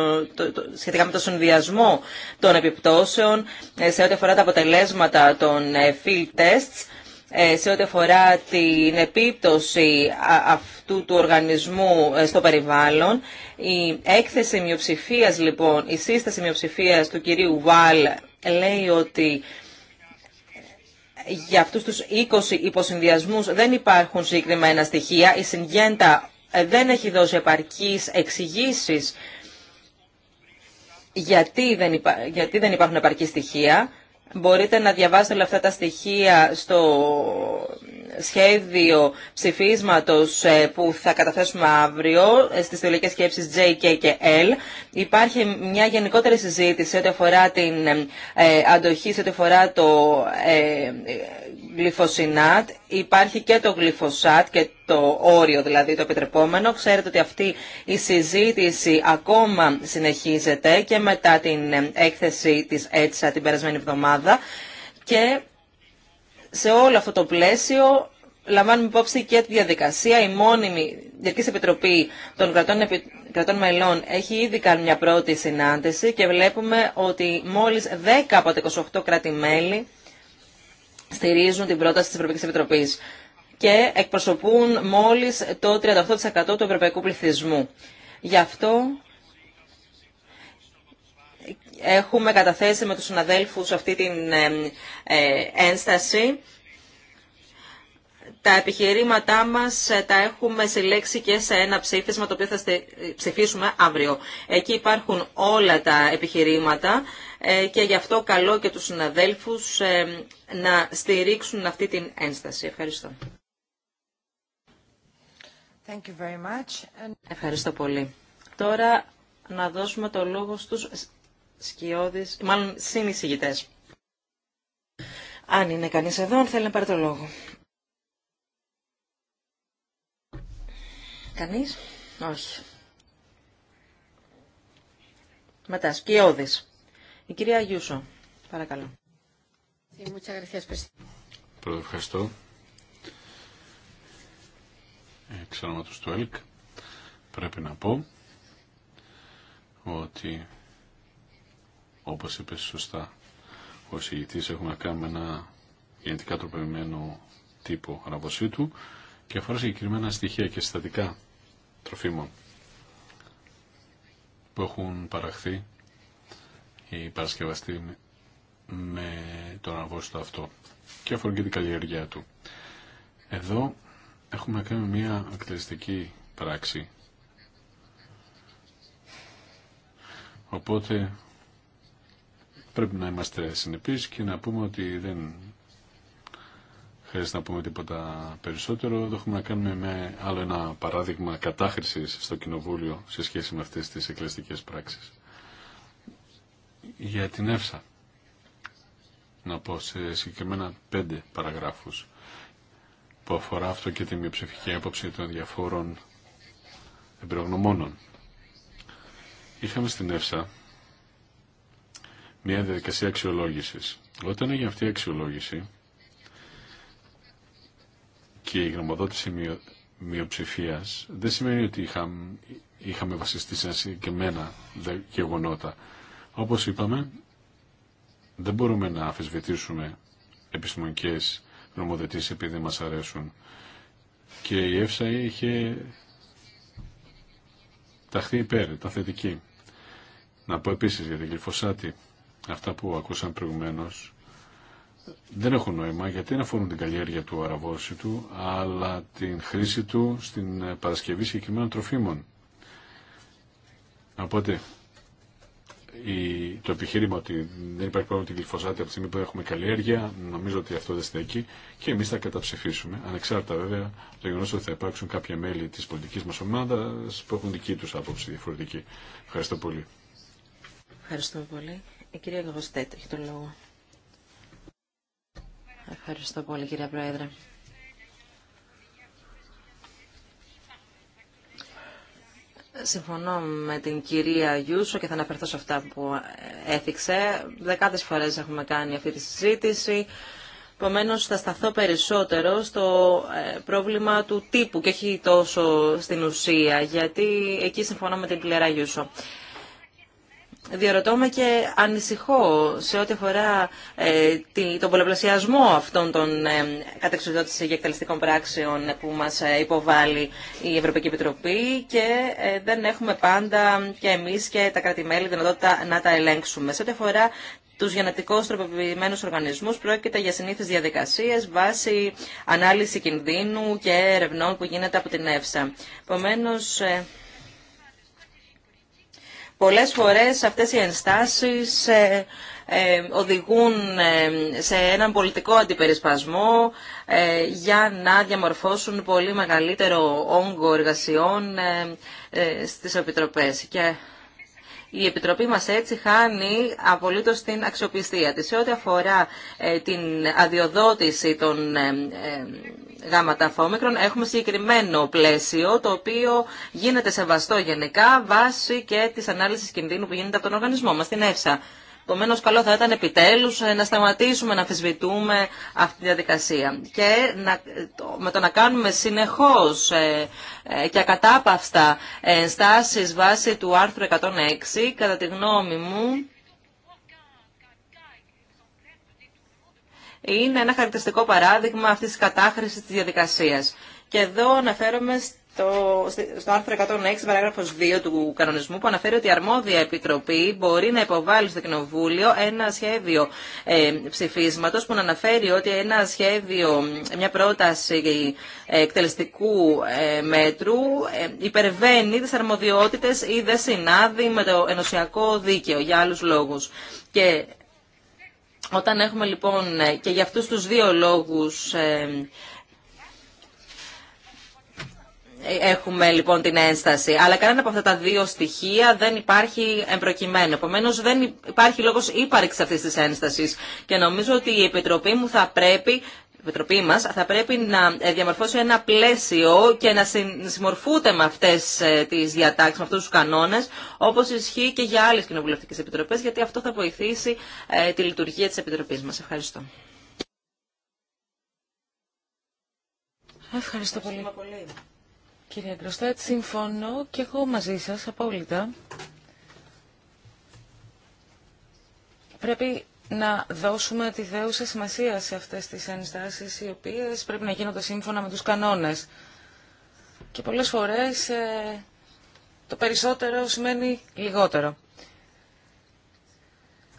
σχετικά με το συνδυασμό των επιπτώσεων, ε, σε ό,τι αφορά τα αποτελέσματα των field tests ε, σε ό,τι αφορά την επίπτωση αυτού του οργανισμού ε, στο περιβάλλον. Η έκθεση μειοψηφία, λοιπόν, η σύσταση μειοψηφία του κυρίου Βαλ λέει ότι για αυτούς τους 20 υποσυνδυασμούς δεν υπάρχουν συγκεκριμένα στοιχεία. Η Συγγέντα ε, δεν έχει δώσει επαρκείς εξηγήσεις γιατί, δεν γιατί δεν υπάρχουν επαρκή στοιχεία. Μπορείτε να διαβάσετε όλα αυτά τα στοιχεία στο σχέδιο ψηφίσματος ε, που θα καταθέσουμε αύριο ε, στις τελικέ σκέψεις J, K και L. Υπάρχει μια γενικότερη συζήτηση ό,τι αφορά την ε, αντοχή, σε ό,τι αφορά το γλυφοσινάτ, υπάρχει και το γλυφοσάτ και το όριο δηλαδή το επιτρεπόμενο. Ξέρετε ότι αυτή η συζήτηση ακόμα συνεχίζεται και μετά την ε, έκθεση της ΕΤΣΑ την περασμένη εβδομάδα και σε όλο αυτό το πλαίσιο λαμβάνουμε υπόψη και τη διαδικασία. Η μόνιμη Διαρκής Επιτροπή των κρατών, κρατών Μελών έχει ήδη κάνει μια πρώτη συνάντηση και βλέπουμε ότι μόλις 10 από τα 28 κράτη-μέλη στηρίζουν την πρόταση της Ευρωπαϊκής Επιτροπής και εκπροσωπούν μόλις το 38% του ευρωπαϊκού πληθυσμού. Γι' αυτό έχουμε καταθέσει με τους συναδέλφους αυτή την ε, ε, ένσταση τα επιχειρήματά μας ε, τα έχουμε συλλέξει και σε ένα ψήφισμα το οποίο θα ε, ψηφίσουμε αύριο. Εκεί υπάρχουν όλα τα επιχειρήματα ε, και γι' αυτό καλώ και του συναδέλφους να στηρίξουν αυτή την ένσταση. Ευχαριστώ. Thank you Ευχαριστώ πολύ. Τώρα να δώσουμε το λόγο στους σκιώδεις, μάλλον συνεισηγητές. Αν είναι κανείς εδώ, αν θέλει να πάρει το λόγο. Κανείς? Όχι. Μετά, σκιώδης. Η κυρία Γιουσο. παρακαλώ. Πρώτα ευχαριστώ. Εξ ονόματος του ΕΛΚ πρέπει να πω ότι όπως είπε σωστά ο συγητής έχουμε να κάνουμε ένα γενετικά τροπευμένο τύπο αναποσίτου και αφορά συγκεκριμένα στοιχεία και συστατικά τροφίμων που έχουν παραχθεί ή παρασκευαστεί με τον αγώστο αυτό και αφορούν και την καλλιεργία του. Εδώ έχουμε κάνει μια εκτελεστική πράξη. Οπότε πρέπει να είμαστε συνεπείς και να πούμε ότι δεν χρειάζεται να πούμε τίποτα περισσότερο. Εδώ έχουμε να κάνουμε με άλλο ένα παράδειγμα κατάχρησης στο Κοινοβούλιο σε σχέση με αυτές τις εκκληστικές πράξεις. Για την ΕΦΣΑ, να πω σε συγκεκριμένα πέντε παραγράφους που αφορά αυτό και τη μειοψηφική άποψη των διαφόρων εμπειρογνωμόνων. Είχαμε στην ΕΦΣΑ μια διαδικασία αξιολόγησης. Όταν έγινε αυτή η αξιολόγηση, και η γνωμοδότηση μειο, μειοψηφία δεν σημαίνει ότι είχαμε, είχαμε βασιστεί σε συγκεκριμένα γεγονότα. Όπως είπαμε, δεν μπορούμε να αφισβητήσουμε επιστημονικές γνωμοδοτήσεις επειδή μας αρέσουν. Και η ΕΦΣΑ είχε ταχθεί υπέρ, τα θετική. Να πω επίσης για την γλυφοσάτη, αυτά που ακούσαμε προηγουμένως, δεν έχουν νόημα γιατί δεν αφορούν την καλλιέργεια του αραβόσιτου αλλά την χρήση του στην παρασκευή συγκεκριμένων τροφίμων. Οπότε η, το επιχείρημα ότι δεν υπάρχει πρόβλημα με την γλυφωσάτη από τη στιγμή που έχουμε καλλιέργεια νομίζω ότι αυτό δεν στέκει και εμείς θα καταψηφίσουμε ανεξάρτητα βέβαια το γεγονό ότι θα υπάρξουν κάποια μέλη τη πολιτική μα ομάδα που έχουν δική του άποψη διαφορετική. Ευχαριστώ πολύ. Ευχαριστώ πολύ. Η κυρία Γαβοστέτ έχει τον λόγο. Ευχαριστώ πολύ κυρία Πρόεδρε. Συμφωνώ με την κυρία Γιούσο και θα αναφερθώ σε αυτά που έθιξε. Δεκάδες φορές έχουμε κάνει αυτή τη συζήτηση. Επομένω, θα σταθώ περισσότερο στο ε, πρόβλημα του τύπου και έχει τόσο στην ουσία, γιατί εκεί συμφωνώ με την κυρία Γιούσο διαρωτώ με και ανησυχώ σε ό,τι αφορά ε, τον πολλαπλασιασμό αυτών των ε, κατεξοδότηση και εκτελεστικών πράξεων που μας ε, υποβάλλει η Ευρωπαϊκή Επιτροπή και ε, δεν έχουμε πάντα και εμείς και τα κρατη δυνατότητα να τα ελέγξουμε. Σε ό,τι αφορά τους γενετικώς τροποποιημένους οργανισμούς πρόκειται για συνήθεις διαδικασίες βάσει ανάλυση κινδύνου και ερευνών που γίνεται από την ΕΦΣΑ. Πολλές φορές αυτές οι ενστάσεις ε, ε, οδηγούν ε, σε έναν πολιτικό αντιπερισπασμό για να διαμορφώσουν πολύ μεγαλύτερο όγκο εργασιών στις επιτροπές. Και η Επιτροπή μας έτσι χάνει απολύτως την αξιοπιστία της. Σε ό,τι αφορά ε, την αδειοδότηση των ε, ε, γάμματα αφόμικρων έχουμε συγκεκριμένο πλαίσιο το οποίο γίνεται σεβαστό γενικά βάσει και της ανάλυσης κινδύνου που γίνεται από τον οργανισμό μας, την ΕΦΣΑ. Επομένω, καλό θα ήταν επιτέλου ε, να σταματήσουμε να αμφισβητούμε αυτή τη διαδικασία. Και να, με το να κάνουμε συνεχώ ε, ε, και ακατάπαυστα ενστάσει βάσει του άρθρου 106, κατά τη γνώμη μου, είναι ένα χαρακτηριστικό παράδειγμα αυτής της κατάχρησης της διαδικασίας. Και εδώ αναφέρομαι στο, στο άρθρο 106 παράγραφος 2 του κανονισμού που αναφέρει ότι η αρμόδια επιτροπή μπορεί να υποβάλει στο Κοινοβούλιο ένα σχέδιο ε, ψηφίσματος που αναφέρει ότι ένα σχέδιο, μια πρόταση εκτελεστικού ε, μέτρου ε, υπερβαίνει τι αρμοδιότητε ή δεν συνάδει με το ενωσιακό δίκαιο για άλλου λόγου. Και όταν έχουμε λοιπόν ε, και για αυτού του δύο λόγου. Ε, έχουμε λοιπόν την ένσταση. Αλλά κανένα από αυτά τα δύο στοιχεία δεν υπάρχει εμπροκειμένο. Επομένω, δεν υπάρχει λόγο ύπαρξη αυτή τη ένσταση. Και νομίζω ότι η Επιτροπή μου θα πρέπει. Η Επιτροπή μας θα πρέπει να ε, διαμορφώσει ένα πλαίσιο και να συμμορφούνται με αυτές ε, τις διατάξεις, με αυτούς τους κανόνες, όπως ισχύει και για άλλες κοινοβουλευτικές επιτροπές, γιατί αυτό θα βοηθήσει ε, τη λειτουργία της Επιτροπής μας. Ευχαριστώ. Ευχαριστώ πολύ. Κύριε Γκροστέτ, συμφωνώ και εγώ μαζί σας απόλυτα. Πρέπει να δώσουμε τη δέουσα σημασία σε αυτές τις ενστάσεις οι οποίες πρέπει να γίνονται σύμφωνα με τους κανόνες. Και πολλές φορές ε, το περισσότερο σημαίνει λιγότερο.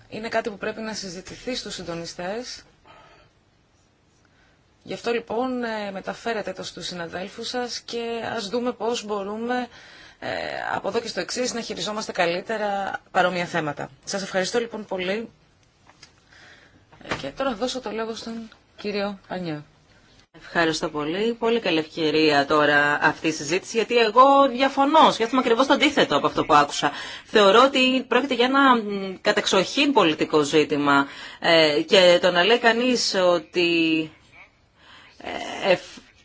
Είναι κάτι που πρέπει να συζητηθεί στους συντονιστές Γι' αυτό λοιπόν ε, μεταφέρετε το στους συναδέλφους σας και ας δούμε πώς μπορούμε ε, από εδώ και στο εξής να χειριζόμαστε καλύτερα παρόμοια θέματα. Σας ευχαριστώ λοιπόν πολύ ε, και τώρα δώσω το λόγο στον κύριο Πανιά. Ευχαριστώ πολύ. Πολύ καλή ευκαιρία τώρα αυτή η συζήτηση, γιατί εγώ διαφωνώ. Σκέφτομαι ακριβώ το αντίθετο από αυτό που άκουσα. Θεωρώ ότι πρόκειται για ένα κατεξοχήν πολιτικό ζήτημα και το να λέει κανεί ότι ε,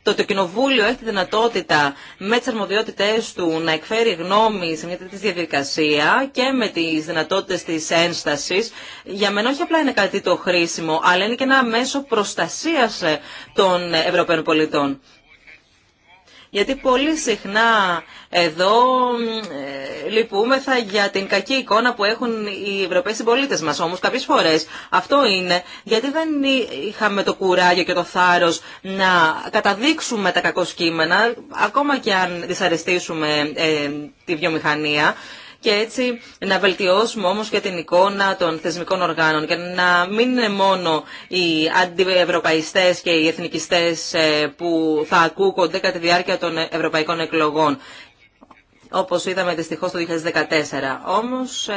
το, το Κοινοβούλιο έχει τη δυνατότητα με τι αρμοδιότητέ του να εκφέρει γνώμη σε μια τέτοια διαδικασία και με τι δυνατότητε τη ένσταση, για μένα όχι απλά είναι κάτι το χρήσιμο, αλλά είναι και ένα μέσο προστασία ε, των Ευρωπαίων πολιτών. Γιατί πολύ συχνά εδώ ε, λυπούμεθα για την κακή εικόνα που έχουν οι Ευρωπαίοι συμπολίτε μα. Όμω κάποιε φορέ αυτό είναι γιατί δεν είχαμε το κουράγιο και το θάρρο να καταδείξουμε τα κακό ακόμα και αν δυσαρεστήσουμε ε, τη βιομηχανία και έτσι να βελτιώσουμε όμως και την εικόνα των θεσμικών οργάνων και να μην είναι μόνο οι αντιευρωπαϊστές και οι εθνικιστές ε, που θα ακούγονται κατά τη διάρκεια των ευρωπαϊκών εκλογών όπως είδαμε δυστυχώς το 2014. Όμως ε,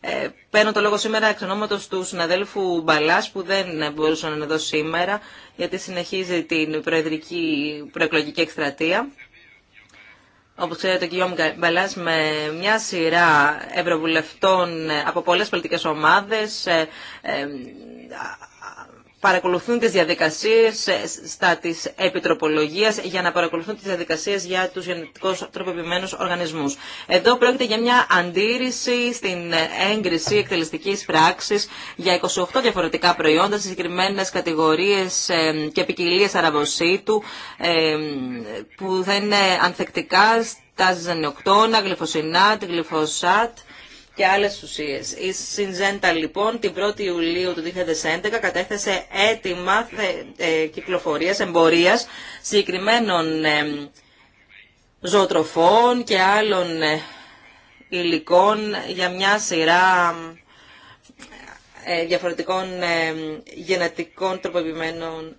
ε, παίρνω το λόγο σήμερα εξ ονόματος του συναδέλφου Μπαλάς που δεν μπορούσε να είναι εδώ σήμερα γιατί συνεχίζει την προεδρική προεκλογική εκστρατεία. Όπως ξέρετε, κ. Μπαλά με μια σειρά ευρωβουλευτών από πολλές πολιτικές ομάδες ε, ε, παρακολουθούν τις διαδικασίες ε, στα της επιτροπολογίας για να παρακολουθούν τις διαδικασίες για τους γενετικώς τροποποιημένους οργανισμούς. Εδώ πρόκειται για μια αντίρρηση στην ε, έγκριση εκτελεστικής πράξης για 28 διαφορετικά προϊόντα σε συγκεκριμένε κατηγορίες ε, και ποικιλίε αραβοσίτου που θα είναι ανθεκτικά στα ζενιοκτώνα, γλυφοσινάτ, γλυφοσάτ, και άλλες ουσίες. Η Συνζέντα λοιπόν την 1η Ιουλίου του 2011 κατέθεσε έτοιμα ε, κυκλοφορίας, εμπορίας συγκεκριμένων ε, ζωοτροφών και άλλων ε, υλικών για μια σειρά διαφορετικών γενετικών τροποποιημένων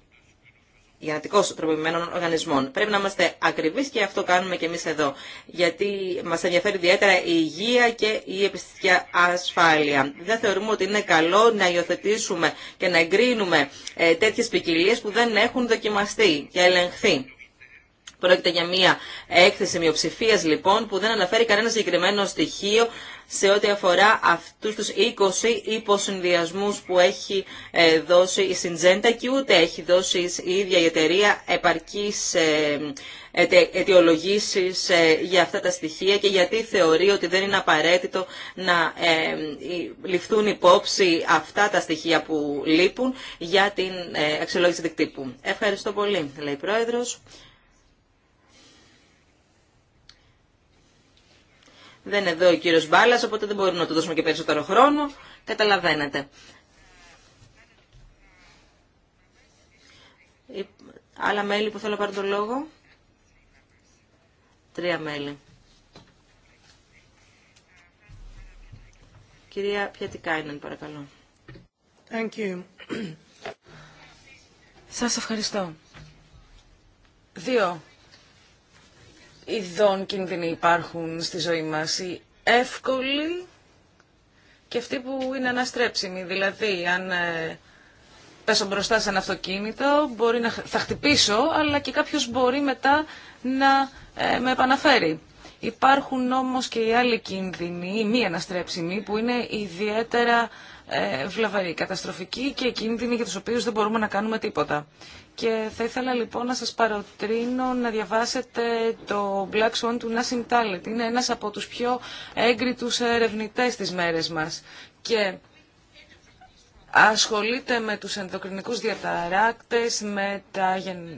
γενετικώ τροποποιημένων οργανισμών. Πρέπει να είμαστε ακριβεί και αυτό κάνουμε και εμεί εδώ. Γιατί μα ενδιαφέρει ιδιαίτερα η υγεία και η επιστημιακή ασφάλεια. Δεν θεωρούμε ότι είναι καλό να υιοθετήσουμε και να εγκρίνουμε ε, τέτοιε ποικιλίε που δεν έχουν δοκιμαστεί και ελεγχθεί. Πρόκειται για μια έκθεση μειοψηφία λοιπόν που δεν αναφέρει κανένα συγκεκριμένο στοιχείο σε ό,τι αφορά αυτούς τους 20 υποσυνδυασμούς που έχει ε, δώσει η Συντζέντα και ούτε έχει δώσει η ίδια η εταιρεία επαρκής ε, αιτιολογήσεις ε, για αυτά τα στοιχεία και γιατί θεωρεί ότι δεν είναι απαραίτητο να ληφθούν υπόψη αυτά τα στοιχεία που λείπουν για την αξιολόγηση δικτύπου. Ευχαριστώ πολύ, λέει η Πρόεδρος. Δεν είναι εδώ ο κύριος Μπάλας, οπότε δεν μπορούμε να του δώσουμε και περισσότερο χρόνο. Καταλαβαίνετε. Ε, άλλα μέλη που θέλω να πάρουν το λόγο. Τρία μέλη. Κυρία Πιατικάινεν, παρακαλώ. Thank you. Σας ευχαριστώ. Δύο ειδών κίνδυνοι υπάρχουν στη ζωή μας. Οι εύκολοι και αυτοί που είναι αναστρέψιμοι. Δηλαδή, αν ε, πέσω μπροστά σε ένα αυτοκίνητο, μπορεί να, θα χτυπήσω, αλλά και κάποιος μπορεί μετά να ε, με επαναφέρει. Υπάρχουν όμως και οι άλλοι κίνδυνοι, οι μη αναστρέψιμοι, που είναι ιδιαίτερα ε, βλαβαροί, καταστροφικοί και κίνδυνοι για τους οποίους δεν μπορούμε να κάνουμε τίποτα. Και θα ήθελα λοιπόν να σας παροτρύνω να διαβάσετε το Black Swan του Nassim Τάλετ. Είναι ένας από τους πιο έγκριτους ερευνητές τις μέρες μας. Και ασχολείται με τους ενδοκρινικούς διαταράκτες, με, τα,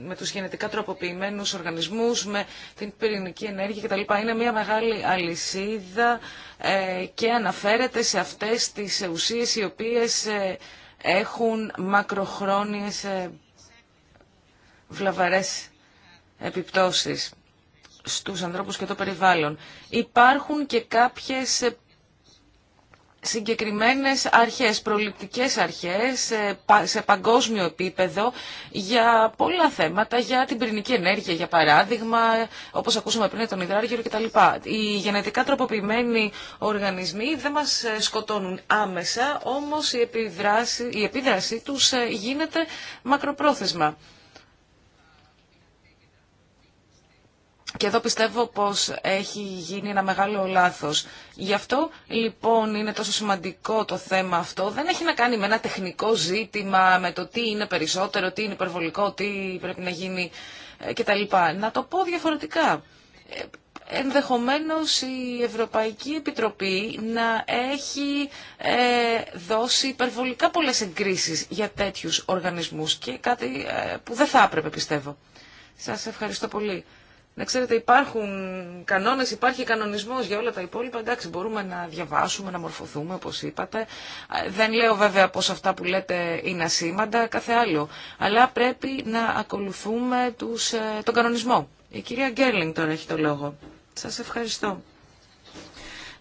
με τους γενετικά τροποποιημένους οργανισμούς, με την πυρηνική ενέργεια κτλ. Είναι μια μεγάλη αλυσίδα ε, και αναφέρεται σε αυτές τις ουσίες οι οποίες ε, έχουν μακροχρόνιες ε, βλαβαρές επιπτώσεις στους ανθρώπους και το περιβάλλον. Υπάρχουν και κάποιες συγκεκριμένες αρχές, προληπτικές αρχές ε, σε παγκόσμιο επίπεδο για πολλά θέματα, για την πυρηνική ενέργεια για παράδειγμα, όπως ακούσαμε πριν τον υδράργυρο κτλ. Οι γενετικά τροποποιημένοι οργανισμοί δεν μας ε, σκοτώνουν άμεσα, όμως η, επιδράση, η επίδραση τους ε, γίνεται μακροπρόθεσμα. Και εδώ πιστεύω πως έχει γίνει ένα μεγάλο λάθος. Γι' αυτό λοιπόν είναι τόσο σημαντικό το θέμα αυτό. Δεν έχει να κάνει με ένα τεχνικό ζήτημα, με το τι είναι περισσότερο, τι είναι υπερβολικό, τι πρέπει να γίνει ε, κτλ. Να το πω διαφορετικά. Ε, ενδεχομένως η Ευρωπαϊκή Επιτροπή να έχει ε, δώσει υπερβολικά πολλές εγκρίσεις για τέτοιους οργανισμούς και κάτι που δεν θα έπρεπε πιστεύω. Σας ευχαριστώ πολύ. Να ξέρετε, υπάρχουν κανόνε, υπάρχει κανονισμό για όλα τα υπόλοιπα. Εντάξει, μπορούμε να διαβάσουμε, να μορφωθούμε, όπω είπατε. Δεν λέω βέβαια πω αυτά που λέτε είναι ασήμαντα, κάθε άλλο. Αλλά πρέπει να ακολουθούμε τους, ε, τον κανονισμό. Η κυρία Γκέρλινγκ τώρα έχει το λόγο. Σας ευχαριστώ.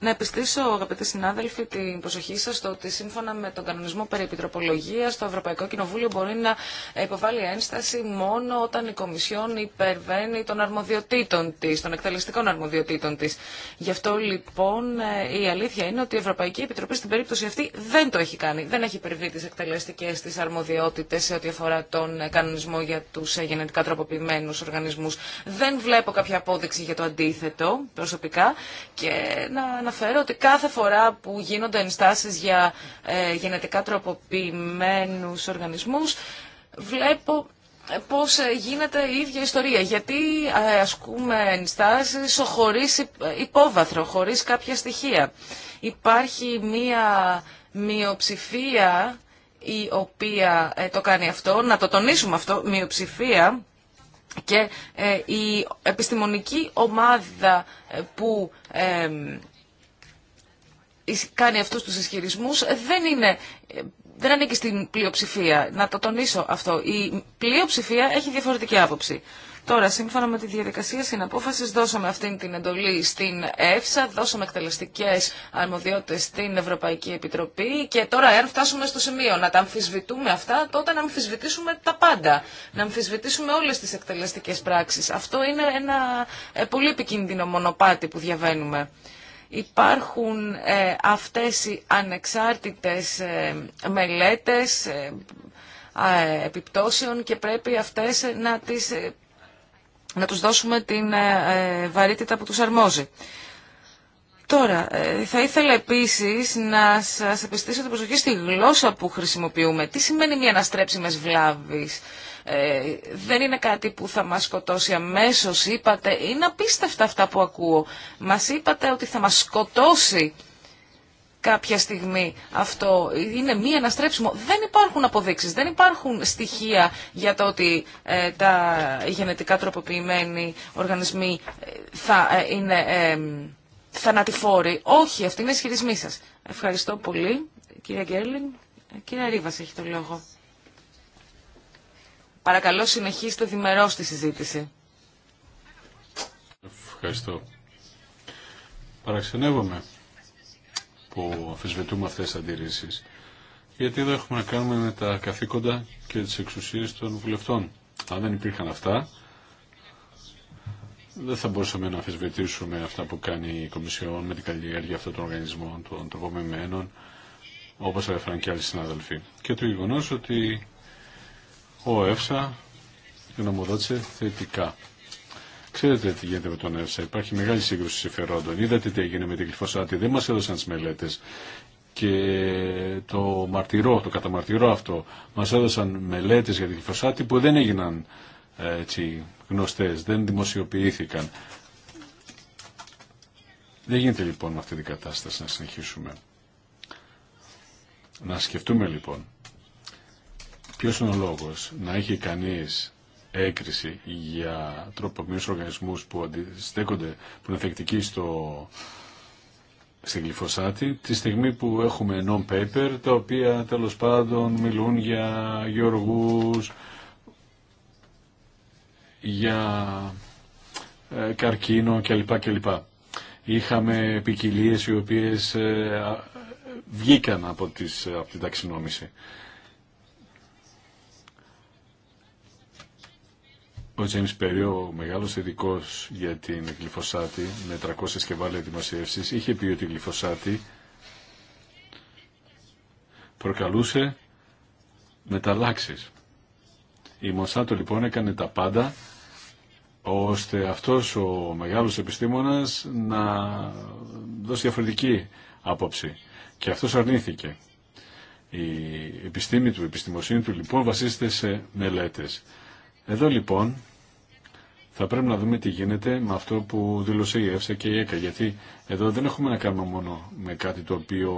Να επιστήσω, αγαπητοί συνάδελφοι, την προσοχή σα στο ότι σύμφωνα με τον κανονισμό περί επιτροπολογία, το Ευρωπαϊκό Κοινοβούλιο μπορεί να υποβάλει ένσταση μόνο όταν η Κομισιόν υπερβαίνει των αρμοδιοτήτων τη, των εκτελεστικών αρμοδιοτήτων τη. Γι' αυτό λοιπόν η αλήθεια είναι ότι η Ευρωπαϊκή Επιτροπή στην περίπτωση αυτή δεν το έχει κάνει. Δεν έχει υπερβεί τι εκτελεστικέ τη αρμοδιότητε σε ό,τι αφορά τον κανονισμό για του γενετικά τροποποιημένου οργανισμού. Δεν βλέπω κάποια απόδειξη για το αντίθετο προσωπικά και να αναφέρω ότι κάθε φορά που γίνονται ενστάσεις για ε, γενετικά τροποποιημένους οργανισμούς, βλέπω ε, πώς ε, γίνεται η ίδια ιστορία. Γιατί ασκούμε ενστάσεις χωρίς υπόβαθρο, χωρίς κάποια στοιχεία. Υπάρχει μία μειοψηφία η οποία το κάνει αυτό, να το τονίσουμε αυτό, μειοψηφία και η επιστημονική ομάδα που κάνει αυτούς τους ισχυρισμούς δεν είναι... Δεν ανήκει στην πλειοψηφία. Να το τονίσω αυτό. Η πλειοψηφία έχει διαφορετική άποψη. Τώρα, σύμφωνα με τη διαδικασία συναπόφαση, δώσαμε αυτή την εντολή στην ΕΦΣΑ, δώσαμε εκτελεστικέ αρμοδιότητε στην Ευρωπαϊκή Επιτροπή και τώρα, εάν φτάσουμε στο σημείο να τα αμφισβητούμε αυτά, τότε να αμφισβητήσουμε τα πάντα. Να αμφισβητήσουμε όλε τι εκτελεστικέ πράξει. Αυτό είναι ένα ε, πολύ επικίνδυνο μονοπάτι που διαβαίνουμε. Υπάρχουν ε, αυτές οι ανεξάρτητες ε, μελέτες ε, επιπτώσεων και πρέπει αυτές ε, να, τις, να τους δώσουμε την βαρύτητα που τους αρμόζει. Τώρα, θα ήθελα επίσης να σας επιστήσω την προσοχή στη γλώσσα που χρησιμοποιούμε. Τι σημαίνει μια αναστρέψιμες βλάβης. Ε, δεν είναι κάτι που θα μας σκοτώσει αμέσως, είπατε. Είναι απίστευτα αυτά που ακούω. Μας είπατε ότι θα μας σκοτώσει κάποια στιγμή αυτό. Είναι μία αναστρέψιμο. Δεν υπάρχουν αποδείξεις, δεν υπάρχουν στοιχεία για το ότι ε, τα γενετικά τροποποιημένοι οργανισμοί ε, θα ε, είναι θανατηφόροι. Όχι, αυτή είναι η ισχυρισμοί σας. Ευχαριστώ πολύ. Κυρία Γκέρλιν, ε, κυρία Ρίβας έχει το λόγο. Παρακαλώ συνεχίστε διμερώς τη συζήτηση. Ευχαριστώ. Παραξενεύομαι που αφισβητούμε αυτές τις αντιρρήσεις. Γιατί εδώ έχουμε να κάνουμε με τα καθήκοντα και τις εξουσίες των βουλευτών. Αν δεν υπήρχαν αυτά, δεν θα μπορούσαμε να αφισβητήσουμε αυτά που κάνει η Κομισιόν με την καλλιέργεια αυτών των οργανισμών, των τροπομεμένων, όπως έφεραν και άλλοι συνάδελφοι. Και το γεγονό ότι ο ΕΦΣΑ γνωμοδότησε θετικά. Ξέρετε τι γίνεται με τον ΕΦΣΑ. Υπάρχει μεγάλη σύγκρουση συμφερόντων. Είδατε τι έγινε με την γλυφοσάτη. Δεν μα έδωσαν τι μελέτε. Και το μαρτυρό, το καταμαρτυρό αυτό, μα έδωσαν μελέτε για την γλυφοσάτη που δεν έγιναν ε, έτσι, γνωστές, δεν δημοσιοποιήθηκαν. Δεν γίνεται λοιπόν με αυτή την κατάσταση να συνεχίσουμε. Να σκεφτούμε λοιπόν Ποιος είναι ο λόγος να έχει κανείς έκριση για τροποποιημένους οργανισμούς που αντιστέκονται, που είναι θεκτικοί στο, στην γλυφωσάτη, τη στιγμή που έχουμε non-paper, τα οποία τέλος πάντων μιλούν για γεωργού, για ε, καρκίνο κλπ. κλπ. Είχαμε ποικιλίε οι οποίες ε, βγήκαν από, τις, από την ταξινόμηση. Ο James Περίο, ο μεγάλος ειδικό για την γλυφοσάτη, με 300 σκευάλια δημοσιεύσεις, είχε πει ότι η γλυφοσάτη προκαλούσε μεταλλάξεις. Η Μονσάτο λοιπόν έκανε τα πάντα ώστε αυτός ο μεγάλος επιστήμονας να δώσει διαφορετική άποψη. Και αυτός αρνήθηκε. Η επιστήμη του, η επιστημοσύνη του λοιπόν βασίζεται σε μελέτες. Εδώ λοιπόν θα πρέπει να δούμε τι γίνεται με αυτό που δήλωσε η ΕΦΣΑ και η ΕΚΑ. Γιατί εδώ δεν έχουμε να κάνουμε μόνο με κάτι το οποίο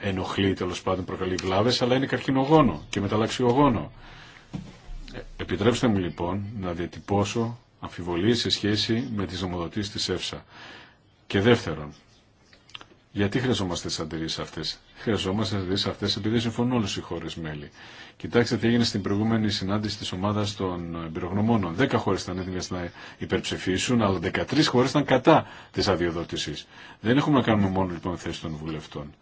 ενοχλεί τέλο πάντων, προκαλεί βλάβε, αλλά είναι καρκινογόνο και μεταλλαξιογόνο. Ε, επιτρέψτε μου λοιπόν να διατυπώσω αμφιβολίες σε σχέση με τις νομοδοτήσεις της ΕΦΣΑ. Και δεύτερον, γιατί χρειαζόμαστε τι αντιρρήσει αυτέ. Χρειαζόμαστε τι αντιρρήσει αυτέ επειδή συμφωνούν όλε οι χώρε μέλη. Κοιτάξτε τι έγινε στην προηγούμενη συνάντηση τη ομάδα των εμπειρογνωμόνων. Δέκα χώρε ήταν έτοιμε να υπερψηφίσουν, αλλά 13 χώρε ήταν κατά τη αδειοδότηση. Δεν έχουμε να κάνουμε μόνο λοιπόν θέση των βουλευτών,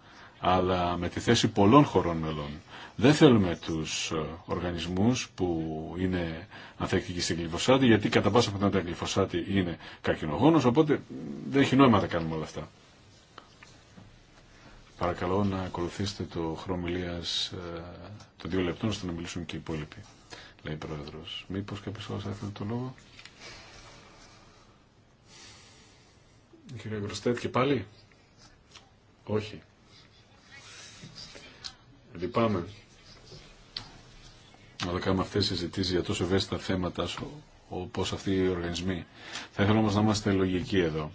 αλλά με τη θέση πολλών χωρών μελών. Δεν θέλουμε του ε, οργανισμού που είναι ανθεκτικοί στην γλυφοσάτη, γιατί κατά πάσα πιθανότητα η είναι καρκινογόνο, οπότε δεν έχει νόημα τα κάνουμε όλα αυτά. Παρακαλώ να ακολουθήσετε το χρόνο μιλία ε, των δύο λεπτών ώστε να μιλήσουν και οι υπόλοιποι. Λέει η Πρόεδρο. Μήπω κάποιο άλλο θα ήθελε το λόγο. Κύριε Γκροστέτ και πάλι. Όχι. Ε, λυπάμαι. το κάνουμε αυτές τις συζητήσεις για τόσο ευαίσθητα θέματα όπως αυτοί οι οργανισμοί. Θα ήθελα όμως να είμαστε λογικοί εδώ.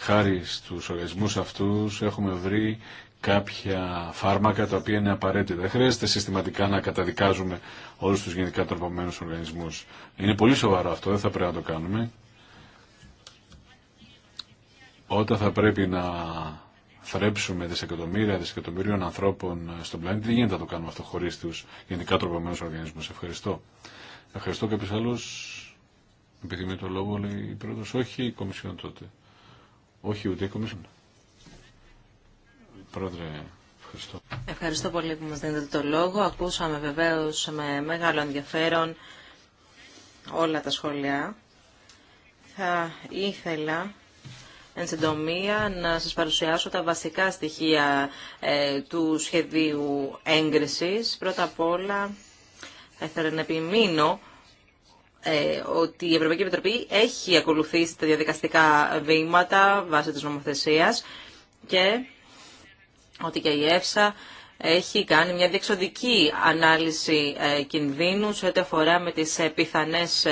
Χάρη στους οργανισμούς αυτούς έχουμε βρει κάποια φάρμακα τα οποία είναι απαραίτητα. Δεν χρειάζεται συστηματικά να καταδικάζουμε όλους τους γενικά τροπομένους οργανισμούς. Είναι πολύ σοβαρό αυτό, δεν θα πρέπει να το κάνουμε. Όταν θα πρέπει να θρέψουμε δισεκατομμύρια δισεκατομμυρίων ανθρώπων στον πλανήτη, δεν γίνεται να το κάνουμε αυτό χωρίς τους γενικά τροπομένους οργανισμούς. Ευχαριστώ. Ευχαριστώ κάποιος άλλος. Επιθυμεί το λόγο, λέει η πρόεδρος. Όχι, η Κομισιόν τότε. Όχι ούτε η Κομισιόν. Πρόεδρε, ευχαριστώ. Ευχαριστώ πολύ που μας δίνετε το λόγο. Ακούσαμε βεβαίως με μεγάλο ενδιαφέρον όλα τα σχόλια. Θα ήθελα εν συντομία να σας παρουσιάσω τα βασικά στοιχεία ε, του σχεδίου έγκρισης. Πρώτα απ' όλα θα ήθελα να επιμείνω ε, ότι η Ευρωπαϊκή Επιτροπή έχει ακολουθήσει τα διαδικαστικά βήματα βάσει της νομοθεσίας και ότι και η ΕΦΣΑ έχει κάνει μια διεξοδική ανάλυση ε, κινδύνου σε ό,τι αφορά με τις ε, πιθανές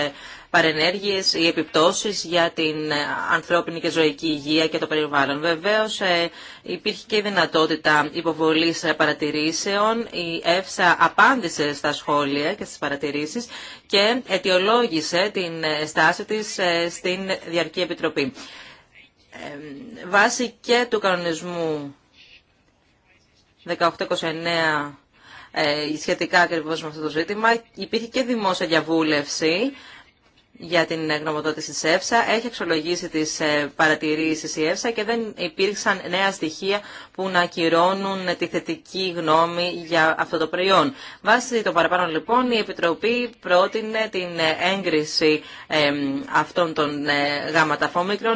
παρενέργειες ή επιπτώσεις για την ε, ανθρώπινη και ζωική υγεία και το περιβάλλον. Βεβαίως ε, υπήρχε και η δυνατότητα υποβολής ε, παρατηρήσεων. Η ΕΦΣΑ απάντησε στα σχόλια και στις παρατηρήσεις και αιτιολόγησε την στάση της στην Διαρκή Επιτροπή. Βάσει και του κανονισμού 1829 σχετικά ακριβώ με αυτό το ζήτημα. Υπήρχε και δημόσια διαβούλευση για την γνωμοδότηση της ΕΦΣΑ. Έχει αξιολογήσει τις ε, παρατηρήσεις η ΕΦΣΑ και δεν υπήρξαν νέα στοιχεία που να ακυρώνουν τη θετική γνώμη για αυτό το προϊόν. Βάσει των παραπάνω λοιπόν η Επιτροπή πρότεινε την έγκριση αυτών των ε, γάμματα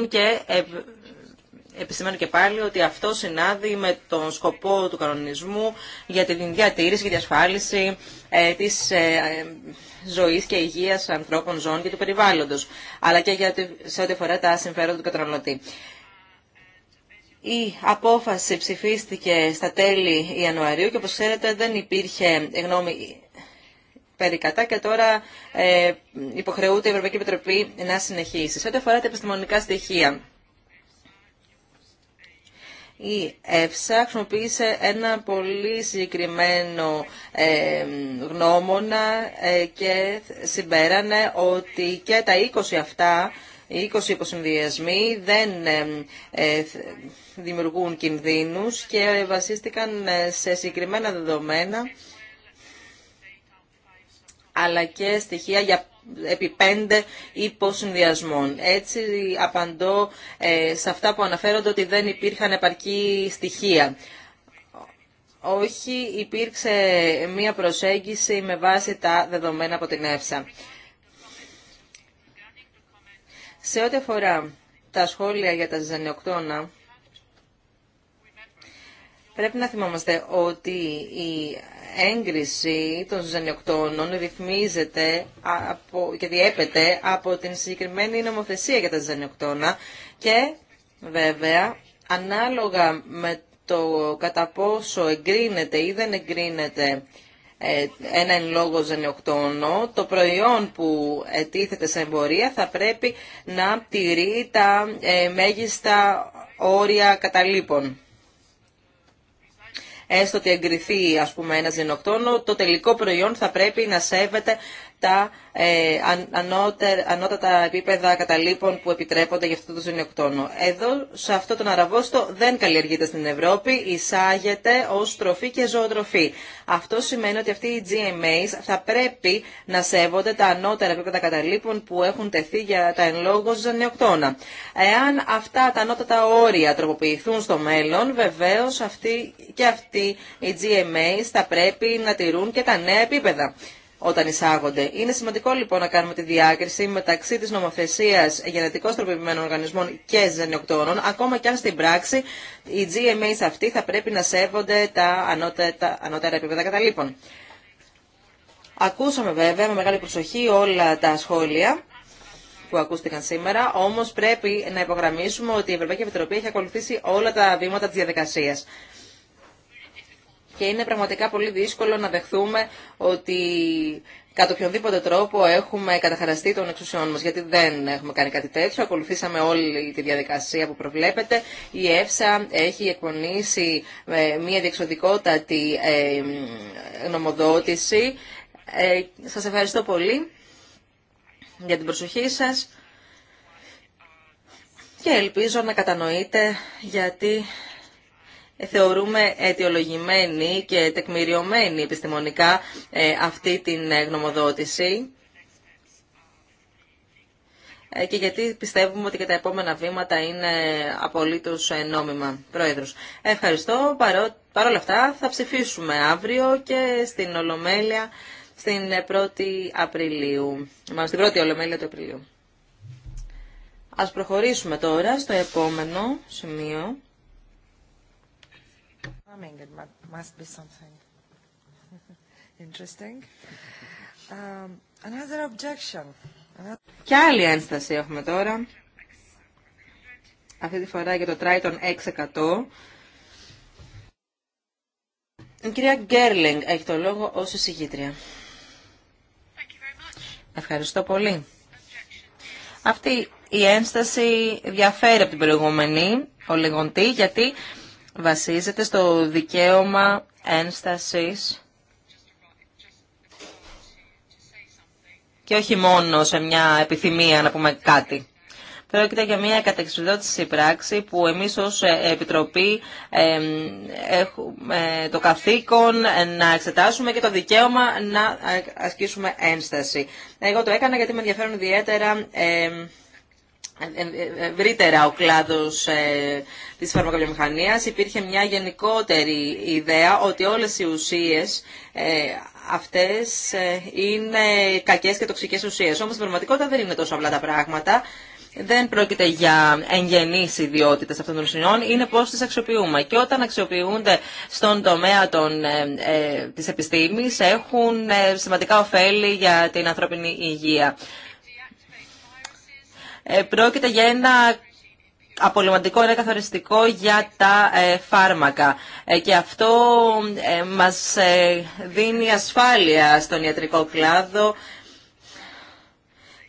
και επισημαίνω και πάλι ότι αυτό συνάδει με τον σκοπό του κανονισμού για την διατήρηση και διασφάλιση ε, της Ζωή και υγεία ανθρώπων, ζώων και του περιβάλλοντο, αλλά και για, σε ό,τι αφορά τα συμφέροντα του καταναλωτή. Η απόφαση ψηφίστηκε στα τέλη Ιανουαρίου και όπως ξέρετε δεν υπήρχε γνώμη περικατά και τώρα ε, υποχρεούται η Ευρωπαϊκή Επιτροπή να συνεχίσει. Σε ό,τι αφορά τα επιστημονικά στοιχεία, η ΕΦΣΑ χρησιμοποίησε ένα πολύ συγκεκριμένο ε, γνώμονα ε, και συμπέρανε ότι και τα 20 αυτά, οι 20 υποσυνδυασμοί δεν ε, δημιουργούν κινδύνους και βασίστηκαν σε συγκεκριμένα δεδομένα αλλά και στοιχεία για επί πέντε υποσυνδυασμών. Έτσι απαντώ ε, σε αυτά που αναφέρονται ότι δεν υπήρχαν επαρκή στοιχεία. Όχι, υπήρξε μία προσέγγιση με βάση τα δεδομένα από την ΕΦΣΑ. Σε ό,τι αφορά τα σχόλια για τα ζενιοκτώνα, Πρέπει να θυμόμαστε ότι η έγκριση των ζυζανιοκτώνων ρυθμίζεται από, και διέπεται από την συγκεκριμένη νομοθεσία για τα ζυζανιοκτώνα και βέβαια ανάλογα με το κατά πόσο εγκρίνεται ή δεν εγκρίνεται ε, ένα εν λόγω το προϊόν που ετίθεται σε εμπορία θα πρέπει να τηρεί τα ε, μέγιστα όρια καταλήπων έστω ότι εγκριθεί ας πούμε ένα ζυνοκτόνο. το τελικό προϊόν θα πρέπει να σέβεται τα ε, ανώτατα επίπεδα καταλήπων που επιτρέπονται για αυτό το ζωνιοκτόνο. Εδώ, σε αυτό τον αραβόστο, δεν καλλιεργείται στην Ευρώπη, εισάγεται ω τροφή και ζωοτροφή. Αυτό σημαίνει ότι αυτοί οι GMAs θα πρέπει να σέβονται τα ανώτερα επίπεδα καταλήπων που έχουν τεθεί για τα εν λόγω ζωνιοκτόνα. Εάν αυτά τα ανώτατα όρια τροποποιηθούν στο μέλλον, βεβαίω και αυτοί οι GMAs θα πρέπει να τηρούν και τα νέα επίπεδα όταν εισάγονται. Είναι σημαντικό λοιπόν να κάνουμε τη διάκριση μεταξύ τη νομοθεσία γενετικώ τροποποιημένων οργανισμών και ζενιοκτώνων. Ακόμα και αν στην πράξη οι GMAs αυτοί θα πρέπει να σέβονται τα ανώτερα, ανώτερα επίπεδα καταλήπων. Ακούσαμε βέβαια με μεγάλη προσοχή όλα τα σχόλια που ακούστηκαν σήμερα, όμως πρέπει να υπογραμμίσουμε ότι η Ευρωπαϊκή Επιτροπή έχει ακολουθήσει όλα τα βήματα της διαδικασίας και είναι πραγματικά πολύ δύσκολο να δεχθούμε ότι κατά οποιονδήποτε τρόπο έχουμε καταχαραστεί των εξουσιών μας, γιατί δεν έχουμε κάνει κάτι τέτοιο. Ακολουθήσαμε όλη τη διαδικασία που προβλέπετε. Η ΕΦΣΑ έχει εκπονήσει ε, μια διεξοδικότατη ε, νομοδότηση. Ε, σας ευχαριστώ πολύ για την προσοχή σας και ελπίζω να κατανοείτε γιατί ε, θεωρούμε αιτιολογημένη και τεκμηριωμένη επιστημονικά ε, αυτή την ε, γνωμοδότηση και γιατί πιστεύουμε ότι και τα επόμενα βήματα είναι απολύτως νόμιμα. Πρόεδρος, ευχαριστώ. Παρ' όλα αυτά θα ψηφίσουμε αύριο και στην Ολομέλεια στην 1 Απριλίου. Μάλλον στην 1η Ολομέλεια του Απριλίου. Ας προχωρήσουμε τώρα στο επόμενο σημείο coming. It must be something interesting. Um, another objection. Και άλλη ένσταση έχουμε τώρα. Αυτή τη φορά για το Triton 6%. Η κυρία Γκέρλινγκ έχει το λόγο ως εισηγήτρια. Ευχαριστώ πολύ. Αυτή η ένσταση διαφέρει από την προηγούμενη, ο λεγοντή, γιατί βασίζεται στο δικαίωμα ένστασης και όχι μόνο σε μια επιθυμία να πούμε κάτι. Πρόκειται για μια κατεξουδότηση πράξη που εμείς ως Επιτροπή έχουμε το καθήκον να εξετάσουμε και το δικαίωμα να ασκήσουμε ένσταση. Εγώ το έκανα γιατί με ενδιαφέρουν ιδιαίτερα ε, ε, ε, ευρύτερα ο κλάδος ε, της φαρμακοβιομηχανίας υπήρχε μια γενικότερη ιδέα ότι όλες οι ουσίες ε, αυτές είναι κακές και τοξικές ουσίες. Όμως στην πραγματικότητα δεν είναι τόσο απλά τα πράγματα. Δεν πρόκειται για εγγενείς ιδιότητες αυτών των ουσιών, είναι πώς τις αξιοποιούμε. Και όταν αξιοποιούνται στον τομέα των, ε, επιστήμης έχουν σημαντικά ωφέλη για την ανθρώπινη υγεία. Ε, πρόκειται για ένα απολυματικό, ένα καθοριστικό για τα ε, φάρμακα. Ε, και αυτό μας δίνει ασφάλεια στον ιατρικό κλάδο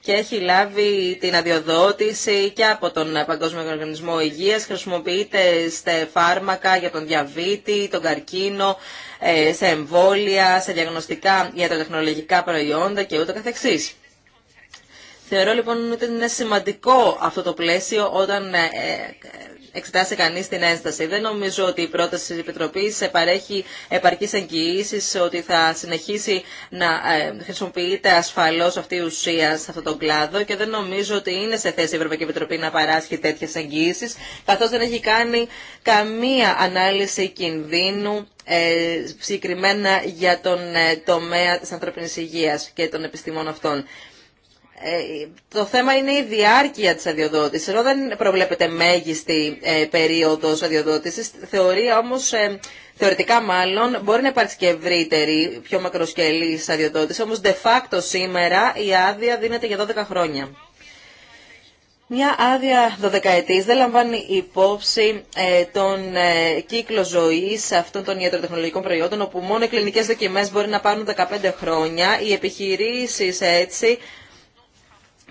και έχει λάβει την αδειοδότηση και από τον Παγκόσμιο Οργανισμό Υγείας. Χρησιμοποιείται σε φάρμακα για τον διαβήτη, τον καρκίνο, σε εμβόλια, σε διαγνωστικά ιατροτεχνολογικά προϊόντα και ούτω καθεξής. Θεωρώ λοιπόν ότι είναι σημαντικό αυτό το πλαίσιο όταν ε, ε, εξετάσει κανείς την ένσταση. Δεν νομίζω ότι η πρόταση της Επιτροπής παρέχει επαρκείς εγγυήσεις ότι θα συνεχίσει να ε, χρησιμοποιείται ασφαλώς αυτή η ουσία σε αυτόν τον κλάδο και δεν νομίζω ότι είναι σε θέση η Ευρωπαϊκή Επιτροπή να παράσχει τέτοιες εγγυήσεις καθώς δεν έχει κάνει καμία ανάλυση κινδύνου συγκεκριμένα για τον τομέα της ανθρώπινης υγείας και των επιστημών αυτών. Ε, το θέμα είναι η διάρκεια της αδειοδότησης. Ενώ δεν προβλέπεται μέγιστη ε, περίοδος αδειοδότησης, θεωρία όμως, ε, θεωρητικά μάλλον, μπορεί να υπάρξει και ευρύτερη, πιο μακροσκελής αδειοδότηση, όμως de facto σήμερα η άδεια δίνεται για 12 χρόνια. Μια άδεια 12 ετής δεν λαμβάνει υπόψη τον κύκλο ζωής αυτών των ιατροτεχνολογικών προϊόντων, όπου μόνο οι κλινικές δοκιμές μπορεί να πάρουν 15 χρόνια. Οι επιχειρήσεις έτσι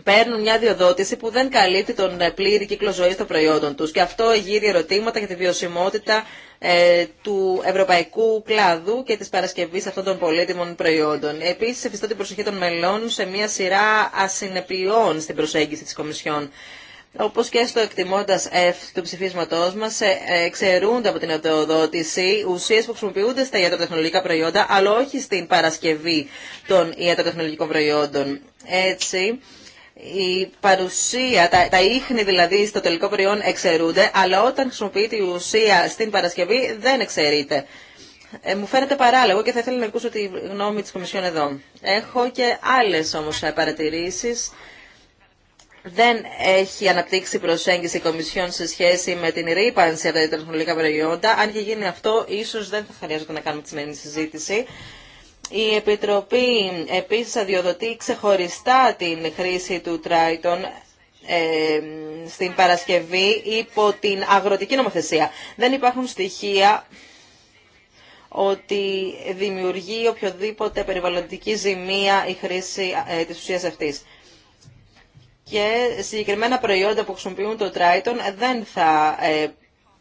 παίρνουν μια διοδότηση που δεν καλύπτει τον ε, πλήρη κύκλο ζωής των προϊόντων τους. Και αυτό γύρει ερωτήματα για τη βιωσιμότητα ε, του ευρωπαϊκού κλάδου και της παρασκευής αυτών των πολύτιμων προϊόντων. Επίσης, εφιστώ την προσοχή των μελών σε μια σειρά ασυνεπιών στην προσέγγιση της Κομισιόν. Όπως και στο εκτιμώντας F του ψηφίσματός μας, ε, εξαιρούνται από την οδοδότηση ουσίες που χρησιμοποιούνται στα ιατροτεχνολογικά προϊόντα, αλλά όχι στην παρασκευή των ιατροτεχνολογικών προϊόντων. Έτσι, η παρουσία, τα, ίχνη δηλαδή στο τελικό προϊόν εξαιρούνται, αλλά όταν χρησιμοποιείται η ουσία στην Παρασκευή δεν εξαιρείται. Ε, μου φαίνεται παράλογο και θα ήθελα να ακούσω τη γνώμη της Κομισιόν εδώ. Έχω και άλλες όμως παρατηρήσεις. Δεν έχει αναπτύξει προσέγγιση η Κομισιόν σε σχέση με την ρήπανση από τα τεχνολογικά προϊόντα. Αν και γίνει αυτό, ίσως δεν θα χρειάζεται να κάνουμε τη σημερινή συζήτηση. Η Επιτροπή επίσης αδειοδοτεί ξεχωριστά την χρήση του Τράιτον ε, στην Παρασκευή υπό την αγροτική νομοθεσία. Δεν υπάρχουν στοιχεία ότι δημιουργεί οποιοδήποτε περιβαλλοντική ζημία η χρήση ε, της ουσίας αυτής. Και συγκεκριμένα προϊόντα που χρησιμοποιούν το Τράιτον δεν θα ε,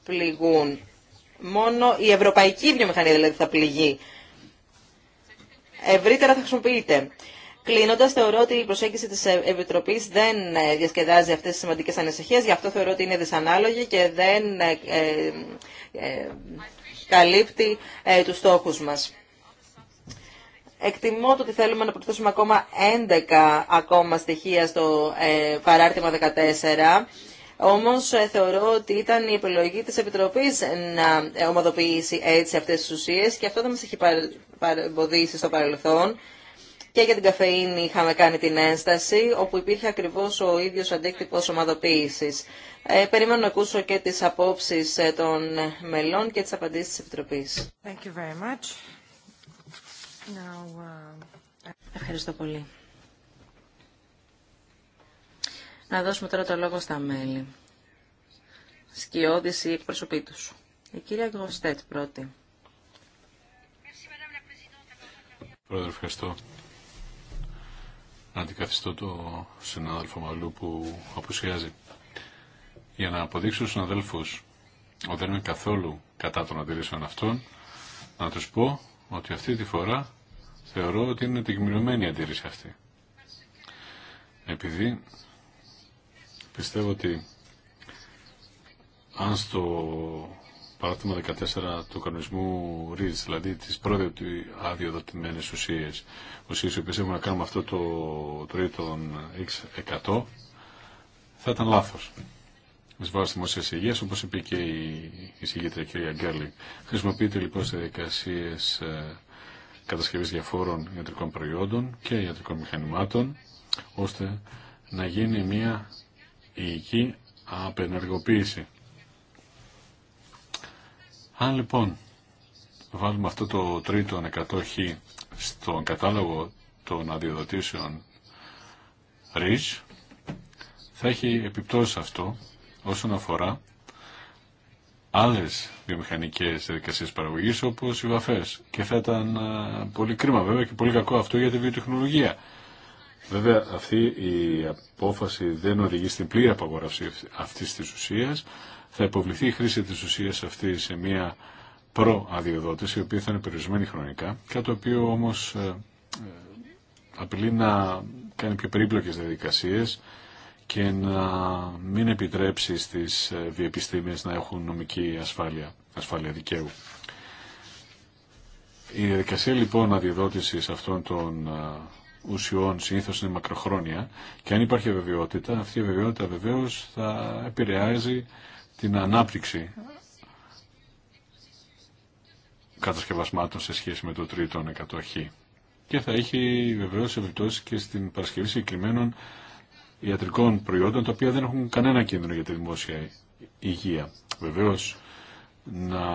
πληγούν. Μόνο η ευρωπαϊκή βιομηχανία δηλαδή θα πληγεί ευρύτερα θα χρησιμοποιείται. Κλείνοντα, θεωρώ ότι η προσέγγιση τη Επιτροπή δεν ε, διασκεδάζει αυτέ τι σημαντικέ ανησυχίε, γι' αυτό θεωρώ ότι είναι δυσανάλογη και δεν ε, ε, καλύπτει ε, του στόχου μα. Εκτιμώ ότι θέλουμε να προσθέσουμε ακόμα 11 ακόμα στοιχεία στο παράρτημα 14 όμως ε, θεωρώ ότι ήταν η επιλογή της Επιτροπής να ε, ομοδοποιήσει έτσι αυτές τις ουσίες και αυτό δεν μας έχει παρεμποδίσει στο παρελθόν. Και για την καφεΐνη είχαμε κάνει την ένσταση, όπου υπήρχε ακριβώς ο ίδιος αντίκτυπος ομαδοποίησης. Ε, περιμένω να ακούσω και τις απόψεις ε, των μελών και τις απαντήσεις της Επιτροπής. Uh, Ευχαριστώ πολύ. Να δώσουμε τώρα το λόγο στα μέλη. Σκιώδηση ή εκπροσωπή τους. Η κυρία Γκοστέτ πρώτη. Πρόεδρε, ευχαριστώ. Να αντικαθιστώ το συνάδελφο Μαλού που απουσιάζει. Για να αποδείξω στους συναδέλφους ότι δεν είμαι καθόλου κατά των αντιρρήσεων αυτών, να τους πω ότι αυτή τη φορά θεωρώ ότι είναι τεκμηριωμένη η αντίρρηση αυτή. Επειδή Πιστεύω ότι αν στο παράδειγμα 14 του κανονισμού ΡΙΖ, δηλαδή τις πρώτες αδειοδοτημένες ουσίες, ουσίες οι οποίες να κάνουμε αυτό το τρίτον X100, θα ήταν λάθος. Με βάρος δημοσία υγείας, όπως είπε και η εισηγήτρια κυρία Γκέρλι. Χρησιμοποιείται λοιπόν σε δικασίες ε, κατασκευής διαφόρων ιατρικών προϊόντων και ιατρικών μηχανημάτων, ώστε να γίνει μια η απενεργοποίηση. Αν λοιπόν βάλουμε αυτό το τρίτο 100 χ στον κατάλογο των αδειοδοτήσεων ρις θα έχει επιπτώσει αυτό όσον αφορά άλλες βιομηχανικές διαδικασίες παραγωγής όπως οι βαφές. Και θα ήταν ε, πολύ κρίμα βέβαια και πολύ κακό αυτό για τη βιοτεχνολογία Βέβαια αυτή η απόφαση δεν οδηγεί στην πλήρη απαγόρευση αυτής της ουσίας. Θα υποβληθεί η χρήση της ουσίας αυτή σε μια προ-αδειοδότηση η οποία θα είναι περιορισμένη χρονικά, κάτι το οποίο όμως ε, ε, απειλεί να κάνει πιο περίπλοκες διαδικασίες και να μην επιτρέψει στις βιοεπιστήμίε ε, να έχουν νομική ασφάλεια, ασφάλεια δικαίου. Η διαδικασία λοιπόν αδειοδότησης αυτών των ουσιών συνήθως είναι μακροχρόνια και αν υπάρχει αβεβαιότητα, αυτή η αβεβαιότητα βεβαίως θα επηρεάζει την ανάπτυξη κατασκευασμάτων σε σχέση με το τρίτο εκατοχή. Και θα έχει βεβαίω επιπτώσει και στην παρασκευή συγκεκριμένων ιατρικών προϊόντων τα οποία δεν έχουν κανένα κίνδυνο για τη δημόσια υγεία. Βεβαίως να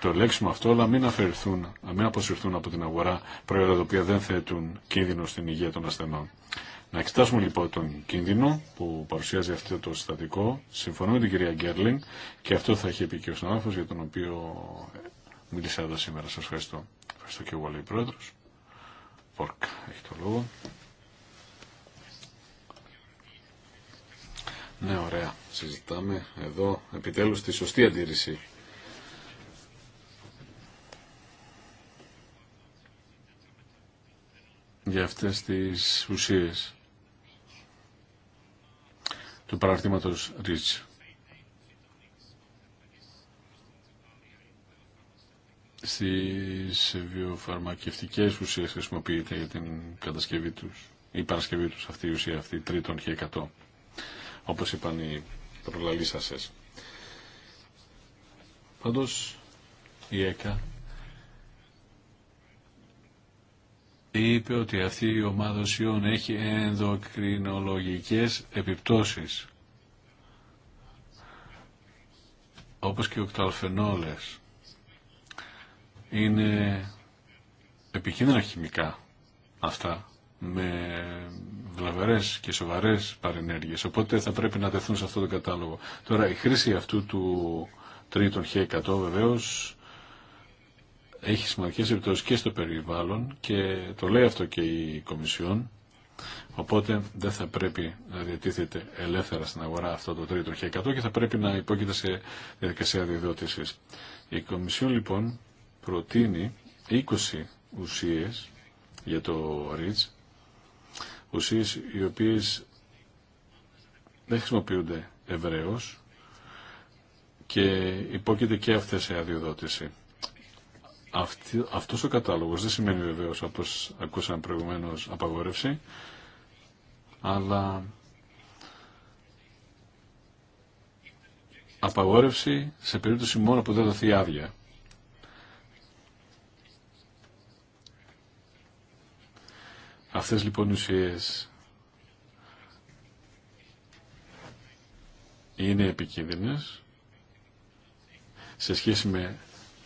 το λέξουμε αυτό, αλλά μην αφαιρεθούν, μην αποσυρθούν από την αγορά προϊόντα τα οποία δεν θέτουν κίνδυνο στην υγεία των ασθενών. Να εξετάσουμε λοιπόν τον κίνδυνο που παρουσιάζει αυτό το συστατικό. Συμφωνώ με την κυρία Γκέρλινγκ και αυτό θα έχει πει και ο συνάδελφο για τον οποίο μίλησα εδώ σήμερα. Σα ευχαριστώ. Ευχαριστώ και εγώ, λέει πρόεδρο. Πορκ, έχει το λόγο. Ναι, ωραία. Συζητάμε εδώ επιτέλους τη σωστή αντίρρηση για αυτές τις ουσίες του παραρτήματος REACH. Στις βιοφαρμακευτικές ουσίες χρησιμοποιείται για την κατασκευή τους η παρασκευή τους αυτή η ουσία αυτή τριτων και εκατό όπως είπαν οι προλαλήσασες. Πάντως η ΕΚΑ είπε ότι αυτή η ομάδα ουσιών έχει ενδοκρινολογικές επιπτώσεις όπως και οκταλφενόλες είναι επικίνδυνα χημικά αυτά με βλαβερές και σοβαρές παρενέργειες οπότε θα πρέπει να τεθούν σε αυτό το κατάλογο τώρα η χρήση αυτού του τρίτον χ100 βεβαίως έχει σημαντικές επιπτώσεις και στο περιβάλλον και το λέει αυτό και η Κομισιόν Οπότε δεν θα πρέπει να διατίθεται ελεύθερα στην αγορά αυτό το τρίτο και και θα πρέπει να υπόκειται σε διαδικασία διεδότηση. Η Κομισιόν λοιπόν προτείνει 20 ουσίες για το REACH, ουσίες οι οποίες δεν χρησιμοποιούνται ευρέως και υπόκειται και αυτές σε αδειοδότηση. Αυτή, αυτός ο κατάλογος δεν σημαίνει βεβαίως όπως ακούσαμε προηγουμένως απαγόρευση αλλά απαγόρευση σε περίπτωση μόνο που δεν δοθεί άδεια. Αυτές λοιπόν οι ουσίες είναι επικίνδυνες σε σχέση με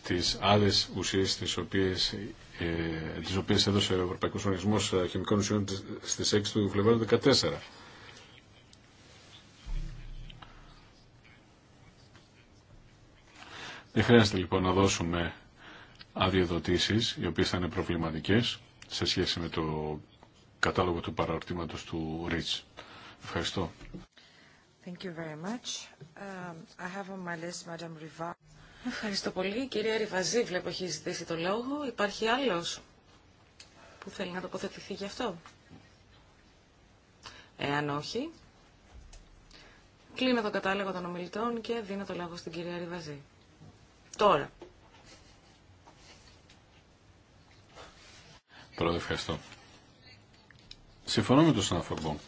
τις άλλες ουσίες τις οποίες, ε, τις οποίες έδωσε ο Ευρωπαϊκός Οργανισμός ε, Χημικών Ουσιών στις 6 του Φλεβάρου 14. Δεν χρειάζεται λοιπόν να δώσουμε αδειοδοτήσεις οι οποίες θα είναι προβληματικές σε σχέση με το κατάλογο του παραρτήματος του ΡΙΤΣ. Ευχαριστώ. Thank you very much. Um, I have Ευχαριστώ πολύ. Κυρία Ριβαζή, βλέπω έχει ζητήσει το λόγο. Υπάρχει άλλος που θέλει να τοποθετηθεί γι' αυτό. Εάν όχι, κλείνω το κατάλογο των ομιλητών και δίνω το λόγο στην κυρία Ριβαζή. Τώρα. Πρώτα ευχαριστώ. Συμφωνώ με τον συνάδελφο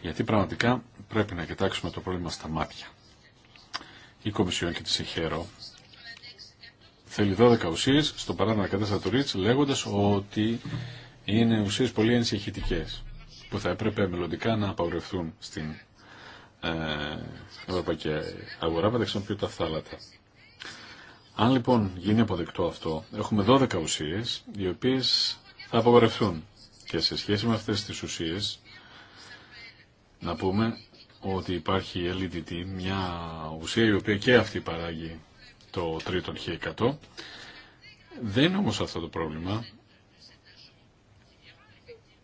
Γιατί πραγματικά πρέπει να κοιτάξουμε το πρόβλημα στα μάτια η Κομισιόν και τη συγχαίρω θέλει 12 ουσίες στο παράδειγμα 14 του Ρίτς λέγοντας ότι είναι ουσίες πολύ ενσυχητικέ που θα έπρεπε μελλοντικά να απαγορευτούν στην ε, ευρωπαϊκή αγορά μεταξύ των τα θάλατα. Αν λοιπόν γίνει αποδεκτό αυτό, έχουμε 12 ουσίες οι οποίες θα απαγορευτούν και σε σχέση με αυτές τις ουσίες να πούμε ότι υπάρχει η LDT, e μια ουσία η οποία και αυτή παράγει το τρίτον χ100. Δεν είναι όμως αυτό το πρόβλημα.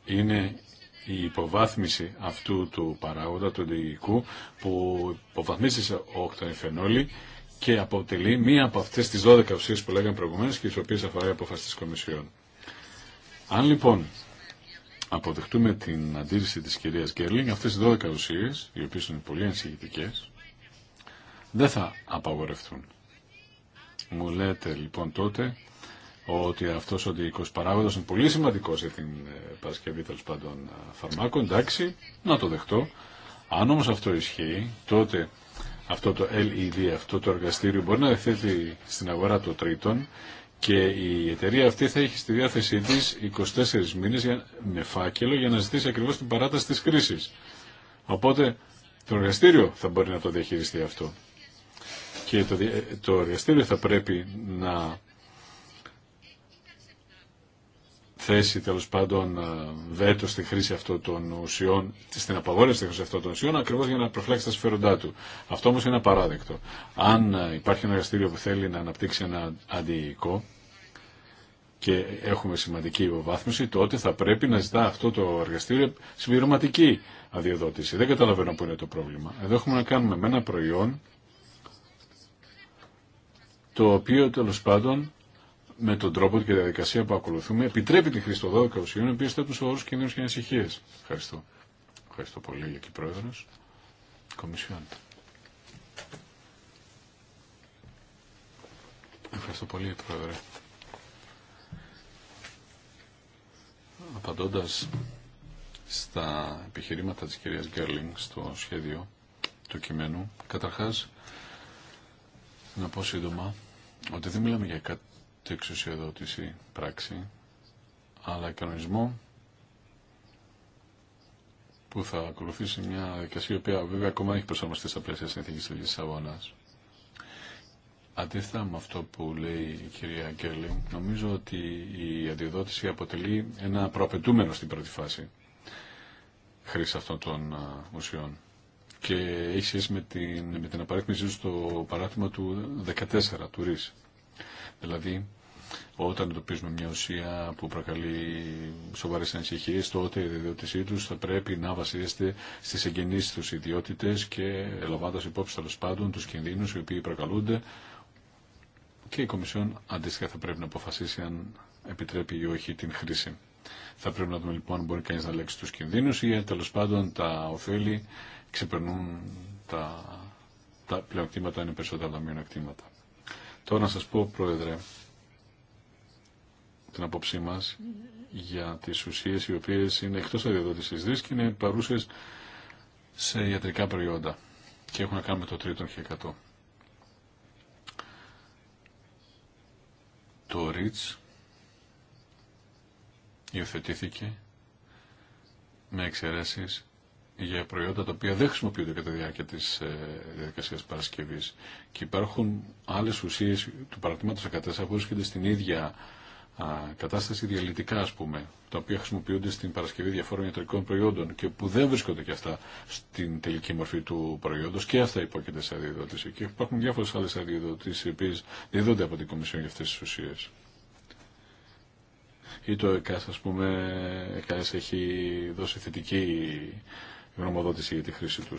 Είναι η υποβάθμιση αυτού του παράγοντα, του εντυγικού, που υποβαθμίζει σε οκτανιφενόλη και αποτελεί μία από αυτές τις 12 ουσίες που λέγαμε προηγουμένως και τις οποίες αφορά η απόφαση της Κομισιόν. Αν λοιπόν αποδεχτούμε την αντίρρηση της κυρίας Γκέρλινγκ, αυτές οι 12 ουσίες, οι οποίες είναι πολύ ενσυγητικές, δεν θα απαγορευτούν. Μου λέτε λοιπόν τότε ότι αυτός ο διοικός παράγοντας είναι πολύ σημαντικός για την ε, παρασκευή των πάντων ε, φαρμάκων, εντάξει, να το δεχτώ. Αν όμως αυτό ισχύει, τότε αυτό το LED, αυτό το εργαστήριο μπορεί να διαθέτει στην αγορά το τρίτον και η εταιρεία αυτή θα έχει στη διάθεσή τη 24 μήνες με φάκελο για να ζητήσει ακριβώς την παράταση της κρίσης. Οπότε το εργαστήριο θα μπορεί να το διαχειριστεί αυτό. Και το, το εργαστήριο θα πρέπει να θέσει τέλο πάντων ε, βέτο στη χρήση αυτών των ουσιών, στην απαγόρευση τη χρήση αυτών των ουσιών, ακριβώ για να προφλέξει τα συμφέροντά του. Αυτό όμω είναι απαράδεκτο. Αν ε, υπάρχει ένα εργαστήριο που θέλει να αναπτύξει ένα αντιοικό και έχουμε σημαντική υποβάθμιση, τότε θα πρέπει να ζητά αυτό το εργαστήριο συμπληρωματική αδειοδότηση. Δεν καταλαβαίνω πού είναι το πρόβλημα. Εδώ έχουμε να κάνουμε με ένα προϊόν το οποίο τέλο πάντων με τον τρόπο και τη διαδικασία που ακολουθούμε επιτρέπει τη χρήση των 12 ουσιών, οι οποίε θέτουν σοβαρού κινδύνου και ανησυχίε. Ευχαριστώ. Ευχαριστώ πολύ, Λεκή Πρόεδρο. Κομισιόν. Ευχαριστώ πολύ, Πρόεδρε. Απαντώντας στα επιχειρήματα της κυρίας Γκέρλινγκ στο σχέδιο του κειμένου, καταρχάς να πω σύντομα ότι δεν μιλάμε για κάτι εξουσιαδότηση εξουσιοδότηση πράξη αλλά κανονισμό που θα ακολουθήσει μια δικασία η οποία βέβαια ακόμα έχει προσαρμοστεί στα πλαίσια συνθήκη τη Λισαβόνα. Αντίθετα με αυτό που λέει η κυρία Κέρλινγκ, νομίζω ότι η αντιδότηση αποτελεί ένα προαπαιτούμενο στην πρώτη φάση χρήση αυτών των ουσιών. Και έχει σχέση με την, με την στο παράδειγμα του 14, του ΡΙΣ. Δηλαδή, όταν εντοπίζουμε μια ουσία που προκαλεί σοβαρέ ανησυχίε, τότε η διδιότησή του θα πρέπει να βασίζεται στι εγγενεί του ιδιότητε και λαμβάνοντα υπόψη τέλο πάντων του κινδύνου οι οποίοι προκαλούνται και η Κομισιόν αντίστοιχα θα πρέπει να αποφασίσει αν επιτρέπει ή όχι την χρήση. Θα πρέπει να δούμε λοιπόν αν μπορεί κανεί να λέξει του κινδύνου ή τέλο πάντων τα ωφέλη ξεπερνούν τα, τα πλεονεκτήματα, είναι περισσότερα τα μειονεκτήματα. Τώρα να σα πω, Πρόεδρε, την απόψή μα για τις ουσίες οι οποίες είναι εκτός αδειοδότηση δίσκη και είναι παρούσες σε ιατρικά προϊόντα και έχουν να κάνουν με το τρίτο και εκατό. Το ΡΙΤΣ υιοθετήθηκε με εξαιρέσεις για προϊόντα τα οποία δεν χρησιμοποιούνται κατά τη διάρκεια τη ε, διαδικασία παρασκευή. Και υπάρχουν άλλε ουσίε του παρακτήματο 14 που βρίσκονται στην ίδια κατάσταση διαλυτικά ας πούμε, τα οποία χρησιμοποιούνται στην παρασκευή διαφόρων ιατρικών προϊόντων και που δεν βρίσκονται και αυτά στην τελική μορφή του προϊόντος και αυτά υπόκειται σε αδειοδότηση. Και υπάρχουν διάφορε άλλε αδειοδοτήσει οι οποίε διδόνται από την Κομισιόν για αυτέ τι ουσίε. Ή το ΕΚΑΣ, ας πούμε, ΕΚΑΣ έχει δώσει θετική γνωμοδότηση για τη χρήση του.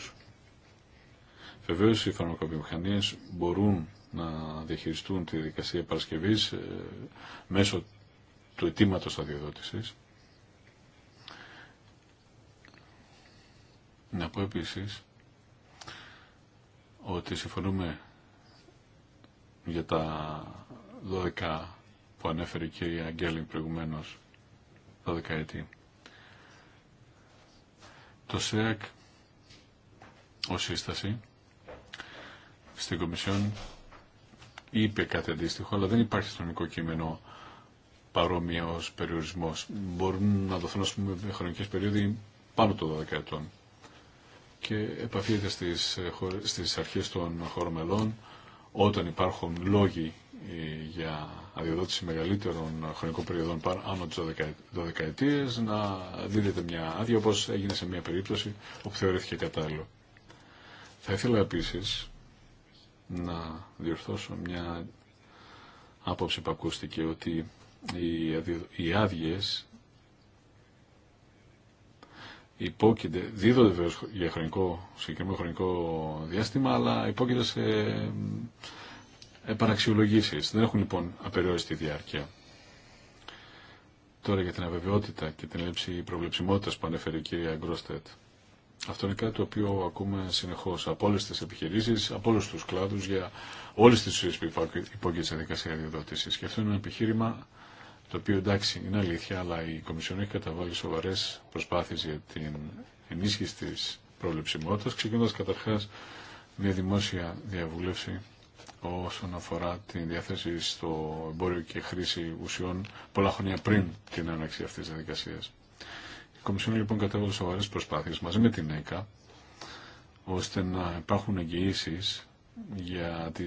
Βεβαίω οι φαρμακοβιομηχανίε μπορούν να διαχειριστούν τη δικασία παρασκευής ε, μέσω του αιτήματος αδειοδότησης. Να πω επίσης ότι συμφωνούμε για τα 12 που ανέφερε η κυρία Αγγέλη προηγουμένως, 12 έτη. Το ΣΕΑΚ ως σύσταση στην Κομισιόν είπε κάτι αντίστοιχο, αλλά δεν υπάρχει στο κείμενο παρόμοια περιορισμό. περιορισμός. Μπορούν να δοθούν, ας πούμε, χρονικές περίοδοι πάνω των 12 ετών και επαφείται στις, αρχέ ε, αρχές των χωρών μελών όταν υπάρχουν λόγοι ε, για αδειοδότηση μεγαλύτερων χρονικών περιοδών από τις 12 ετίε, να δίδεται μια άδεια όπως έγινε σε μια περίπτωση όπου θεωρήθηκε κατάλληλο. Θα ήθελα επίσης να διορθώσω μια άποψη που ακούστηκε ότι οι άδειε υπόκεινται, δίδονται βέβαια για χρονικό, συγκεκριμένο χρονικό διάστημα, αλλά υπόκεινται σε επαναξιολογήσεις. Δεν έχουν λοιπόν απεριόριστη διάρκεια. Τώρα για την αβεβαιότητα και την έλλειψη προβλεψιμότητας που ανέφερε η κυρία Γκρόστετ. Αυτό είναι κάτι το οποίο ακούμε συνεχώ από όλε τι επιχειρήσει, από όλου του κλάδου για όλε τι ουσίε που υπόκειται σε δικασία Και αυτό είναι ένα επιχείρημα το οποίο εντάξει είναι αλήθεια, αλλά η Κομισιόν έχει καταβάλει σοβαρέ προσπάθειε για την ενίσχυση τη προβλεψιμότητα, ξεκινώντα καταρχά μια δημόσια διαβούλευση όσον αφορά την διάθεση στο εμπόριο και χρήση ουσιών πολλά χρόνια πριν την έναρξη αυτή τη διαδικασία. Κομισιόν λοιπόν κατέβαλε σοβαρέ προσπάθειε μαζί με την ΕΚΑ ώστε να υπάρχουν εγγυήσει για τι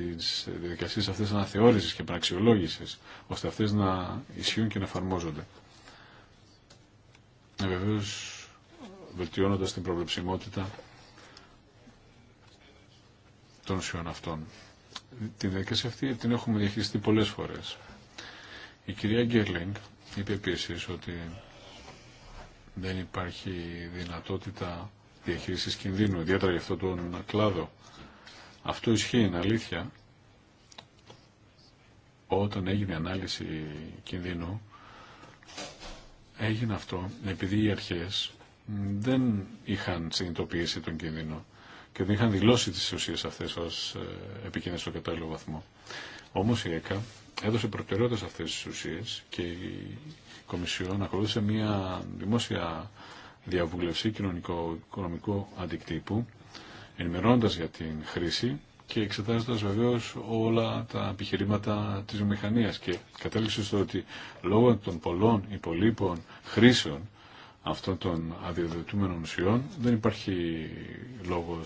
διαδικασίε αυτέ αναθεώρηση και επαναξιολόγηση, ώστε αυτέ να ισχύουν και να εφαρμόζονται. Ε, Βεβαίω, βελτιώνοντα την προβλεψιμότητα των ουσιών αυτών. Την διαδικασία αυτή την έχουμε διαχειριστεί πολλές φορές. Η κυρία Γκέρλινγκ είπε επίση ότι δεν υπάρχει δυνατότητα διαχείρισης κινδύνου, ιδιαίτερα για αυτόν τον κλάδο. Αυτό ισχύει, είναι αλήθεια. Όταν έγινε η ανάλυση κινδύνου, έγινε αυτό επειδή οι αρχές δεν είχαν συνειδητοποιήσει τον κίνδυνο και δεν είχαν δηλώσει τις ουσίες αυτές ως ε, επικίνδυνες στο κατάλληλο βαθμό. Όμως η ΕΚΑ έδωσε προτεραιότητα σε αυτές τις ουσίες και Κομισιόν ακολούθησε μια δημόσια διαβούλευση κοινωνικο-οικονομικού αντικτύπου, ενημερώνοντας για την χρήση και εξετάζοντα βεβαίω όλα τα επιχειρήματα της βιομηχανία. και κατέληξε στο ότι λόγω των πολλών υπολείπων χρήσεων αυτών των αδειοδοτούμενων ουσιών δεν υπάρχει λόγο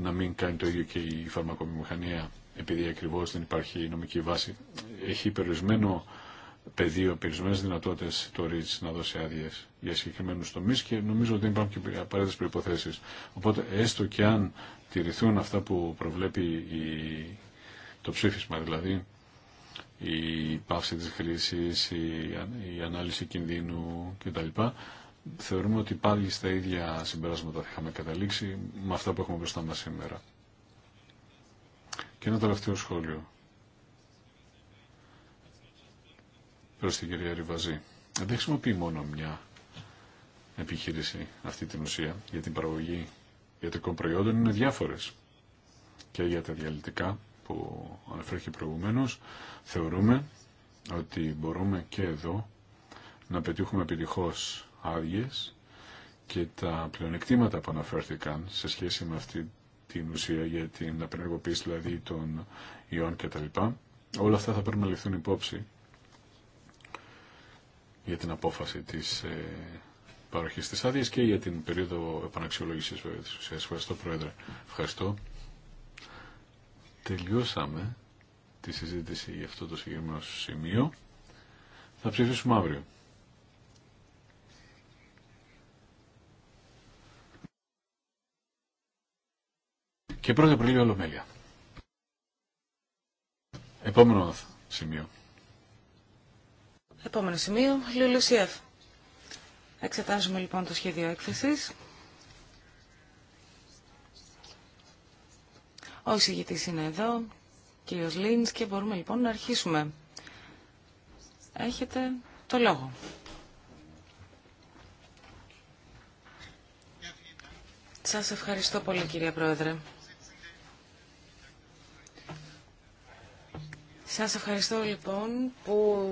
να μην κάνει το ίδιο και η φαρμακοβιομηχανία επειδή ακριβώς δεν υπάρχει νομική βάση. Έχει περιορισμένο πεδίο, περιορισμένε δυνατότητε το ΡΙΤΣ να δώσει άδειε για συγκεκριμένου τομεί και νομίζω ότι υπάρχουν και απαραίτητε προποθέσει. Οπότε, έστω και αν τηρηθούν αυτά που προβλέπει το ψήφισμα, δηλαδή η πάυση τη χρήση, η, η ανάλυση κινδύνου κτλ. Θεωρούμε ότι πάλι στα ίδια συμπεράσματα θα είχαμε καταλήξει με αυτά που έχουμε μπροστά μα σήμερα. Και ένα τελευταίο σχόλιο προς την κυρία Ριβαζή. Δεν χρησιμοποιεί μόνο μια επιχείρηση αυτή την ουσία για την παραγωγή ιατρικών προϊόντων είναι διάφορες. Και για τα διαλυτικά που αναφέρθηκε προηγουμένως θεωρούμε ότι μπορούμε και εδώ να πετύχουμε επιτυχώς άδειε και τα πλεονεκτήματα που αναφέρθηκαν σε σχέση με αυτή την ουσία για την απενεργοποίηση δηλαδή των ιών κτλ. Όλα αυτά θα πρέπει να ληφθούν υπόψη για την απόφαση τη ε, παροχής της άδειας και για την περίοδο επαναξιολόγησης τη ουσία. ουσία. Ευχαριστώ Πρόεδρε. Ευχαριστώ. Τελειώσαμε τη συζήτηση για αυτό το συγκεκριμένο σημείο. Θα ψηφίσουμε αύριο. Και 1η Απριλίου Ολομέλεια. Επόμενο σημείο. Επόμενο σημείο, Λουλουσιεφ. Εξετάζουμε λοιπόν το σχέδιο έκθεσης. Ο εισηγητής είναι εδώ, κύριος Λίνς, και μπορούμε λοιπόν να αρχίσουμε. Έχετε το λόγο. Σας ευχαριστώ πολύ κυρία Πρόεδρε. Σας ευχαριστώ λοιπόν που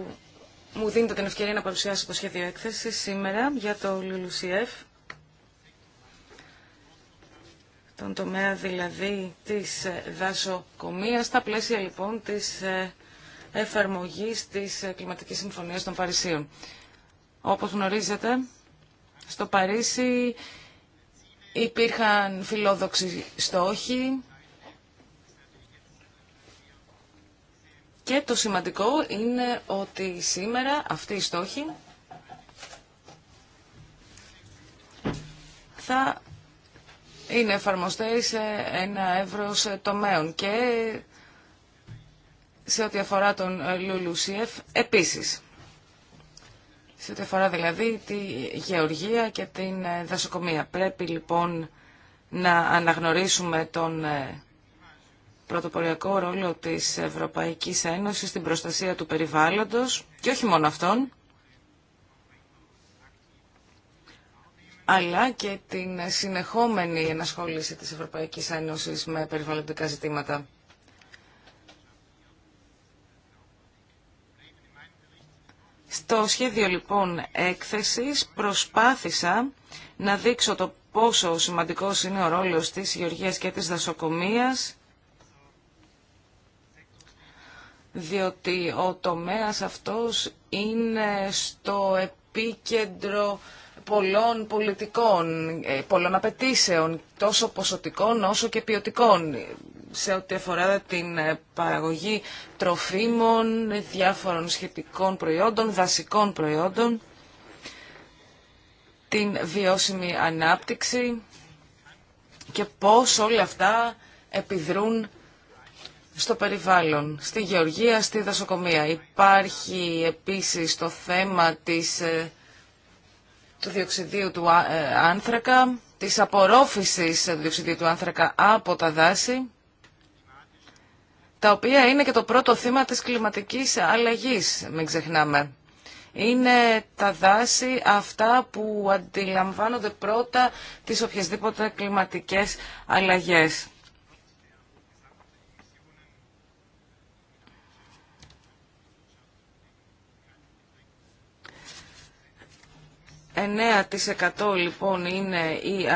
μου δίνετε την ευκαιρία να παρουσιάσω το σχέδιο έκθεση σήμερα για το LULUCF, τον τομέα δηλαδή της ε, δασοκομείας, στα πλαίσια λοιπόν της ε, εφαρμογής της ε, Κλιματικής Συμφωνίας των Παρισίων. Όπως γνωρίζετε, στο Παρίσι υπήρχαν φιλόδοξοι στόχοι Και το σημαντικό είναι ότι σήμερα αυτή οι στόχοι θα είναι εφαρμοστές σε ένα εύρος τομέων και σε ό,τι αφορά τον Λουλουσιεφ επίσης. Σε ό,τι αφορά δηλαδή τη γεωργία και την δασοκομεία. Πρέπει λοιπόν να αναγνωρίσουμε τον πρωτοποριακό ρόλο της Ευρωπαϊκής Ένωσης στην προστασία του περιβάλλοντος και όχι μόνο αυτόν, αλλά και την συνεχόμενη ενασχόληση της Ευρωπαϊκής Ένωσης με περιβαλλοντικά ζητήματα. Στο σχέδιο λοιπόν έκθεσης προσπάθησα να δείξω το πόσο σημαντικός είναι ο ρόλος της γεωργίας και της δασοκομείας διότι ο τομέας αυτός είναι στο επίκεντρο πολλών πολιτικών, ε, πολλών απαιτήσεων, τόσο ποσοτικών όσο και ποιοτικών, σε ό,τι αφορά την ε, παραγωγή τροφίμων, διάφορων σχετικών προϊόντων, δασικών προϊόντων, την βιώσιμη ανάπτυξη και πώς όλα αυτά επιδρούν στο περιβάλλον, στη γεωργία, στη δασοκομεία. Υπάρχει επίσης το θέμα της, ε, του διοξιδίου του ε, άνθρακα, της απορρόφησης ε, του διοξιδίου του άνθρακα από τα δάση, τα οποία είναι και το πρώτο θύμα της κλιματικής αλλαγής, μην ξεχνάμε. Είναι τα δάση αυτά που αντιλαμβάνονται πρώτα τις οποιασδήποτε κλιματικές αλλαγές. 9% λοιπόν είναι η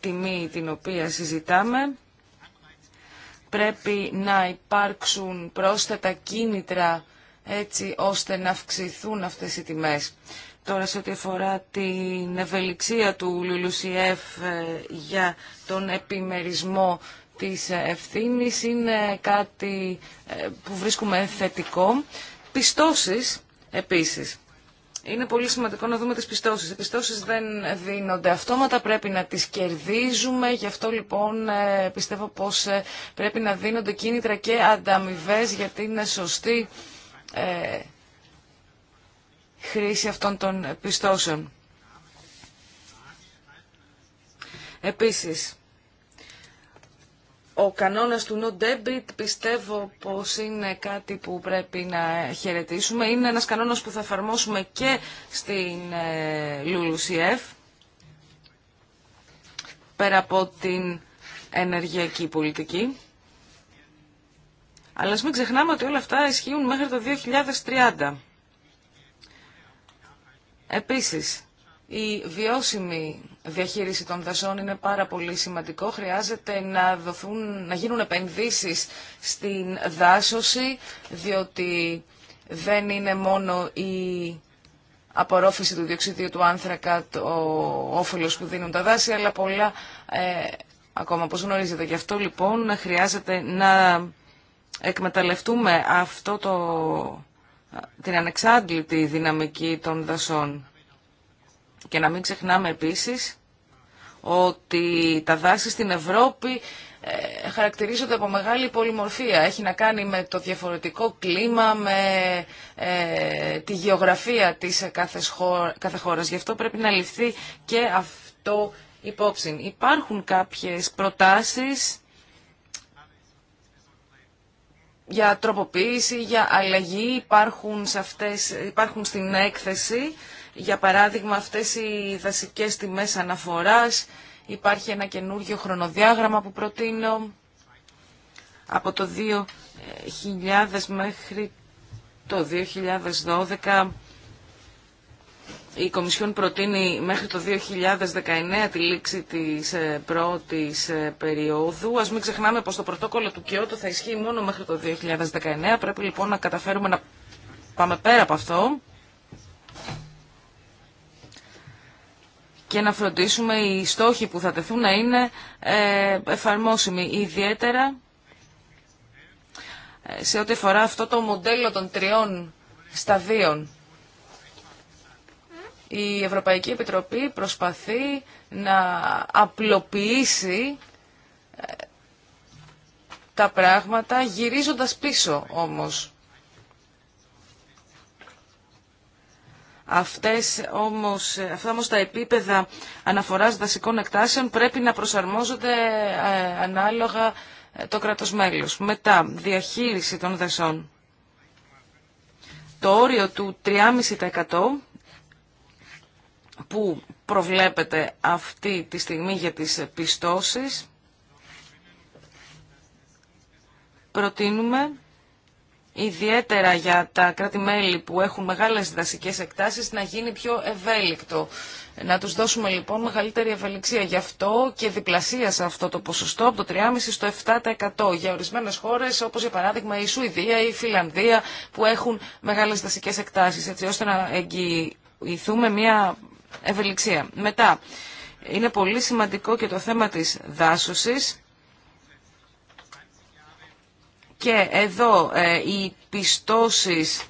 τιμή την οποία συζητάμε. Πρέπει να υπάρξουν πρόσθετα κίνητρα έτσι ώστε να αυξηθούν αυτές οι τιμές. Τώρα σε ό,τι αφορά την ευελιξία του Λουλουσιέφ ε, για τον επιμερισμό της ευθύνης είναι κάτι ε, που βρίσκουμε θετικό. Πιστώσεις επίσης είναι πολύ σημαντικό να δούμε τις πιστώσεις. Οι πιστώσεις δεν δίνονται αυτόματα, πρέπει να τις κερδίζουμε, γι' αυτό λοιπόν ε, πιστεύω πως ε, πρέπει να δίνονται κίνητρα και ανταμοιβέ για την σωστή ε, χρήση αυτών των πιστώσεων. Επίσης, ο κανόνας του no debit πιστεύω πως είναι κάτι που πρέπει να χαιρετήσουμε. Είναι ένας κανόνας που θα εφαρμόσουμε και στην LULUCF, ε, πέρα από την ενεργειακή πολιτική. Αλλά μην ξεχνάμε ότι όλα αυτά ισχύουν μέχρι το 2030. Επίσης, η βιώσιμη διαχείριση των δασών είναι πάρα πολύ σημαντικό. Χρειάζεται να, δοθούν, να γίνουν επενδύσεις στην δάσωση, διότι δεν είναι μόνο η απορρόφηση του διοξιδίου του άνθρακα το όφελος που δίνουν τα δάση, αλλά πολλά ε, ακόμα, όπως γνωρίζετε. Γι' αυτό λοιπόν χρειάζεται να εκμεταλλευτούμε αυτό το, την ανεξάντλητη δυναμική των δασών. Και να μην ξεχνάμε επίσης ότι τα δάση στην Ευρώπη ε, χαρακτηρίζονται από μεγάλη πολυμορφία. Έχει να κάνει με το διαφορετικό κλίμα, με ε, τη γεωγραφία της ε, κάθε, χώρα, κάθε χώρας. Γι' αυτό πρέπει να ληφθεί και αυτό υπόψη. Υπάρχουν κάποιες προτάσεις για τροποποίηση, για αλλαγή, υπάρχουν, σε αυτές, υπάρχουν στην έκθεση για παράδειγμα, αυτές οι δασικές τιμές αναφοράς, υπάρχει ένα καινούργιο χρονοδιάγραμμα που προτείνω από το 2000 μέχρι το 2012 η Κομισιόν προτείνει μέχρι το 2019 τη λήξη της ε, πρώτης ε, περίοδου. Ας μην ξεχνάμε πως το πρωτόκολλο του Κιώτο θα ισχύει μόνο μέχρι το 2019. Πρέπει λοιπόν να καταφέρουμε να πάμε πέρα από αυτό. και να φροντίσουμε οι στόχοι που θα τεθούν να είναι ε, εφαρμόσιμοι. Ιδιαίτερα ε, σε ό,τι αφορά αυτό το μοντέλο των τριών σταδίων. Η Ευρωπαϊκή Επιτροπή προσπαθεί να απλοποιήσει ε, τα πράγματα γυρίζοντας πίσω όμως Αυτές όμως, αυτά όμως τα επίπεδα αναφοράς δασικών εκτάσεων πρέπει να προσαρμόζονται ε, ανάλογα ε, το κράτος μέλος. Μετά, διαχείριση των δασών. Το όριο του 3,5% που προβλέπεται αυτή τη στιγμή για τις πιστώσεις προτείνουμε ιδιαίτερα για τα κράτη-μέλη που έχουν μεγάλες δασικές εκτάσεις, να γίνει πιο ευέλικτο. Να τους δώσουμε λοιπόν μεγαλύτερη ευελιξία. Γι' αυτό και σε αυτό το ποσοστό από το 3,5% στο 7% για ορισμένες χώρες όπως για παράδειγμα η Σουηδία ή η Φιλανδία που έχουν μεγάλες δασικές εκτάσεις έτσι ώστε να εγγυηθούμε μια ευελιξία. Μετά, είναι πολύ σημαντικό και το θέμα της δάσωσης και εδώ ε, οι πιστώσεις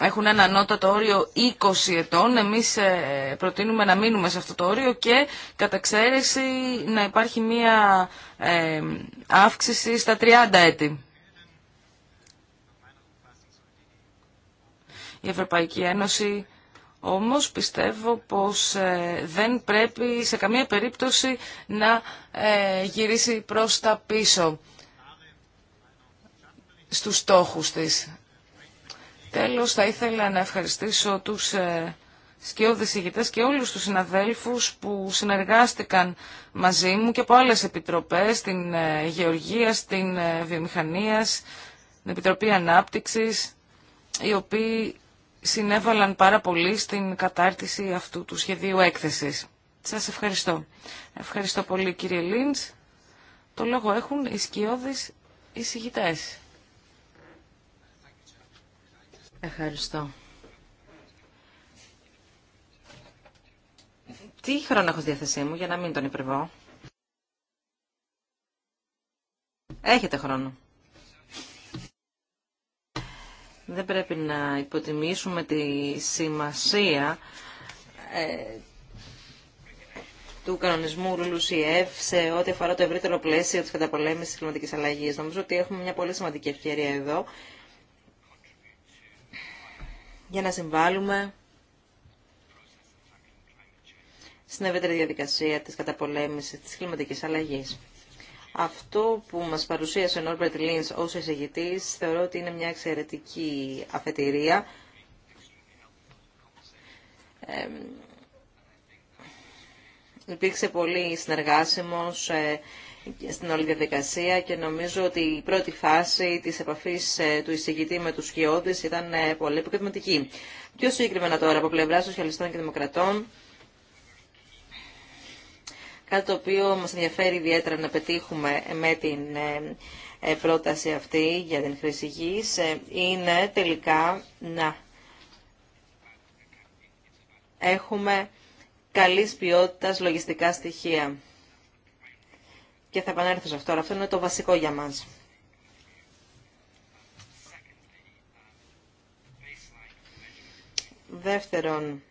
έχουν ένα ανώτατο όριο 20 ετών. Εμείς ε, προτείνουμε να μείνουμε σε αυτό το όριο και κατά εξαίρεση να υπάρχει μία ε, αύξηση στα 30 έτη. Η Ευρωπαϊκή Ένωση όμως πιστεύω πως δεν πρέπει σε καμία περίπτωση να γυρίσει προς τα πίσω στους στόχους της. Τέλος, θα ήθελα να ευχαριστήσω τους ε, σκιώδες ηγητές και όλους τους συναδέλφους που συνεργάστηκαν μαζί μου και από άλλες επιτροπές, την ε, Γεωργία, την ε, Βιομηχανία, την Επιτροπή Ανάπτυξης, οι οποίοι συνέβαλαν πάρα πολύ στην κατάρτιση αυτού του σχεδίου έκθεσης. Σας ευχαριστώ. Ευχαριστώ πολύ κύριε Λίντς. Το λόγο έχουν οι σκιώδεις εισηγητές. Ευχαριστώ. Τι χρόνο έχω στη διάθεσή μου για να μην τον υπερβώ. Έχετε χρόνο. Δεν πρέπει να υποτιμήσουμε τη σημασία ε, του κανονισμού Ρουλουσιεύ σε ό,τι αφορά το ευρύτερο πλαίσιο της καταπολέμησης της κλιματικής αλλαγής. Νομίζω ότι έχουμε μια πολύ σημαντική ευκαιρία εδώ για να συμβάλλουμε στην ευρύτερη διαδικασία της καταπολέμησης της κλιματικής αλλαγής. Αυτό που μας παρουσίασε ο Νόρμπερτ Λίνς ως εισηγητής θεωρώ ότι είναι μια εξαιρετική αφετηρία ε, υπήρξε πολύ συνεργάσιμος ε, στην όλη διαδικασία και νομίζω ότι η πρώτη φάση της επαφής ε, του εισηγητή με τους σκιώδεις ήταν ε, πολύ επικοδηματική. Πιο συγκεκριμένα τώρα από πλευρά Σοσιαλιστών και Δημοκρατών, κάτι το οποίο μας ενδιαφέρει ιδιαίτερα να πετύχουμε με την ε, πρόταση αυτή για την χρήση γης, είναι τελικά να έχουμε καλής ποιότητας λογιστικά στοιχεία και θα επανέλθω σε αυτό, αυτό είναι το βασικό για μας. Δεύτερον,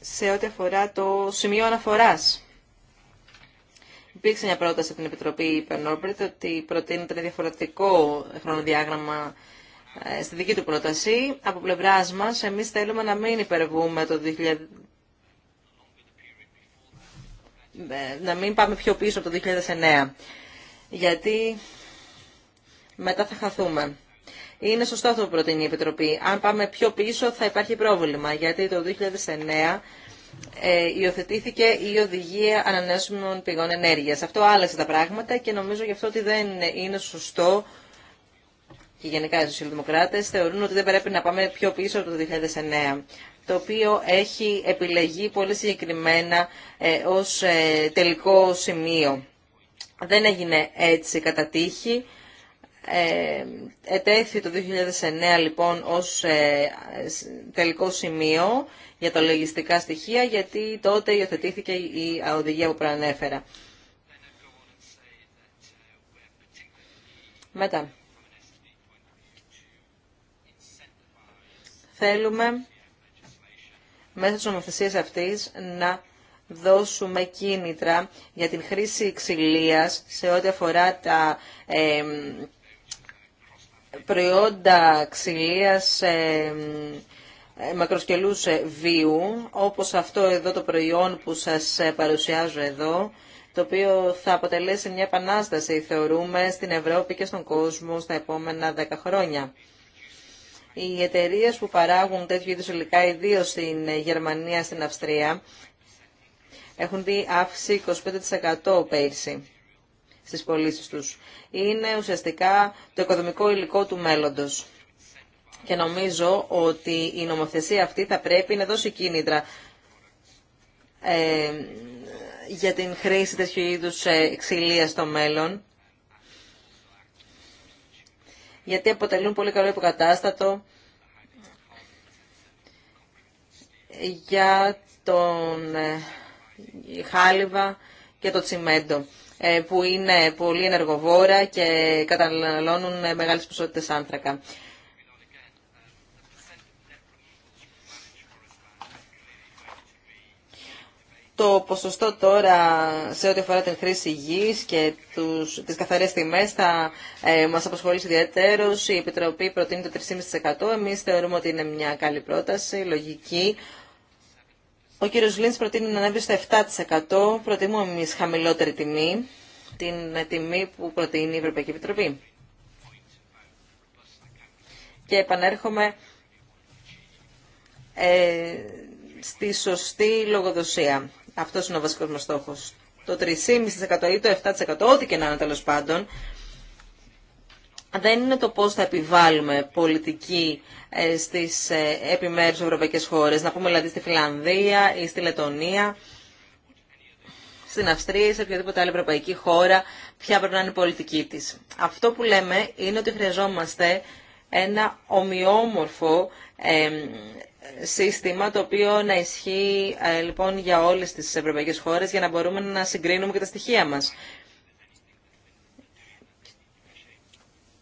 σε ό,τι αφορά το σημείο αναφοράς. Υπήρξε μια πρόταση από την Επιτροπή Περνόρμπριτ ότι προτείνεται ένα διαφορετικό χρονοδιάγραμμα ε, στη δική του πρόταση. Από πλευρά μα, εμεί θέλουμε να μην υπερβούμε το να μην πάμε πιο πίσω από το 2009. Γιατί μετά θα χαθούμε. Είναι σωστό αυτό που προτείνει η Επιτροπή. Αν πάμε πιο πίσω θα υπάρχει πρόβλημα, γιατί το 2009 ε, υιοθετήθηκε η Οδηγία Ανανεώσιμων Πηγών Ενέργειας. Αυτό άλλαξε τα πράγματα και νομίζω γι' αυτό ότι δεν είναι σωστό και γενικά οι σοσιαλδημοκράτες θεωρούν ότι δεν πρέπει να πάμε πιο πίσω από το 2009 το οποίο έχει επιλεγεί πολύ συγκεκριμένα ε, ως ε, τελικό σημείο. Δεν έγινε έτσι κατά τύχη. Ε, ετέθη το 2009 λοιπόν ως τελικό σημείο για τα λογιστικά στοιχεία γιατί τότε υιοθετήθηκε η οδηγία που προανέφερα. Μετά. Θέλουμε μέσα τη νομοθεσία αυτής να δώσουμε κίνητρα για την χρήση ξυλίας σε ό,τι αφορά τα προϊόντα ξυλίας ε, μακροσκελούς ε, βίου, όπως αυτό εδώ το προϊόν που σας ε, παρουσιάζω εδώ, το οποίο θα αποτελέσει μια επανάσταση, θεωρούμε, στην Ευρώπη και στον κόσμο στα επόμενα δέκα χρόνια. Οι εταιρείε που παράγουν τέτοιου είδου υλικά, ιδίω στην Γερμανία, στην Αυστρία, έχουν δει αύξηση 25% πέρσι στις πωλήσει τους. Είναι ουσιαστικά το οικοδομικό υλικό του μέλλοντος. Και νομίζω ότι η νομοθεσία αυτή θα πρέπει να δώσει κίνητρα ε, για την χρήση τέτοιου είδου ε, ξυλία στο μέλλον γιατί αποτελούν πολύ καλό υποκατάστατο για τον ε, χάλιβα και το τσιμέντο ε, που είναι πολύ ενεργοβόρα και καταναλώνουν μεγάλες ποσότητες άνθρακα. Το ποσοστό τώρα σε ό,τι αφορά την χρήση γης και τους, τις καθαρές τιμές θα ε, μας απασχολήσει ιδιαίτερως. Η Επιτροπή προτείνει το 3,5%. Εμείς θεωρούμε ότι είναι μια καλή πρόταση, λογική. Ο κύριος Λίντς προτείνει να ανέβει στο 7%. Προτείνουμε εμείς χαμηλότερη τιμή, την τιμή που προτείνει η Ευρωπαϊκή Επιτροπή. Και επανέρχομαι ε, στη σωστή λογοδοσία. Αυτό είναι ο βασικός μας στόχος. Το 3,5% ή το 7%, ό,τι και να είναι τέλο πάντων, δεν είναι το πώς θα επιβάλλουμε πολιτική ε, στις ε, επιμέρου ευρωπαϊκές χώρες. Να πούμε δηλαδή στη Φιλανδία ή στη Λετωνία, στην Αυστρία ή σε οποιαδήποτε άλλη ευρωπαϊκή χώρα, ποια πρέπει να είναι η πολιτική τη. Αυτό που λέμε είναι ότι χρειαζόμαστε ένα ομοιόμορφο ε, σύστημα το οποίο να ισχύει ε, λοιπόν για όλες τις ευρωπαϊκές χώρες για να μπορούμε να συγκρίνουμε και τα στοιχεία μας.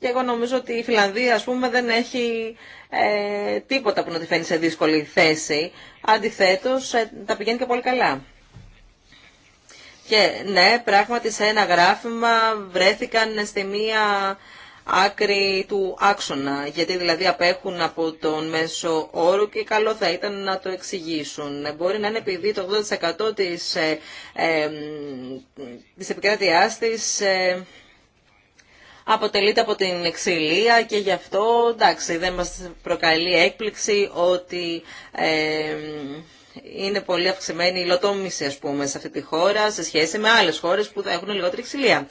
Και εγώ νομίζω ότι η Φιλανδία, ας πούμε, δεν έχει ε, τίποτα που να τη φαίνει σε δύσκολη θέση. Αντιθέτως, ε, τα πηγαίνει και πολύ καλά. Και ναι, πράγματι σε ένα γράφημα βρέθηκαν στη μία άκρη του άξονα, γιατί δηλαδή απέχουν από τον μέσο όρο και καλό θα ήταν να το εξηγήσουν. Μπορεί να είναι επειδή το 80% της, ε, ε, της επικράτειάς της ε, αποτελείται από την εξηλία και γι' αυτό εντάξει, δεν μας προκαλεί έκπληξη ότι είναι πολύ αυξημένη η λοτόμηση ας πούμε σε αυτή τη χώρα σε σχέση με άλλες χώρες που θα έχουν λιγότερη ξυλία.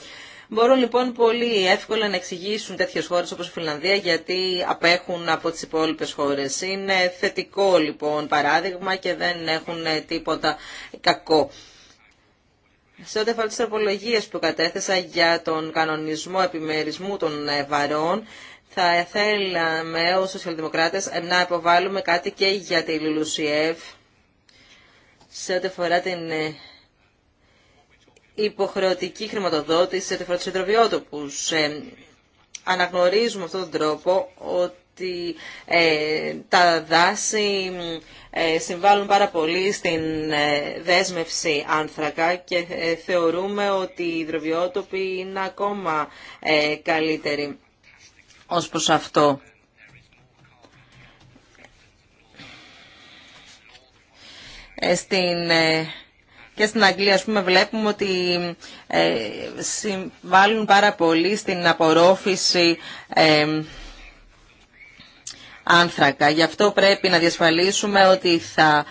Μπορούν λοιπόν πολύ εύκολα να εξηγήσουν τέτοιε χώρε όπω η Φιλανδία γιατί απέχουν από τι υπόλοιπε χώρε. Είναι θετικό λοιπόν παράδειγμα και δεν έχουν τίποτα κακό. Σε ό,τι αφορά τι τροπολογίε που κατέθεσα για τον κανονισμό επιμερισμού των ε, βαρών, θα θέλαμε ω Σοσιαλδημοκράτε να υποβάλουμε κάτι και για τη Λουσιεύ. σε ό,τι αφορά την ε, υποχρεωτική χρηματοδότηση σε του υδροβιότοπους. Ε, αναγνωρίζουμε αυτόν τον τρόπο ότι ε, τα δάση ε, συμβάλλουν πάρα πολύ στην δέσμευση άνθρακα και θεωρούμε ότι οι υδροβιότοποι είναι ακόμα καλύτεροι ως προς αυτό. στην και στην Αγγλία ας πούμε, βλέπουμε ότι ε, συμβάλλουν πάρα πολύ στην απορρόφηση άνθρακα. Γι' αυτό πρέπει να διασφαλίσουμε ότι θα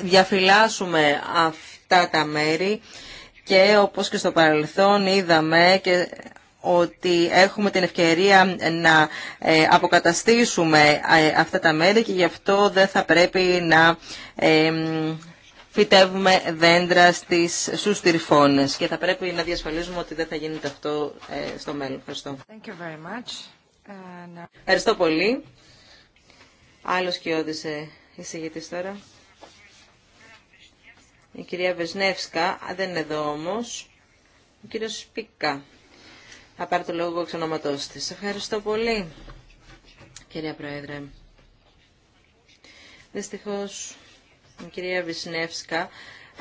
διαφυλάσσουμε αυτά τα μέρη και όπως και στο παρελθόν είδαμε και ότι έχουμε την ευκαιρία να ε, αποκαταστήσουμε ε, αυτά τα μέρη και γι' αυτό δεν θα πρέπει να ε, φυτεύουμε δέντρα στις, στους και θα πρέπει να διασφαλίζουμε ότι δεν θα γίνεται αυτό στο μέλλον. Ευχαριστώ. Uh, Ευχαριστώ πολύ. Άλλος και η εισηγητής τώρα. Η κυρία Βεσνεύσκα, δεν είναι εδώ όμως. Ο κύριος Σπίκα θα πάρει το λόγο εξ ονόματός της. Ευχαριστώ πολύ, κυρία Πρόεδρε. Δυστυχώς, η κυρία Βυσνεύσκα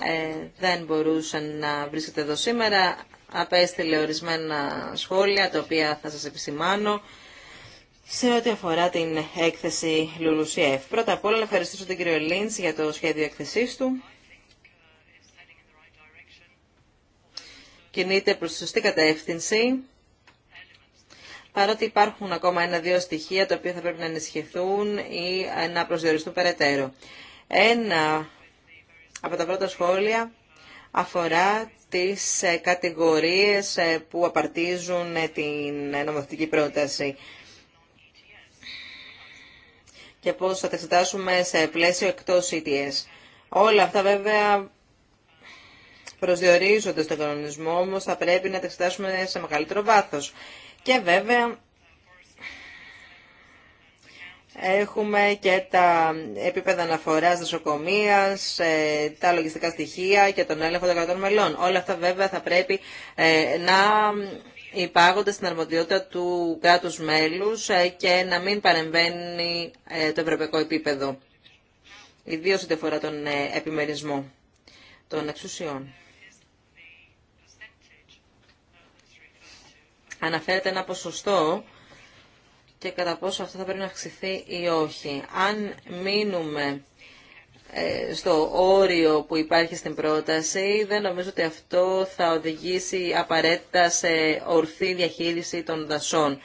ε, δεν μπορούσε να βρίσκεται εδώ σήμερα. Απέστειλε ορισμένα σχόλια, τα οποία θα σας επισημάνω σε ό,τι αφορά την έκθεση Λουλουσιέφ. Πρώτα απ' όλα, να ευχαριστήσω τον κύριο Λίντς για το σχέδιο έκθεσής του. Κινείται προς τη σωστή κατεύθυνση παρότι υπάρχουν ακόμα ένα-δύο στοιχεία τα οποία θα πρέπει να ενισχυθούν ή να προσδιοριστούν περαιτέρω. Ένα από τα πρώτα σχόλια αφορά τις ε, κατηγορίες ε, που απαρτίζουν ε, την νομοθετική πρόταση και πώς θα τα εξετάσουμε σε πλαίσιο εκτός ETS. Όλα αυτά βέβαια προσδιορίζονται στον κανονισμό, όμως θα πρέπει να τα εξετάσουμε σε μεγαλύτερο βάθος. Και βέβαια Έχουμε και τα επίπεδα αναφορά νοσοκομεία, ε, τα λογιστικά στοιχεία και τον έλεγχο των κρατών μελών. Όλα αυτά βέβαια θα πρέπει ε, να υπάγονται στην αρμοδιότητα του κράτου μέλου ε, και να μην παρεμβαίνει το ευρωπαϊκό επίπεδο. Ιδίω ό,τι αφορά τον επιμερισμό των εξουσιών. αναφέρεται ένα ποσοστό και κατά πόσο αυτό θα πρέπει να αυξηθεί ή όχι. Αν μείνουμε ε, στο όριο που υπάρχει στην πρόταση, δεν νομίζω ότι αυτό θα οδηγήσει απαραίτητα σε ορθή διαχείριση των δασών.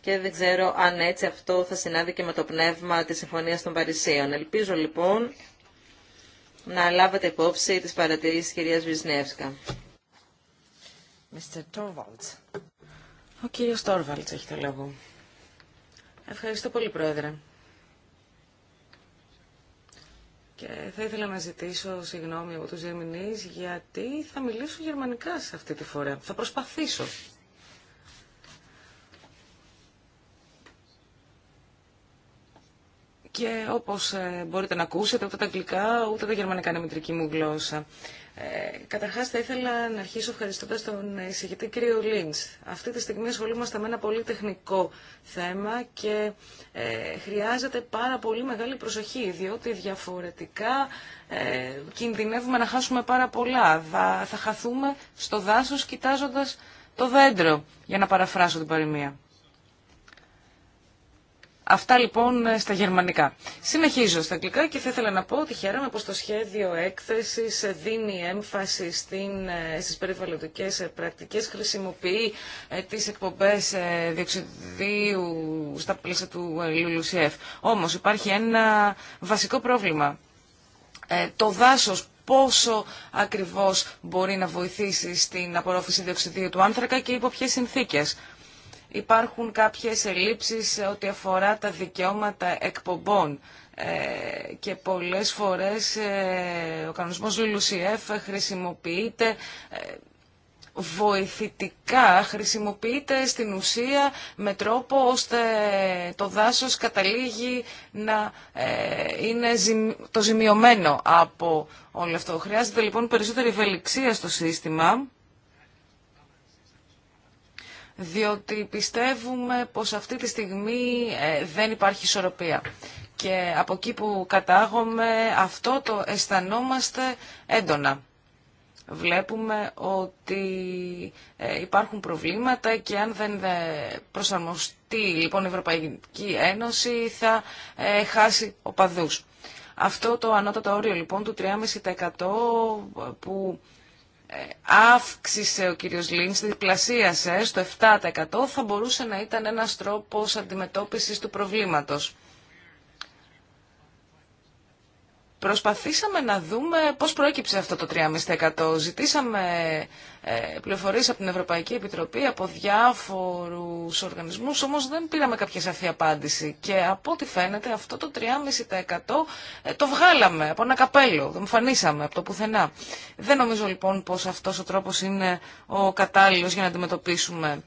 Και δεν ξέρω αν έτσι αυτό θα συνάδει και με το πνεύμα της Συμφωνίας των Παρισίων. Ελπίζω λοιπόν να λάβετε υπόψη τις παρατηρήσεις της κυρίας Βυσνεύσκα. Ο κύριος Τόρβαλτς έχει το λόγο. Ευχαριστώ πολύ, Πρόεδρε. Και θα ήθελα να ζητήσω συγγνώμη από τους Γερμινείς, γιατί θα μιλήσω γερμανικά σε αυτή τη φορά. Θα προσπαθήσω. Και όπως ε, μπορείτε να ακούσετε, ούτε τα αγγλικά ούτε τα γερμανικά είναι μητρική μου γλώσσα. Ε, καταρχάς θα ήθελα να αρχίσω ευχαριστώντας τον εισηγητή κύριο Λίντς. Αυτή τη στιγμή ασχολούμαστε με ένα πολύ τεχνικό θέμα και ε, χρειάζεται πάρα πολύ μεγάλη προσοχή, διότι διαφορετικά ε, κινδυνεύουμε να χάσουμε πάρα πολλά. Θα, θα χαθούμε στο δάσος κοιτάζοντας το δέντρο, για να παραφράσω την παροιμία. Αυτά λοιπόν ε, στα γερμανικά. Συνεχίζω στα αγγλικά και θα ήθελα να πω ότι χαίρομαι πως το σχέδιο έκθεσης ε, δίνει έμφαση στην, ε, στις περιβαλλοντικές πρακτικές, χρησιμοποιεί τις εκπομπές διοξιδίου στα πλαίσια του Λουλουσιεφ. Όμως υπάρχει ένα βασικό πρόβλημα. Το δάσος πόσο ακριβώς μπορεί να βοηθήσει στην απορρόφηση διοξιδίου του άνθρακα και υπό ποιες συνθήκες υπάρχουν κάποιες ελλείψεις ό,τι αφορά τα δικαιώματα εκπομπών ε, και πολλές φορές ε, ο κανονισμός Λουσιέφ χρησιμοποιείται ε, βοηθητικά, χρησιμοποιείται στην ουσία με τρόπο ώστε το δάσος καταλήγει να είναι το ζημιωμένο από όλο αυτό. Χρειάζεται λοιπόν περισσότερη ευελιξία στο σύστημα διότι πιστεύουμε πως αυτή τη στιγμή ε, δεν υπάρχει ισορροπία. Και από εκεί που κατάγομαι αυτό το αισθανόμαστε έντονα. Βλέπουμε ότι ε, υπάρχουν προβλήματα και αν δεν προσαρμοστεί λοιπόν η Ευρωπαϊκή Ένωση θα ε, χάσει οπαδούς. Αυτό το ανώτατο όριο λοιπόν του 3,5% που ε, αύξησε ο κύριος Λίνς, διπλασίασε στο 7% θα μπορούσε να ήταν ένας τρόπος αντιμετώπισης του προβλήματος. Προσπαθήσαμε να δούμε πώς προέκυψε αυτό το 3,5%. Ζητήσαμε ε, πληροφορίες από την Ευρωπαϊκή Επιτροπή, από διάφορους οργανισμούς, όμως δεν πήραμε κάποια σαφή απάντηση. Και από ό,τι φαίνεται αυτό το 3,5% ε, το βγάλαμε από ένα καπέλο, το εμφανίσαμε από το πουθενά. Δεν νομίζω λοιπόν πως αυτός ο τρόπος είναι ο κατάλληλος για να αντιμετωπίσουμε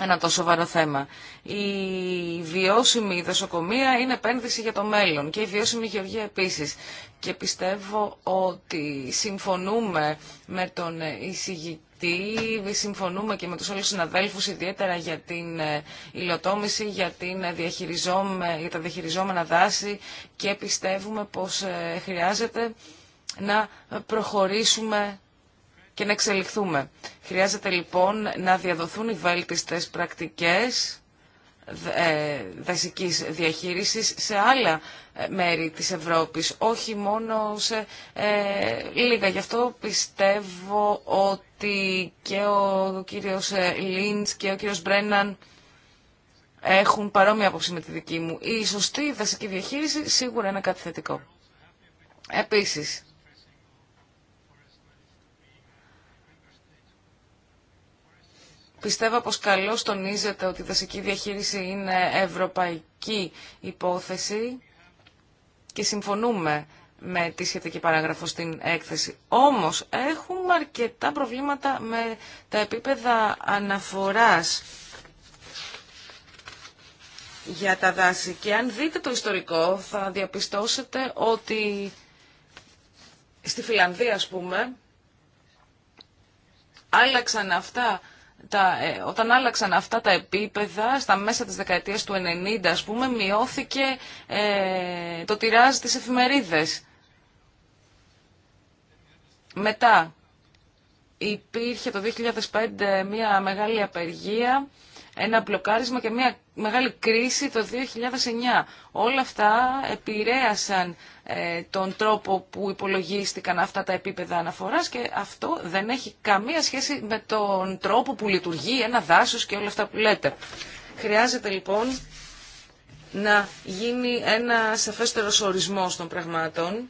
ένα τόσο σοβαρό θέμα. Η βιώσιμη δοσοκομεία είναι επένδυση για το μέλλον και η βιώσιμη γεωργία επίσης. Και πιστεύω ότι συμφωνούμε με τον εισηγητή, συμφωνούμε και με τους όλους συναδέλφους, ιδιαίτερα για την ε, υλοτόμηση, για, την ε, ε, για τα διαχειριζόμενα δάση και πιστεύουμε πως χρειάζεται να προχωρήσουμε και να εξελιχθούμε. Χρειάζεται λοιπόν να διαδοθούν οι βέλτιστες πρακτικές ε, δασικής διαχείρισης σε άλλα ε, μέρη της Ευρώπης, όχι μόνο σε ε, λίγα. Γι' αυτό πιστεύω ότι και ο κύριος Λίντς και ο κύριος Μπρέναν έχουν παρόμοια άποψη με τη δική μου. Η σωστή δασική διαχείριση σίγουρα είναι κάτι θετικό. Επίσης, Πιστεύω πως καλώς τονίζεται ότι η δασική διαχείριση είναι ευρωπαϊκή υπόθεση και συμφωνούμε με τη σχετική παράγραφο στην έκθεση. Όμως έχουμε αρκετά προβλήματα με τα επίπεδα αναφοράς για τα δάση. Και αν δείτε το ιστορικό θα διαπιστώσετε ότι στη Φιλανδία ας πούμε άλλαξαν αυτά τα, ε, όταν άλλαξαν αυτά τα επίπεδα στα μέσα της δεκαετίας του 90 ας πούμε μειώθηκε ε, το τυράζ της εφημερίδες. Μετά υπήρχε το 2005 μια μεγάλη απεργία ένα μπλοκάρισμα και μια μεγάλη κρίση το 2009. Όλα αυτά επηρέασαν ε, τον τρόπο που υπολογίστηκαν αυτά τα επίπεδα αναφοράς και αυτό δεν έχει καμία σχέση με τον τρόπο που λειτουργεί ένα δάσος και όλα αυτά που λέτε. Χρειάζεται λοιπόν να γίνει ένα σαφέστερος ορισμός των πραγμάτων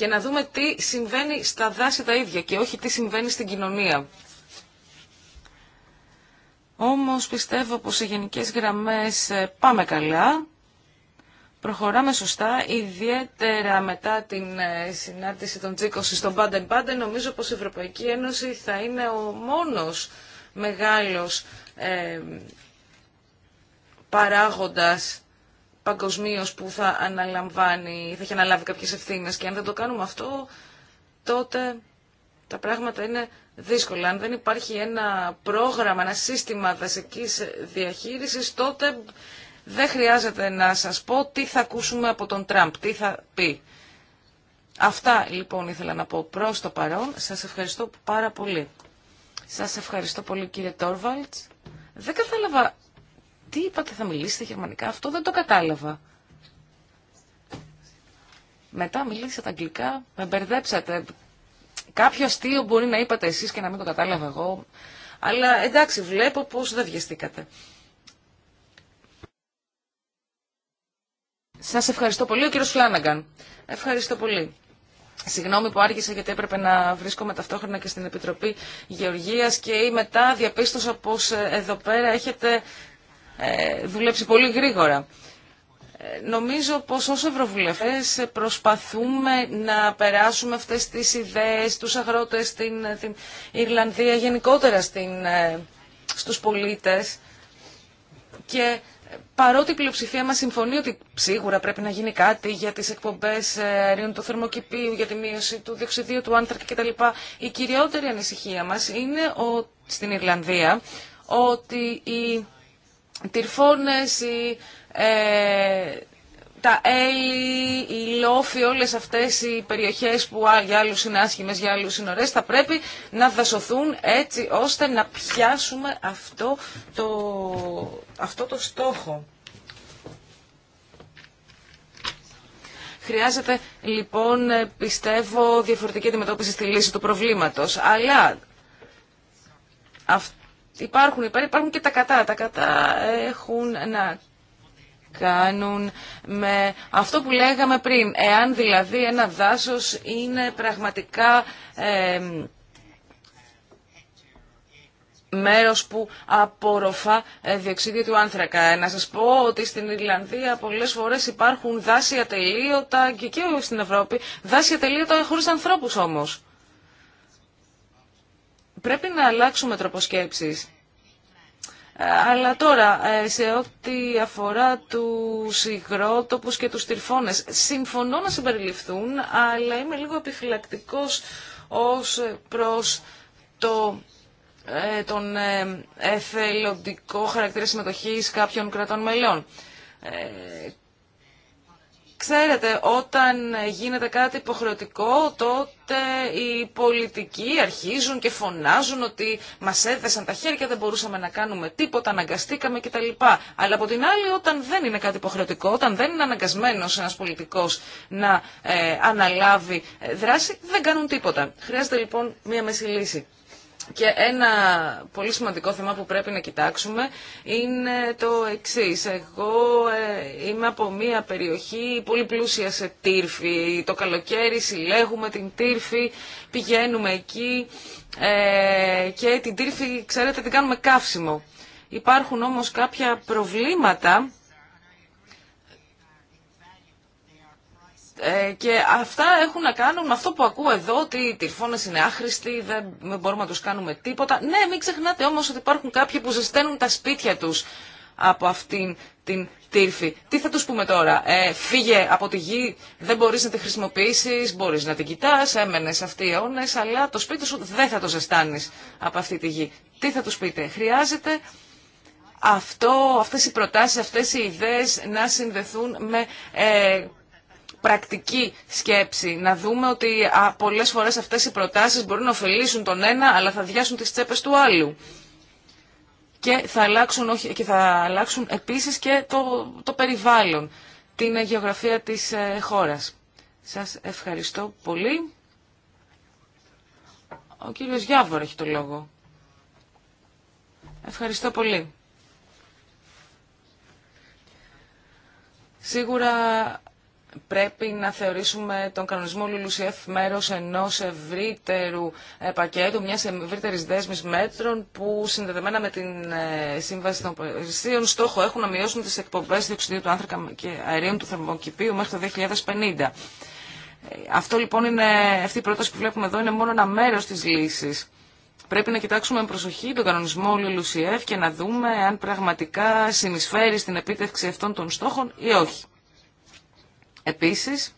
και να δούμε τι συμβαίνει στα δάση τα ίδια και όχι τι συμβαίνει στην κοινωνία. Όμως πιστεύω πως οι γενικές γραμμές ε, πάμε καλά. Προχωράμε σωστά, ιδιαίτερα μετά την ε, συνάρτηση των Τζίκωση στον Πάντεν Πάντεν. Νομίζω πως η Ευρωπαϊκή Ένωση θα είναι ο μόνος μεγάλος ε, παράγοντας παγκοσμίω που θα αναλαμβάνει, θα έχει αναλάβει κάποιε ευθύνε. και αν δεν το κάνουμε αυτό, τότε τα πράγματα είναι δύσκολα. Αν δεν υπάρχει ένα πρόγραμμα, ένα σύστημα δασική διαχείριση. τότε δεν χρειάζεται να σα πω τι θα ακούσουμε από τον Τραμπ, τι θα πει. Αυτά λοιπόν ήθελα να πω προ το παρόν. Σα ευχαριστώ πάρα πολύ. Σας ευχαριστώ πολύ κύριε Τόρβαλτς. Δεν κατάλαβα τι είπατε θα μιλήσετε γερμανικά, αυτό δεν το κατάλαβα. Μετά μιλήσατε αγγλικά, με μπερδέψατε. Κάποιο αστείο μπορεί να είπατε εσείς και να μην το κατάλαβα εγώ. Αλλά εντάξει, βλέπω πώ δεν βιαστήκατε. Σας ευχαριστώ πολύ, ο κύριο Φλάναγκαν. Ευχαριστώ πολύ. Συγγνώμη που άργησα γιατί έπρεπε να βρίσκομαι ταυτόχρονα και στην Επιτροπή Γεωργίας και μετά διαπίστωσα πως εδώ πέρα έχετε ε, δουλέψει πολύ γρήγορα. Ε, νομίζω πως ως ευρωβουλευτές προσπαθούμε να περάσουμε αυτές τις ιδέες τους αγρότες στην, Ιρλανδία, γενικότερα στην, ε, στους πολίτες και παρότι η πλειοψηφία μας συμφωνεί ότι σίγουρα πρέπει να γίνει κάτι για τις εκπομπές αερίων του θερμοκηπίου, για τη μείωση του διοξιδίου του άνθρακα κτλ. Η κυριότερη ανησυχία μας είναι ο, στην Ιρλανδία ότι η τυρφώνες, οι, ε, τα έλλη, οι λόφοι, όλες αυτές οι περιοχές που για άλλους είναι άσχημες, για άλλους είναι ωραίες, θα πρέπει να δασωθούν έτσι ώστε να πιάσουμε αυτό το, αυτό το στόχο. Χρειάζεται λοιπόν, ε, πιστεύω, διαφορετική αντιμετώπιση στη λύση του προβλήματος. Αλλά αυτό υπάρχουν υπάρχουν και τα κατά. Τα κατά έχουν να κάνουν με αυτό που λέγαμε πριν. Εάν δηλαδή ένα δάσος είναι πραγματικά ε, μέρος που απορροφά ε, διοξίδιο του άνθρακα. Ε, να σας πω ότι στην Ιρλανδία πολλές φορές υπάρχουν δάση ατελείωτα και και στην Ευρώπη δάση ατελείωτα χωρίς ανθρώπους όμως πρέπει να αλλάξουμε τρόπο σκέψης. Ε, αλλά τώρα, ε, σε ό,τι αφορά τους υγρότοπους και τους τυρφώνες, συμφωνώ να συμπεριληφθούν, αλλά είμαι λίγο επιφυλακτικός ως προς το, ε, τον εθελοντικό χαρακτήρα συμμετοχής κάποιων κρατών μελών. Ξέρετε, όταν γίνεται κάτι υποχρεωτικό, τότε οι πολιτικοί αρχίζουν και φωνάζουν ότι μας έδεσαν τα χέρια, δεν μπορούσαμε να κάνουμε τίποτα, αναγκαστήκαμε κτλ. Αλλά από την άλλη, όταν δεν είναι κάτι υποχρεωτικό, όταν δεν είναι αναγκασμένος ένας πολιτικός να ε, αναλάβει ε, δράση, δεν κάνουν τίποτα. Χρειάζεται λοιπόν μία μεσηλήση. Και ένα πολύ σημαντικό θέμα που πρέπει να κοιτάξουμε είναι το εξή. Εγώ ε, είμαι από μια περιοχή πολύ πλούσια σε τύρφη. Το καλοκαίρι συλλέγουμε την τύρφη, πηγαίνουμε εκεί ε, και την τύρφη, ξέρετε, την κάνουμε καύσιμο. Υπάρχουν όμως κάποια προβλήματα Ε, και αυτά έχουν να κάνουν με αυτό που ακούω εδώ, ότι οι τηλεφώνε είναι άχρηστοι, δεν μπορούμε να του κάνουμε τίποτα. Ναι, μην ξεχνάτε όμω ότι υπάρχουν κάποιοι που ζεσταίνουν τα σπίτια του από αυτήν την τύρφη. Τι θα του πούμε τώρα, ε, φύγε από τη γη, δεν μπορεί να τη χρησιμοποιήσει, μπορεί να την κοιτά, έμενε αυτοί οι αιώνε, αλλά το σπίτι σου δεν θα το ζεστάνει από αυτή τη γη. Τι θα του πείτε, χρειάζεται αυτό, αυτές οι προτάσεις, αυτές οι ιδέες να συνδεθούν με ε, πρακτική σκέψη. Να δούμε ότι α, πολλές φορές αυτές οι προτάσεις μπορούν να ωφελήσουν τον ένα, αλλά θα διάσουν τις τσέπες του άλλου. Και θα αλλάξουν, όχι, και θα αλλάξουν επίσης και το, το περιβάλλον, την γεωγραφία της ε, χώρας. Σας ευχαριστώ πολύ. Ο κύριος Γιάβορ έχει το λόγο. Ευχαριστώ πολύ. Σίγουρα πρέπει να θεωρήσουμε τον κανονισμό Λουλουσιεφ μέρος ενός ευρύτερου ε, πακέτου, μιας ευρύτερης δέσμης μέτρων που συνδεδεμένα με την ε, Σύμβαση των περισσίων στόχο έχουν να μειώσουν τις εκπομπές διοξιδίου του άνθρακα και αερίων του θερμοκηπίου μέχρι το 2050. Ε, αυτό λοιπόν είναι, αυτή η πρόταση που βλέπουμε εδώ είναι μόνο ένα μέρος της λύσης. Πρέπει να κοιτάξουμε με προσοχή τον κανονισμό Λουλουσιεφ και να δούμε αν πραγματικά συνεισφέρει στην επίτευξη αυτών των στόχων ή όχι. Επίσης,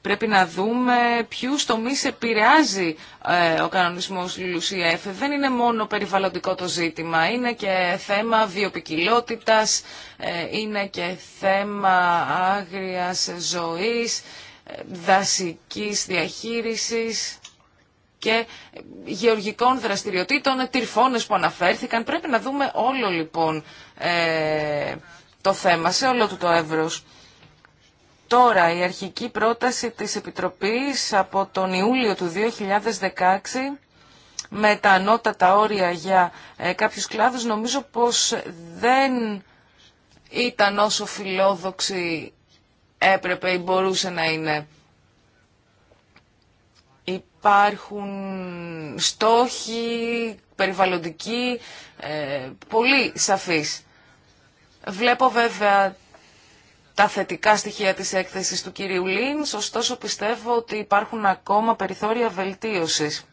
πρέπει να δούμε ποιους τομείς επηρεάζει ε, ο κανονισμός Λουσιέφ. Δεν είναι μόνο περιβαλλοντικό το ζήτημα, είναι και θέμα βιοπικιλότητας, ε, είναι και θέμα άγριας ζωής, ε, δασικής διαχείρισης και γεωργικών δραστηριοτήτων, τυρφώνες που αναφέρθηκαν. Πρέπει να δούμε όλο λοιπόν ε, το θέμα, σε όλο του το εύρος. Τώρα η αρχική πρόταση της Επιτροπής από τον Ιούλιο του 2016 με τα ανώτατα όρια για ε, κάποιους κλάδους νομίζω πως δεν ήταν όσο φιλόδοξη έπρεπε ή μπορούσε να είναι υπάρχουν στόχοι, περιβαλλοντικοί, ε, πολύ σαφείς. Βλέπω βέβαια τα θετικά στοιχεία της έκθεσης του κυρίου Λίνς, ωστόσο πιστεύω ότι υπάρχουν ακόμα περιθώρια βελτίωσης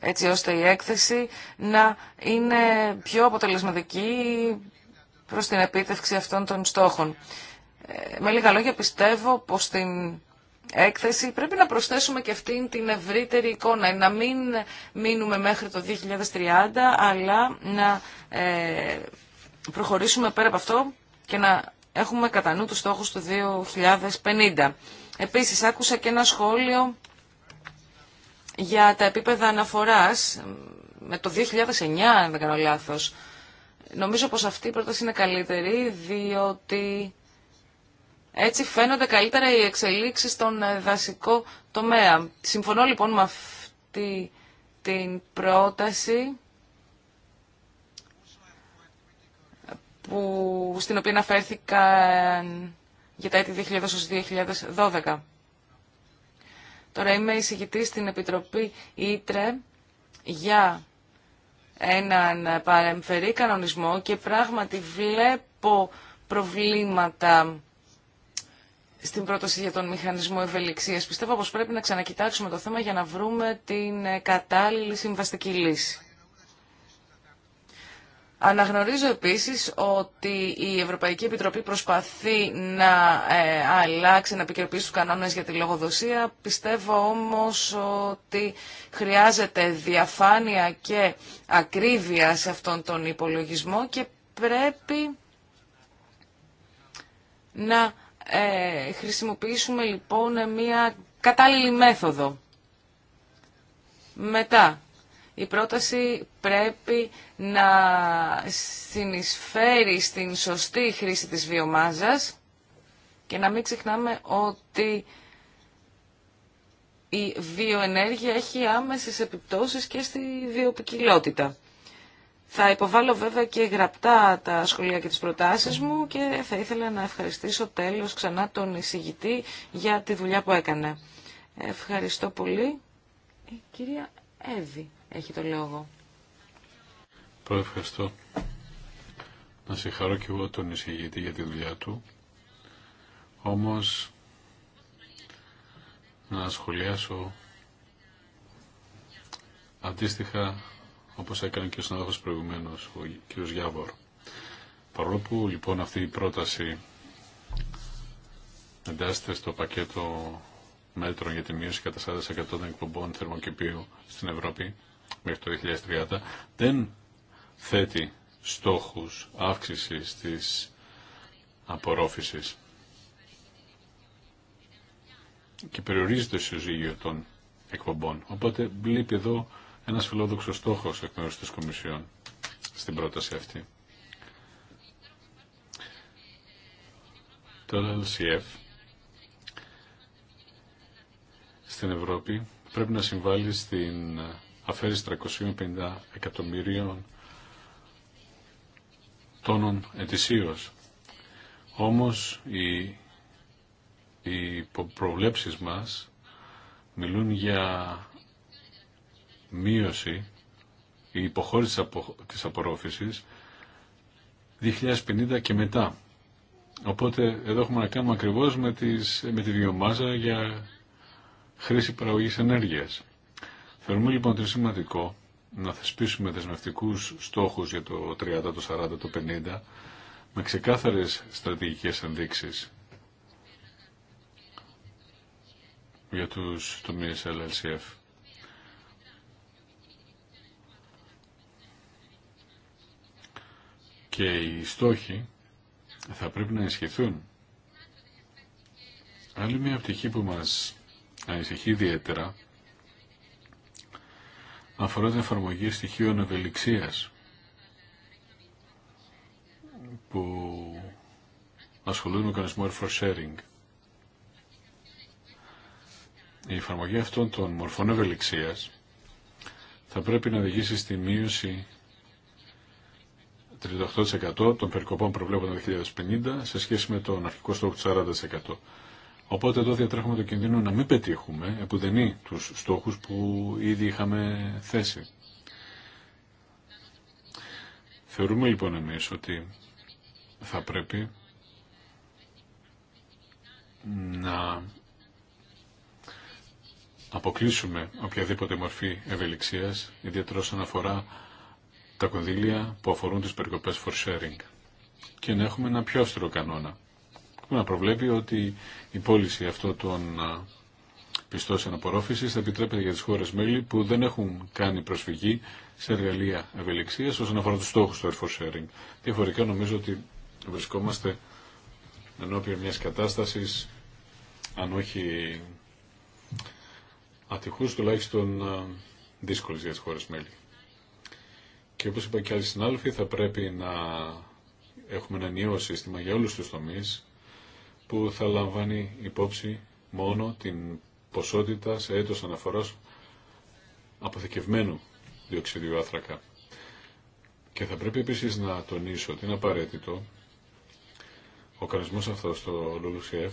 έτσι ώστε η έκθεση να είναι πιο αποτελεσματική προς την επίτευξη αυτών των στόχων. Ε, με λίγα λόγια πιστεύω πως την έκθεση πρέπει να προσθέσουμε και αυτήν την ευρύτερη εικόνα, να μην μείνουμε μέχρι το 2030, αλλά να ε, προχωρήσουμε πέρα από αυτό και να έχουμε κατά νου τους στόχους του 2050. Επίσης, άκουσα και ένα σχόλιο για τα επίπεδα αναφοράς με το 2009, αν δεν κάνω λάθος. Νομίζω πως αυτή η πρόταση είναι καλύτερη, διότι έτσι φαίνονται καλύτερα οι εξελίξεις στον ε, δασικό τομέα. Συμφωνώ λοιπόν με αυτή την πρόταση που, στην οποία αναφέρθηκαν για τα έτη 2000-2012. Τώρα είμαι εισηγητή στην Επιτροπή Ήτρε για έναν παρεμφερή κανονισμό και πράγματι βλέπω προβλήματα στην πρόταση για τον μηχανισμό ευελιξίας. Πιστεύω πως πρέπει να ξανακοιτάξουμε το θέμα για να βρούμε την ε, κατάλληλη συμβαστική λύση. Αναγνωρίζω επίσης ότι η Ευρωπαϊκή Επιτροπή προσπαθεί να ε, αλλάξει, να επικαιροποιήσει τους κανόνες για τη λογοδοσία. Πιστεύω όμως ότι χρειάζεται διαφάνεια και ακρίβεια σε αυτόν τον υπολογισμό και πρέπει να ε, χρησιμοποιήσουμε λοιπόν μια κατάλληλη μέθοδο. Μετά, η πρόταση πρέπει να συνεισφέρει στην σωστή χρήση της βιομάζας και να μην ξεχνάμε ότι η βιοενέργεια έχει άμεσες επιπτώσεις και στη βιοποικιλότητα. Θα υποβάλω βέβαια και γραπτά τα σχολεία και τις προτάσεις μου και θα ήθελα να ευχαριστήσω τέλος ξανά τον εισηγητή για τη δουλειά που έκανε. Ευχαριστώ πολύ. Η κυρία Εύη έχει το λόγο. Πρώτα ευχαριστώ. Να συγχαρώ και εγώ τον εισηγητή για τη δουλειά του. Όμως να σχολιάσω αντίστοιχα όπως έκανε και ο συνάδελφος προηγουμένως, ο κ. Γιάβορ. Παρόλο που λοιπόν αυτή η πρόταση εντάσσεται στο πακέτο μέτρων για τη μείωση κατά 40% των εκπομπών θερμοκηπίου στην Ευρώπη μέχρι το 2030, δεν θέτει στόχους αύξησης της απορρόφησης και περιορίζεται το συζύγιο των εκπομπών. Οπότε βλέπει εδώ ένας φιλόδοξος στόχος εκ μέρους της Κομισιόν στην πρόταση αυτή. Το LCF στην Ευρώπη πρέπει να συμβάλλει στην αφαίρεση 350 εκατομμυρίων τόνων ετησίως. Όμως οι, οι προβλέψεις μας μιλούν για μείωση, η υποχώρηση της απορρόφησης 2050 και μετά. Οπότε εδώ έχουμε να κάνουμε ακριβώς με, τις, με τη βιομάζα για χρήση παραγωγής ενέργειας. Θεωρούμε λοιπόν ότι είναι σημαντικό να θεσπίσουμε δεσμευτικούς στόχους για το 30, το 40, το 50 με ξεκάθαρες στρατηγικές ενδείξεις για τους τομείς LLCF. και οι στόχοι θα πρέπει να ενισχυθούν. Άλλη μια πτυχή που μας ανησυχεί ιδιαίτερα αφορά την εφαρμογή στοιχείων ευελιξίας που ασχολούνται με τον Air Sharing. Η εφαρμογή αυτών των μορφών ευελιξίας θα πρέπει να οδηγήσει στη μείωση 38% των περικοπών προβλέπονται το 2050 σε σχέση με τον αρχικό στόχο του 40%. Οπότε εδώ διατρέχουμε το κινδύνο να μην πετύχουμε επουδενή τους στόχους που ήδη είχαμε θέσει. Θεωρούμε λοιπόν εμείς ότι θα πρέπει να αποκλείσουμε οποιαδήποτε μορφή ευελιξίας, ιδιαίτερα όσον αφορά τα κονδύλια που αφορούν τις περικοπές for sharing και να έχουμε ένα πιο αυστηρό κανόνα που να προβλέπει ότι η πώληση αυτών των πιστώσεων απορρόφησης θα επιτρέπεται για τις χώρες μέλη που δεν έχουν κάνει προσφυγή σε εργαλεία ευελιξίας όσον αφορά τους στόχους του for sharing. Διαφορικά νομίζω ότι βρισκόμαστε ενώπιον μιας κατάστασης αν όχι ατυχούς τουλάχιστον δύσκολες για τις χώρες μέλη. Και όπως είπα και άλλοι συνάδελφοι, θα πρέπει να έχουμε ένα νέο σύστημα για όλους τους τομείς που θα λαμβάνει υπόψη μόνο την ποσότητα σε έτος αναφοράς αποθηκευμένου διοξιδίου άθρακα. Και θα πρέπει επίσης να τονίσω ότι είναι απαραίτητο ο κανονισμός αυτός στο LULUCF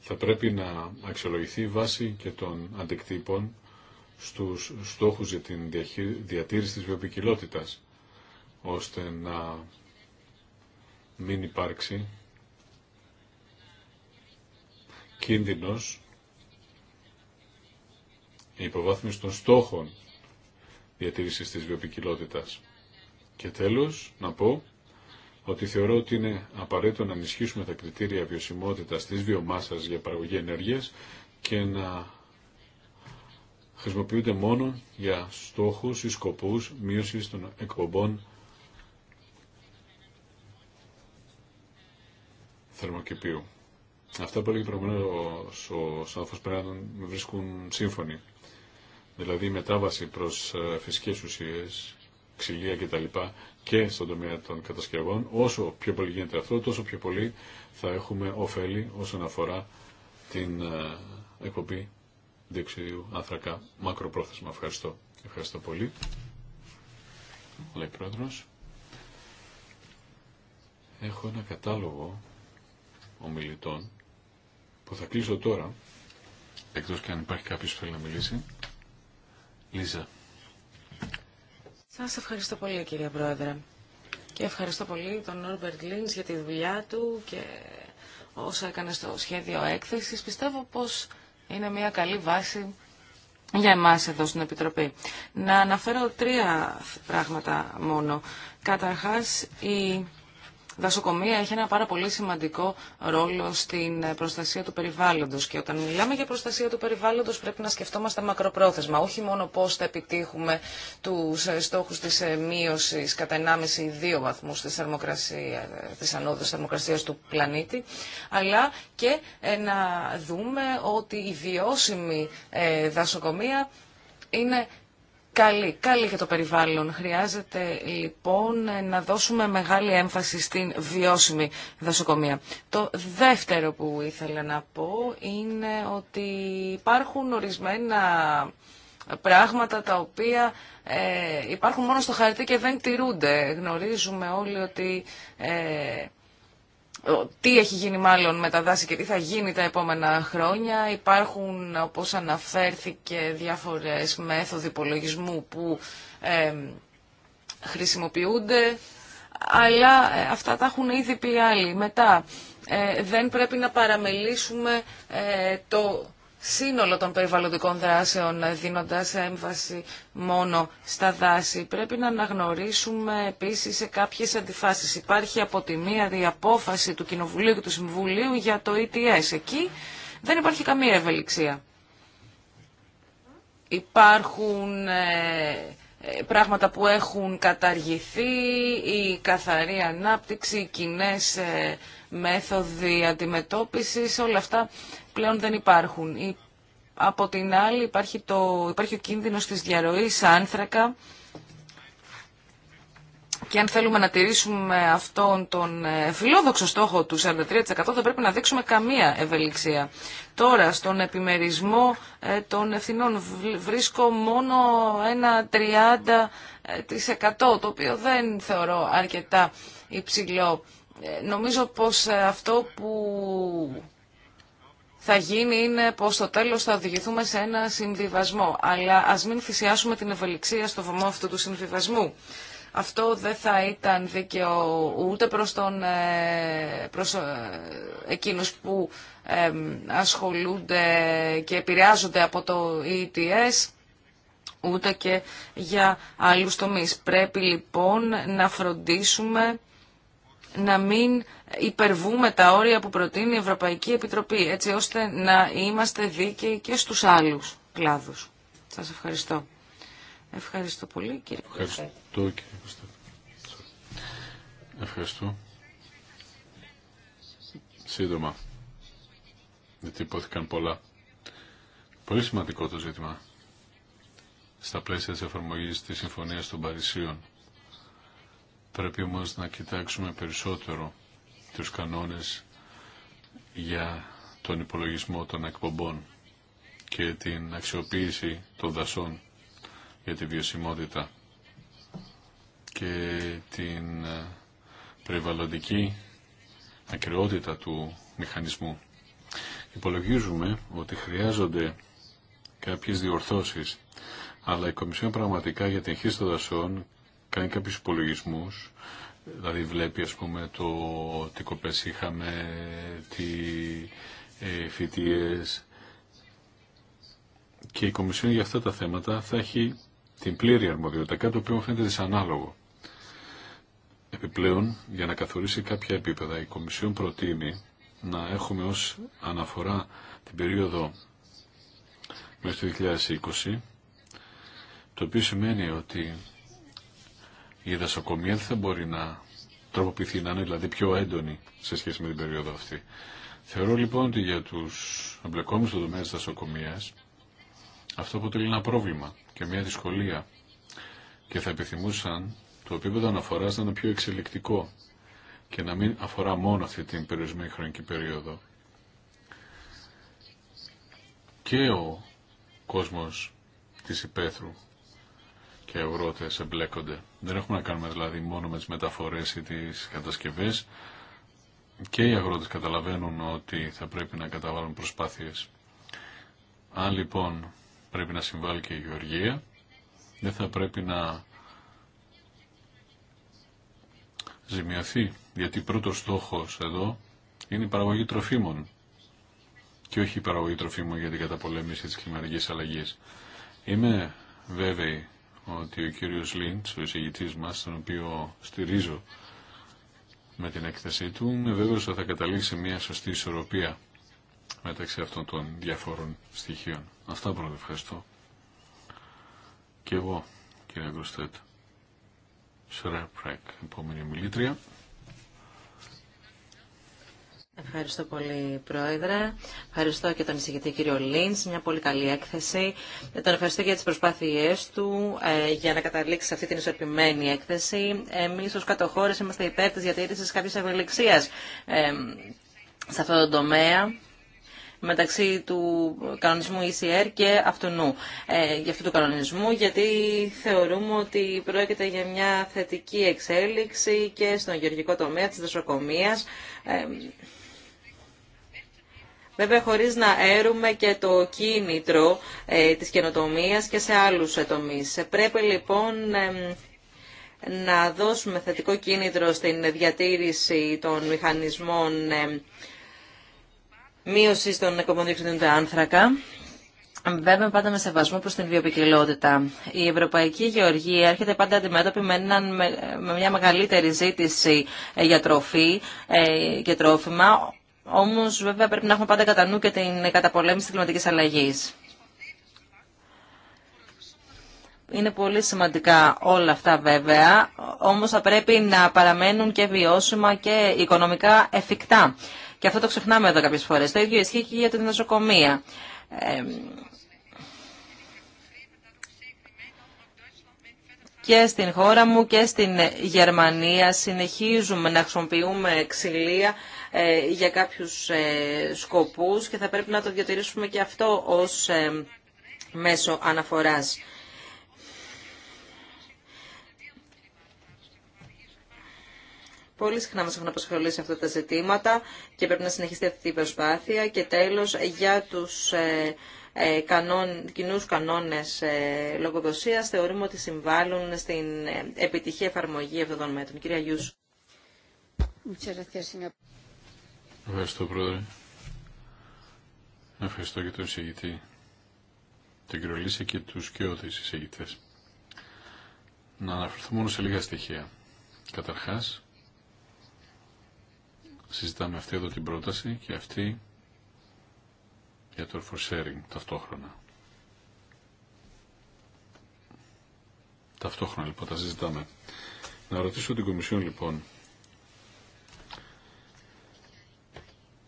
θα πρέπει να αξιολογηθεί βάσει και των αντικτύπων στους στόχους για την διατήρηση της βιοποικιλότητας, ώστε να μην υπάρξει κίνδυνος η υποβάθμιση των στόχων διατήρησης της βιοποικιλότητας. Και τέλος, να πω ότι θεωρώ ότι είναι απαραίτητο να ενισχύσουμε τα κριτήρια βιωσιμότητας της βιομάσας για παραγωγή ενέργειας και να χρησιμοποιούνται μόνο για στόχους ή σκοπούς μείωσης των εκπομπών θερμοκηπίου. Αυτά που έλεγε προηγουμένω ο Σάφος πρέπει να βρίσκουν σύμφωνοι. Δηλαδή η μετάβαση προς ε, φυσικές ουσίες, ξυλία κτλ. και στον τομέα των κατασκευών, όσο πιο πολύ γίνεται αυτό, τόσο πιο πολύ θα έχουμε ωφέλη όσον αφορά την ε, εκπομπή διοξιδίου άνθρακα μακροπρόθεσμα. Ευχαριστώ. Ευχαριστώ πολύ. Λέει πρόεδρος. Έχω ένα κατάλογο ομιλητών που θα κλείσω τώρα εκτός και αν υπάρχει κάποιος που θέλει να μιλήσει. Λίζα. Σας ευχαριστώ πολύ κύριε Πρόεδρε. Και ευχαριστώ πολύ τον Όρμπερτ Λίνς για τη δουλειά του και όσα έκανε στο σχέδιο έκθεσης. Πιστεύω πως είναι μια καλή βάση για εμάς εδώ στην Επιτροπή. Να αναφέρω τρία πράγματα μόνο. Καταρχάς, η δασοκομεία έχει ένα πάρα πολύ σημαντικό ρόλο στην προστασία του περιβάλλοντος και όταν μιλάμε για προστασία του περιβάλλοντος πρέπει να σκεφτόμαστε μακροπρόθεσμα, όχι μόνο πώς θα επιτύχουμε τους ε, στόχους της ε, μείωσης κατά 1,5-2 βαθμούς της, της θερμοκρασίας του πλανήτη, αλλά και ε, να δούμε ότι η βιώσιμη δασοκομεία είναι καλή, καλή για το περιβάλλον. Χρειάζεται λοιπόν να δώσουμε μεγάλη έμφαση στην βιώσιμη δασοκομεία. Το δεύτερο που ήθελα να πω είναι ότι υπάρχουν ορισμένα πράγματα τα οποία ε, υπάρχουν μόνο στο χαρτί και δεν τηρούνται. Γνωρίζουμε όλοι ότι ε, τι έχει γίνει μάλλον με τα δάση και τι θα γίνει τα επόμενα χρόνια. Υπάρχουν, όπως αναφέρθηκε, διάφορες μέθοδοι υπολογισμού που ε, χρησιμοποιούνται, αλλά ε, αυτά τα έχουν ήδη πει άλλοι. Μετά, ε, δεν πρέπει να παραμελήσουμε ε, το σύνολο των περιβαλλοντικών δράσεων ε, δίνοντας έμβαση μόνο στα δάση. Πρέπει να αναγνωρίσουμε επίσης σε κάποιες αντιφάσεις. Υπάρχει από τη μία διαπόφαση του Κοινοβουλίου και του Συμβουλίου για το ETS. Εκεί δεν υπάρχει καμία ευελιξία. Υπάρχουν ε, ε, πράγματα που έχουν καταργηθεί, η καθαρή ανάπτυξη, οι κοινέ μέθοδοι αντιμετώπισης, όλα αυτά πλέον δεν υπάρχουν. Από την άλλη υπάρχει, το, υπάρχει ο κίνδυνος της διαρροής άνθρακα και αν θέλουμε να τηρήσουμε αυτόν τον ε, φιλόδοξο στόχο του 43% δεν πρέπει να δείξουμε καμία ευελιξία. Τώρα στον επιμερισμό ε, των ευθυνών βρίσκω μόνο ένα 30% το οποίο δεν θεωρώ αρκετά υψηλό. Ε, νομίζω πως αυτό που θα γίνει είναι πως στο τέλος θα οδηγηθούμε σε ένα συμβιβασμό. Αλλά ας μην θυσιάσουμε την ευελιξία στο βωμό αυτού του συμβιβασμού. Αυτό δεν θα ήταν δίκαιο ούτε προς, τον, ε, προς ε, εκείνους που ασχολούνται και επηρεάζονται από το ETS, ούτε και για άλλους τομείς. Πρέπει λοιπόν να φροντίσουμε να μην υπερβούμε τα όρια που προτείνει η Ευρωπαϊκή Επιτροπή, έτσι ώστε να είμαστε δίκαιοι και στους άλλους κλάδους. Σας ευχαριστώ. Ευχαριστώ πολύ κύριε Ευχαριστώ κύριε Ευχαριστώ. Σύντομα. Γιατί υπόθηκαν πολλά. Πολύ σημαντικό το ζήτημα στα πλαίσια της εφαρμογής της Συμφωνίας των Παρισίων. Πρέπει όμως να κοιτάξουμε περισσότερο τους κανόνες για τον υπολογισμό των εκπομπών και την αξιοποίηση των δασών για τη βιωσιμότητα και την ε, περιβαλλοντική ακριότητα του μηχανισμού. Υπολογίζουμε ότι χρειάζονται κάποιες διορθώσεις, αλλά η Κομισιόν πραγματικά για την χύση των δασών κάνει κάποιου υπολογισμού, δηλαδή βλέπει ας πούμε το τι κοπές είχαμε, τι ε, και η Κομισιόν για αυτά τα θέματα θα έχει την πλήρη αρμοδιότητα, κάτι το οποίο μου φαίνεται δυσανάλογο. Επιπλέον, για να καθορίσει κάποια επίπεδα, η Κομισιόν προτείνει να έχουμε ως αναφορά την περίοδο μέχρι το 2020, το οποίο σημαίνει ότι η δασοκομεία δεν θα μπορεί να τροποποιηθεί, να είναι δηλαδή πιο έντονη σε σχέση με την περίοδο αυτή. Θεωρώ λοιπόν ότι για του εμπλεκόμενου στον τομέα τη δασοκομείας αυτό αποτελεί ένα πρόβλημα και μια δυσκολία και θα επιθυμούσαν το επίπεδο αναφορά να είναι πιο εξελικτικό και να μην αφορά μόνο αυτή την περιορισμένη χρονική περίοδο. Και ο κόσμος της υπαίθρου και αγρότες εμπλέκονται. Δεν έχουμε να κάνουμε δηλαδή μόνο με τις μεταφορές ή τις κατασκευές και οι αγρότες καταλαβαίνουν ότι θα πρέπει να καταβάλουν προσπάθειες. Αν λοιπόν πρέπει να συμβάλλει και η γεωργία, δεν θα πρέπει να ζημιωθεί, γιατί πρώτος στόχος εδώ είναι η παραγωγή τροφίμων και όχι η παραγωγή τροφίμων για την καταπολέμηση της κλιματικής αλλαγής. Είμαι βέβαιη ότι ο κύριος Λίντς, ο εισηγητής μας, τον οποίο στηρίζω με την έκθεσή του, με βέβαιος θα καταλήξει μια σωστή ισορροπία μεταξύ αυτών των διαφόρων στοιχείων. Αυτά πρώτα ευχαριστώ. Και εγώ, κύριε Γκροστέτ. Σρέπρεκ, επόμενη μιλήτρια. Ευχαριστώ πολύ, Πρόεδρε. Ευχαριστώ και τον εισηγητή κύριο Λίντ. μια πολύ καλή έκθεση. Τον ευχαριστώ για τι προσπάθειε του ε, για να καταλήξει σε αυτή την ισορροπημένη έκθεση. Εμεί ω κατοχώρε είμαστε υπέρ της διατήρησης κάποιης ε, σε αυτό το τομέα μεταξύ του κανονισμού ECR και αυτού, νου, ε, αυτού του κανονισμού, γιατί θεωρούμε ότι πρόκειται για μια θετική εξέλιξη και στον γεωργικό τομέα της δασοκομείας. Ε, βέβαια χωρίς να έρουμε και το κίνητρο ε, της καινοτομίας και σε άλλους ε, τομείς. Πρέπει λοιπόν να δώσουμε θετικό κίνητρο στην διατήρηση των μηχανισμών μείωση των εκπομπών του άνθρακα. Βέβαια, πάντα με σεβασμό προς την βιοπικιλότητα. Η Ευρωπαϊκή Γεωργία έρχεται πάντα αντιμέτωπη με, με μια μεγαλύτερη ζήτηση ε, για τροφή και τρόφιμα, Όμω, βέβαια πρέπει να έχουμε πάντα κατά νου και την καταπολέμηση τη κλιματική αλλαγής. Είναι πολύ σημαντικά όλα αυτά βέβαια, όμως θα πρέπει να παραμένουν και βιώσιμα και οικονομικά εφικτά. Και αυτό το ξεχνάμε εδώ κάποιες φορές. Το ίδιο ισχύει και για την νοσοκομεία. και στην χώρα μου και στην Γερμανία συνεχίζουμε να χρησιμοποιούμε ξυλία ε, για κάποιους ε, σκοπούς και θα πρέπει να το διατηρήσουμε και αυτό ως ε, μέσο αναφοράς. Πολύ συχνά μας έχουν απασχολήσει αυτά τα ζητήματα και πρέπει να συνεχιστεί αυτή η προσπάθεια. Και τέλος, για τους ε, ε, κανόν, κοινούς κανόνες λογοδοσίας, θεωρούμε ότι συμβάλλουν στην επιτυχή εφαρμογή αυτών των μέτρων. Κυρία Γιούσου. Ευχαριστώ, Πρόεδρε. Ευχαριστώ και τον εισηγητή, τον κύριο και του και ό,τι Να αναφερθώ μόνο σε λίγα στοιχεία. Καταρχάς, συζητάμε αυτή εδώ την πρόταση και αυτή για το for sharing ταυτόχρονα. Ταυτόχρονα λοιπόν τα συζητάμε. Να ρωτήσω την Κομισιόν λοιπόν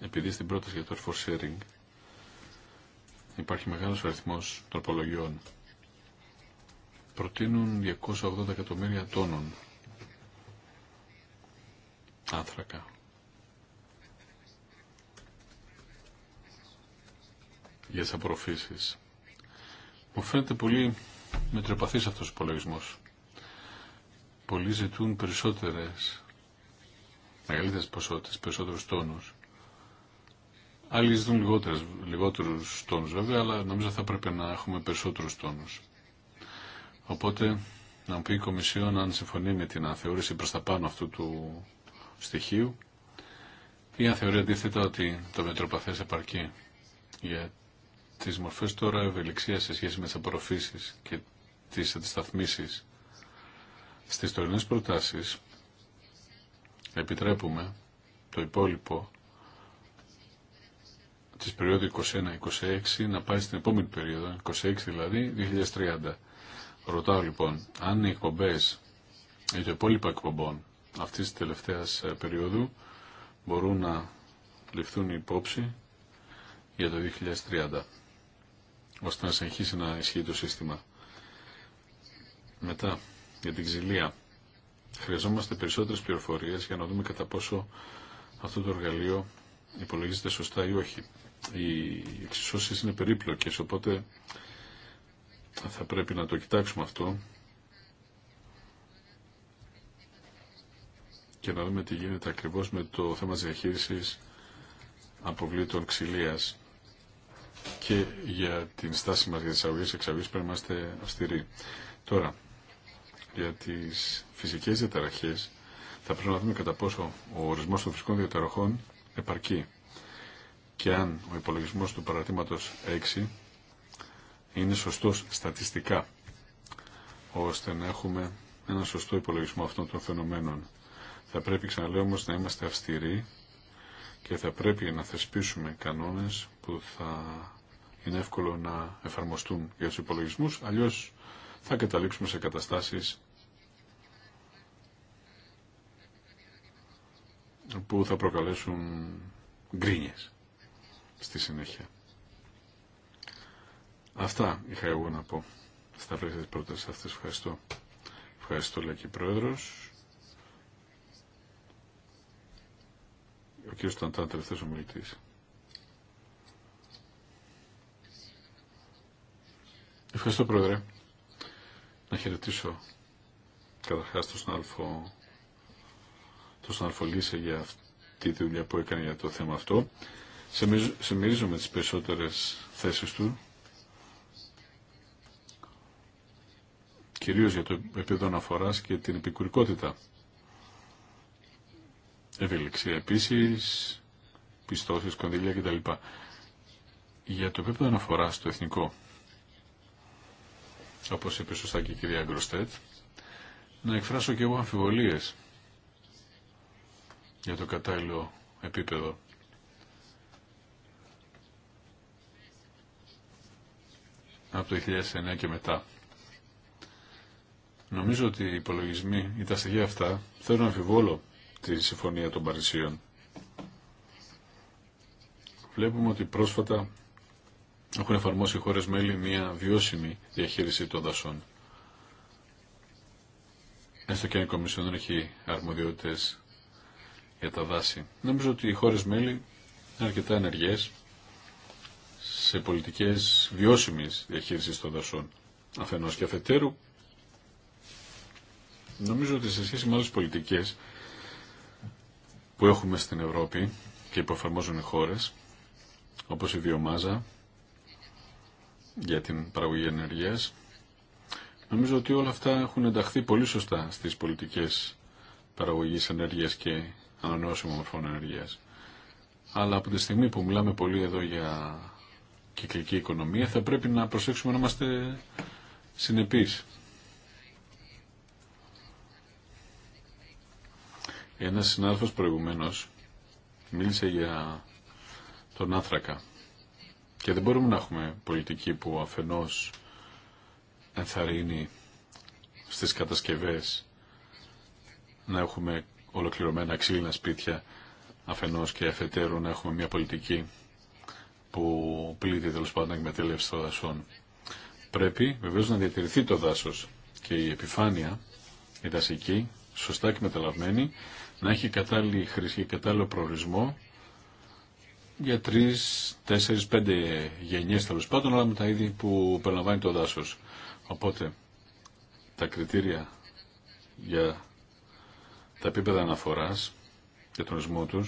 επειδή στην πρόταση για το force sharing υπάρχει μεγάλος αριθμός τροπολογιών. Προτείνουν 280 εκατομμύρια τόνων άνθρακα. για τις απορροφήσεις. Μου φαίνεται πολύ μετριοπαθής αυτός ο υπολογισμό. Πολλοί ζητούν περισσότερες, μεγαλύτερες ποσότητες, περισσότερους τόνους. Άλλοι ζητούν λιγότερους, τόνους βέβαια, αλλά νομίζω θα πρέπει να έχουμε περισσότερους τόνους. Οπότε να μου πει η Κομισιόν αν συμφωνεί με την αθεώρηση προς τα πάνω αυτού του στοιχείου ή αν θεωρεί αντίθετα ότι το μετροπαθέ επαρκεί για τις μορφές τώρα ευελιξία σε σχέση με τι απορροφήσει και τι αντισταθμίσεις. στι τωρινέ προτάσει επιτρέπουμε το υπόλοιπο της περίοδου 21-26 να πάει στην επόμενη περίοδο, 26 δηλαδή, 2030. Ρωτάω λοιπόν, αν οι εκπομπέ ή το υπόλοιπα εκπομπών αυτής της τελευταίας ε, περίοδου μπορούν να ληφθούν υπόψη για το 2030, ώστε να συνεχίσει να ισχύει το σύστημα. Μετά, για την ξυλία. Χρειαζόμαστε περισσότερες πληροφορίε για να δούμε κατά πόσο αυτό το εργαλείο υπολογίζεται σωστά ή όχι οι εξισώσεις είναι περίπλοκες, οπότε θα πρέπει να το κοιτάξουμε αυτό και να δούμε τι γίνεται ακριβώς με το θέμα της διαχείρισης αποβλήτων ξυλίας και για την στάση μας για τις αγωγές εξαγωγές πρέπει να είμαστε αυστηροί. Τώρα, για τις φυσικές διαταραχές θα πρέπει να δούμε κατά πόσο ο ορισμός των φυσικών διαταραχών επαρκεί και αν ο υπολογισμός του παρατήματος 6 είναι σωστός στατιστικά, ώστε να έχουμε ένα σωστό υπολογισμό αυτών των φαινομένων. Θα πρέπει ξαναλέω όμως να είμαστε αυστηροί και θα πρέπει να θεσπίσουμε κανόνες που θα είναι εύκολο να εφαρμοστούν για τους υπολογισμούς, αλλιώς θα καταλήξουμε σε καταστάσεις που θα προκαλέσουν γκρίνιες στη συνέχεια. Αυτά είχα εγώ να πω στα πλαίσια της πρότασης αυτής. Ευχαριστώ. Ευχαριστώ, η Πρόεδρος. Ο κύριος Ταντάν, τελευταίος ομιλητής. Ευχαριστώ, Πρόεδρε. Να χαιρετήσω καταρχάς τον συνάδελφο, τον συνάδελφο Λίσε για αυτή τη δουλειά που έκανε για το θέμα αυτό. Σε με τις περισσότερες θέσεις του, κυρίως για το επίπεδο αναφοράς και την επικουρικότητα. Ευελιξία επίσης, πιστώσεις, κονδύλια κτλ. Για το επίπεδο αναφοράς το εθνικό, όπως είπε σωστά και η κυρία Γκροστέτ, να εκφράσω και εγώ αμφιβολίες για το κατάλληλο επίπεδο από το 2009 και μετά. Νομίζω ότι οι υπολογισμοί ή τα στοιχεία αυτά θέλουν αμφιβόλω τη Συμφωνία των Παρισίων. Βλέπουμε ότι πρόσφατα έχουν εφαρμόσει οι χώρες μέλη μια βιώσιμη διαχείριση των δασών. Έστω και αν η Κομισιόν δεν έχει αρμοδιότητες για τα δάση. Νομίζω ότι οι χώρες μέλη είναι αρκετά ενεργές σε πολιτικές βιώσιμης διαχείρισης των δασών αφενός και αφετέρου. Νομίζω ότι σε σχέση με άλλες πολιτικές που έχουμε στην Ευρώπη και που εφαρμόζουν οι χώρες, όπως η βιομάζα για την παραγωγή ενεργείας, νομίζω ότι όλα αυτά έχουν ενταχθεί πολύ σωστά στις πολιτικές παραγωγής ενέργειας και ανανεώσιμων μορφών ενέργειας. Αλλά από τη στιγμή που μιλάμε πολύ εδώ για κυκλική οικονομία θα πρέπει να προσέξουμε να είμαστε συνεπείς. Ένας συνάδελφος προηγουμένως μίλησε για τον άνθρακα και δεν μπορούμε να έχουμε πολιτική που αφενός ενθαρρύνει στις κατασκευές να έχουμε ολοκληρωμένα ξύλινα σπίτια αφενός και αφετέρου να έχουμε μια πολιτική που πλήττει τέλο πάντων εκμετέλευση των δασών. Πρέπει βεβαίω να διατηρηθεί το δάσο και η επιφάνεια, η δασική, σωστά εκμεταλλευμένη, να έχει κατάλληλη χρήση και κατάλληλο προορισμό για τρει, τέσσερι, πέντε γενιέ τέλο πάντων, αλλά με τα είδη που περιλαμβάνει το δάσο. Οπότε τα κριτήρια για τα επίπεδα αναφορά και τον ορισμό του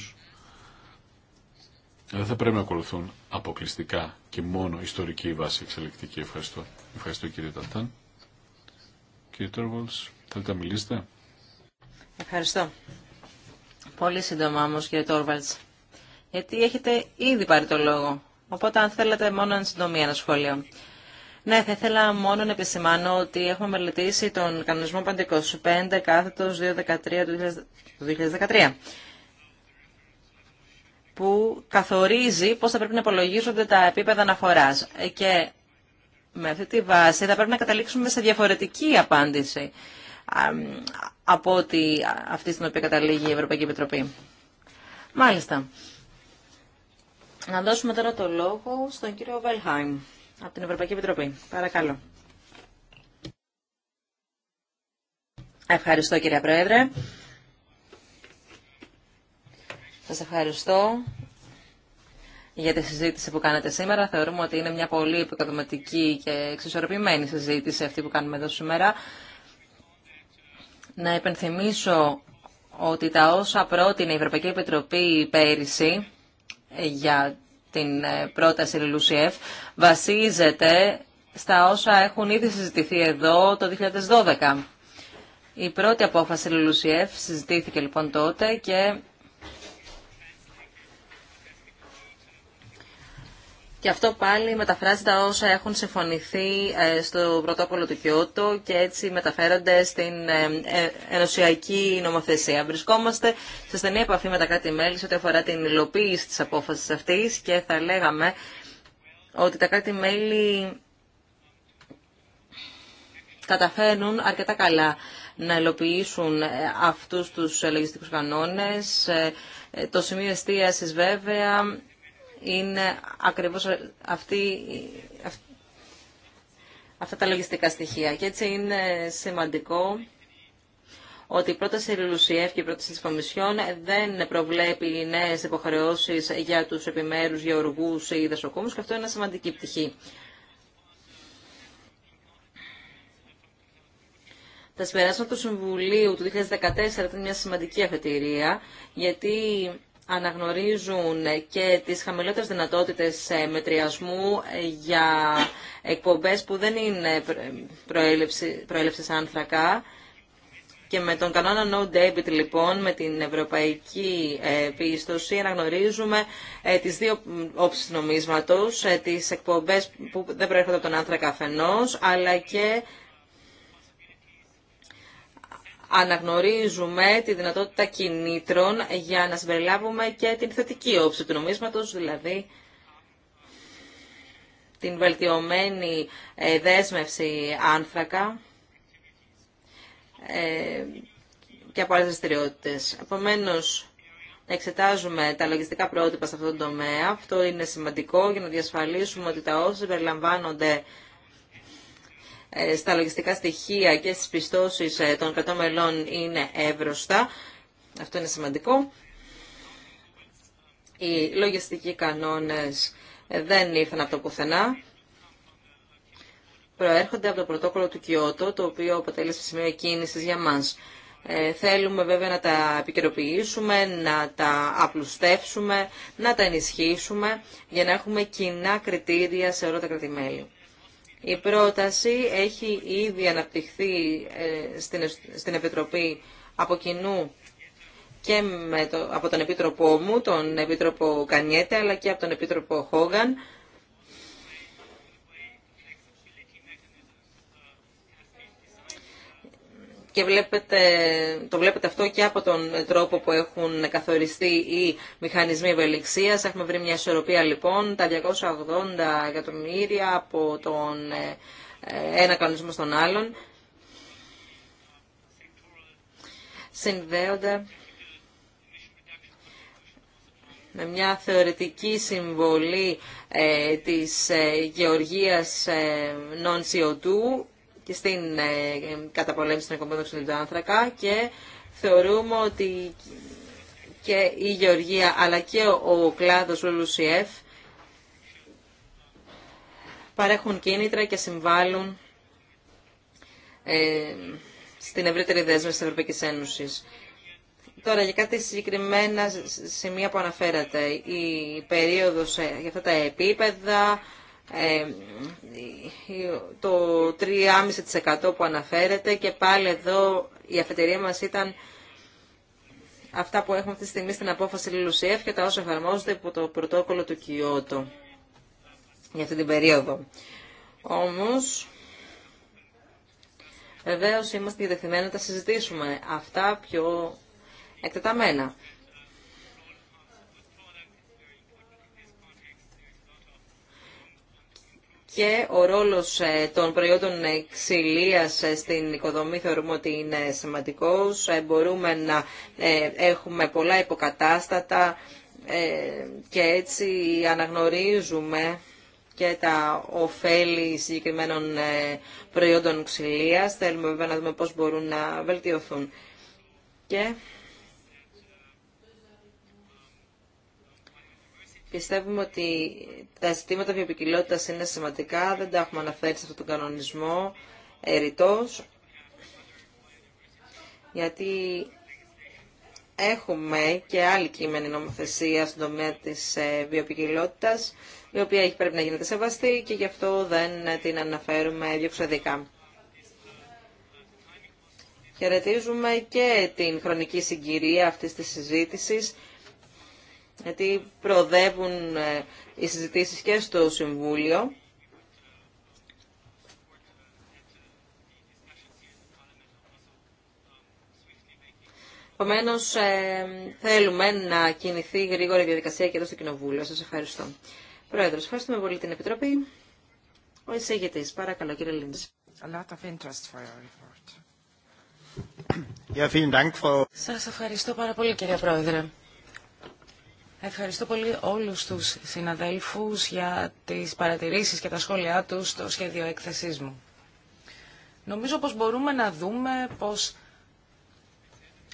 δεν θα πρέπει να ακολουθούν αποκλειστικά και μόνο ιστορική βάση εξελικτική. Ευχαριστώ. Ευχαριστώ κύριε Ταλτάν. Κύριε Τόρβολς, θέλετε να μιλήσετε. Ευχαριστώ. Πολύ σύντομα όμω, κύριε Τόρβαλτς. Γιατί έχετε ήδη πάρει το λόγο. Οπότε αν θέλετε μόνο εν συντομία ένα σχόλιο. Ναι, θα ήθελα μόνο να επισημάνω ότι έχουμε μελετήσει τον κανονισμό 525 κάθετος 2013 του 2013 που καθορίζει πώς θα πρέπει να υπολογίζονται τα επίπεδα αναφοράς. Και με αυτή τη βάση θα πρέπει να καταλήξουμε σε διαφορετική απάντηση από ότι αυτή στην οποία καταλήγει η Ευρωπαϊκή Επιτροπή. Μάλιστα. Να δώσουμε τώρα το λόγο στον κύριο Βέλχαιμ από την Ευρωπαϊκή Επιτροπή. Παρακαλώ. Ευχαριστώ κύριε Πρόεδρε. Σας ευχαριστώ για τη συζήτηση που κάνετε σήμερα. Θεωρούμε ότι είναι μια πολύ επικοδοματική και εξισορροπημένη συζήτηση αυτή που κάνουμε εδώ σήμερα. Να υπενθυμίσω ότι τα όσα πρότεινε η Ευρωπαϊκή Επιτροπή πέρυσι για την ε, πρόταση Λουσιεφ βασίζεται στα όσα έχουν ήδη συζητηθεί εδώ το 2012. Η πρώτη απόφαση Λουσιεφ συζητήθηκε λοιπόν τότε και Και αυτό πάλι μεταφράζεται όσα έχουν συμφωνηθεί ε, στο πρωτόκολλο του Κιώτο και έτσι μεταφέρονται στην ε, ε, ενωσιακή νομοθεσία. Βρισκόμαστε σε στενή επαφή με τα κράτη-μέλη σε ό,τι αφορά την υλοποίηση της απόφασης αυτής και θα λέγαμε ότι τα κράτη-μέλη καταφέρνουν αρκετά καλά να υλοποιήσουν αυτούς τους λογιστικούς κανόνες. Το σημείο εστίασης βέβαια είναι ακριβώς αυτή, αυτά τα λογιστικά στοιχεία. Και έτσι είναι σημαντικό ότι η πρόταση Λουσιεύ και η πρόταση της Κομισιόν δεν προβλέπει νέε υποχρεώσεις για τους επιμέρους γεωργούς ή δασοκόμους και αυτό είναι ένα σημαντική πτυχή. Τα συμπεράσματα του Συμβουλίου του 2014 ήταν μια σημαντική αφετηρία, γιατί αναγνωρίζουν και τις χαμηλότερες δυνατότητες ε, μετριασμού ε, για εκπομπές που δεν είναι ε, προέλευση, προέλευσης άνθρακα. Και με τον κανόνα No Debit, λοιπόν, με την ευρωπαϊκή πίστοση, αναγνωρίζουμε τις δύο όψεις νομίσματος, τις εκπομπές που δεν προέρχονται από τον άνθρακα αφενός, αλλά και αναγνωρίζουμε τη δυνατότητα κινήτρων για να συμπεριλάβουμε και την θετική όψη του νομίσματος, δηλαδή την βελτιωμένη ε, δέσμευση άνθρακα ε, και από άλλες δραστηριότητε. Επομένως, εξετάζουμε τα λογιστικά πρότυπα σε αυτόν τον τομέα. Αυτό είναι σημαντικό για να διασφαλίσουμε ότι τα όσα περιλαμβάνονται ε, στα λογιστικά στοιχεία και στις πιστώσεις ε, των κρατών μελών είναι εύρωστα. Αυτό είναι σημαντικό. Οι λογιστικοί κανόνες ε, δεν ήρθαν από το πουθενά. Προέρχονται από το πρωτόκολλο του Κιώτο, το οποίο αποτέλεσε σημείο κίνησης για μας. θέλουμε βέβαια να τα επικαιροποιήσουμε, να τα απλουστεύσουμε, να τα ενισχύσουμε, για να έχουμε κοινά κριτήρια σε όλα τα κρατημέλη. Η πρόταση έχει ήδη αναπτυχθεί ε, στην Επιτροπή από κοινού και με το, από τον Επίτροπό μου, τον Επίτροπο Κανιέτε, αλλά και από τον Επίτροπο Χόγαν. και βλέπετε, το βλέπετε αυτό και από τον τρόπο που έχουν καθοριστεί οι μηχανισμοί ευελιξίας. Έχουμε βρει μια ισορροπία λοιπόν, τα 280 εκατομμύρια από τον ε, ένα κανονισμό στον άλλον συνδέονται με μια θεωρητική συμβολή ε, της ε, γεωργίας ε, non-CO2 και στην ε, καταπολέμηση των εκπομπών του άνθρακα και θεωρούμε ότι και η γεωργία αλλά και ο κλάδος Λουλουσιεφ παρέχουν κίνητρα και συμβάλλουν ε, στην ευρύτερη δέσμευση της Ευρωπαϊκής Ένωσης. Τώρα, για κάτι συγκεκριμένα σημεία που αναφέρατε, η περίοδος ε, για αυτά τα επίπεδα, ε, το 3,5% που αναφέρεται και πάλι εδώ η αφετηρία μας ήταν αυτά που έχουμε αυτή τη στιγμή στην απόφαση Λουσιέφ και τα όσα εφαρμόζονται υπό το πρωτόκολλο του Κιώτο για αυτή την περίοδο. Όμως, βεβαίως είμαστε διατεθειμένοι να τα συζητήσουμε αυτά πιο εκτεταμένα. και ο ρόλος ε, των προϊόντων ξυλίας ε, στην οικοδομή θεωρούμε ότι είναι σημαντικός. Ε, μπορούμε να έχουμε πολλά υποκατάστατα και έτσι αναγνωρίζουμε και τα ωφέλη συγκεκριμένων προϊόντων ξυλίας. Θέλουμε βέβαια να δούμε πώς μπορούν να βελτιωθούν. Και Πιστεύουμε ότι τα ζητήματα βιοπικιλότητας είναι σημαντικά, δεν τα έχουμε αναφέρει σε αυτόν τον κανονισμό ερητός, γιατί έχουμε και άλλη κείμενη νομοθεσία στον τομέα της ε, βιοπικιλότητας, η οποία έχει πρέπει να γίνεται σεβαστή και γι' αυτό δεν την αναφέρουμε διεξοδικά. Χαιρετίζουμε και την χρονική συγκυρία αυτής της συζήτησης, γιατί προοδεύουν ε, οι συζητήσεις και στο Συμβούλιο. Επομένω, ε, θέλουμε να κινηθεί γρήγορα η διαδικασία και εδώ στο Κοινοβούλιο. Σα ευχαριστώ. Πρόεδρο, ευχαριστούμε πολύ την Επιτροπή. Ο εισηγητή, παρακαλώ, κύριε Λίντ. Σα ευχαριστώ πάρα πολύ, κύριε Πρόεδρε. Ευχαριστώ πολύ όλους τους συναδέλφους για τις παρατηρήσεις και τα σχόλιά τους στο σχέδιο έκθεσής μου. Νομίζω πως μπορούμε να δούμε πως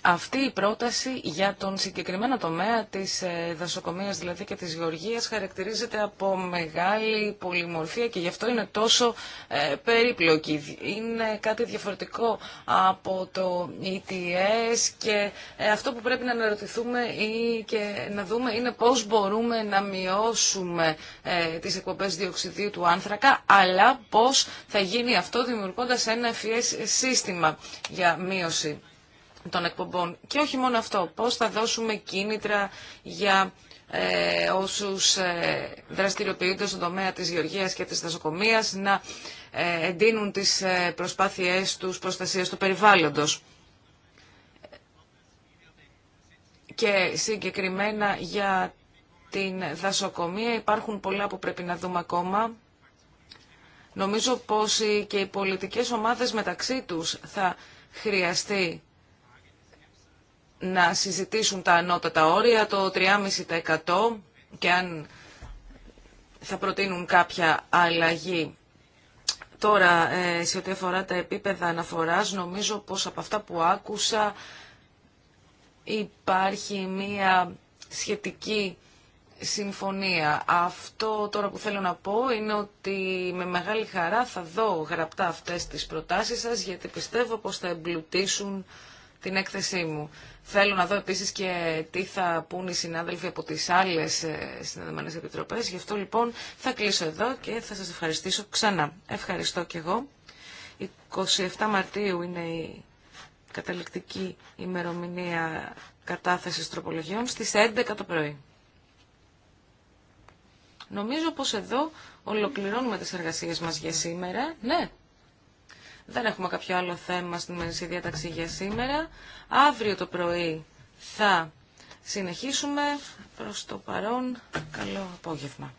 αυτή η πρόταση για τον συγκεκριμένο τομέα της ε, δασοκομείας δηλαδή και της γεωργίας χαρακτηρίζεται από μεγάλη πολυμορφία και γι' αυτό είναι τόσο ε, περίπλοκη. Είναι κάτι διαφορετικό από το ETS και ε, αυτό που πρέπει να αναρωτηθούμε ή και να δούμε είναι πώς μπορούμε να μειώσουμε ε, τις εκπομπές διοξιδίου του άνθρακα αλλά πώς θα γίνει αυτό δημιουργώντας ένα ευφυές σύστημα για μείωση των εκπομπών. Και όχι μόνο αυτό, πώς θα δώσουμε κίνητρα για ε, όσους ε, δραστηριοποιούνται στον τομέα της γεωργίας και της δασοκομείας να ε, εντείνουν τις ε, προσπάθειές τους προστασίας του περιβάλλοντος. Και συγκεκριμένα για την δασοκομεία υπάρχουν πολλά που πρέπει να δούμε ακόμα. Νομίζω πως και οι πολιτικές ομάδες μεταξύ τους θα χρειαστεί να συζητήσουν τα ανώτατα όρια, το 3,5% και αν θα προτείνουν κάποια αλλαγή. Τώρα, ε, σε ό,τι αφορά τα επίπεδα αναφοράς, νομίζω πως από αυτά που άκουσα υπάρχει μία σχετική συμφωνία. Αυτό τώρα που θέλω να πω είναι ότι με μεγάλη χαρά θα δω γραπτά αυτές τις προτάσεις σας, γιατί πιστεύω πως θα εμπλουτίσουν την έκθεσή μου. Θέλω να δω επίσης και τι θα πούν οι συνάδελφοι από τις άλλες ε, συνδεδεμένε επιτροπές. Γι' αυτό λοιπόν θα κλείσω εδώ και θα σας ευχαριστήσω ξανά. Ευχαριστώ και εγώ. 27 Μαρτίου είναι η καταληκτική ημερομηνία κατάθεσης τροπολογιών στις 11 το πρωί. Νομίζω πως εδώ ολοκληρώνουμε τις εργασίες μας για σήμερα. Ναι. Δεν έχουμε κάποιο άλλο θέμα στην μερική διάταξη για σήμερα. Αύριο το πρωί θα συνεχίσουμε. Προς το παρόν, καλό απόγευμα.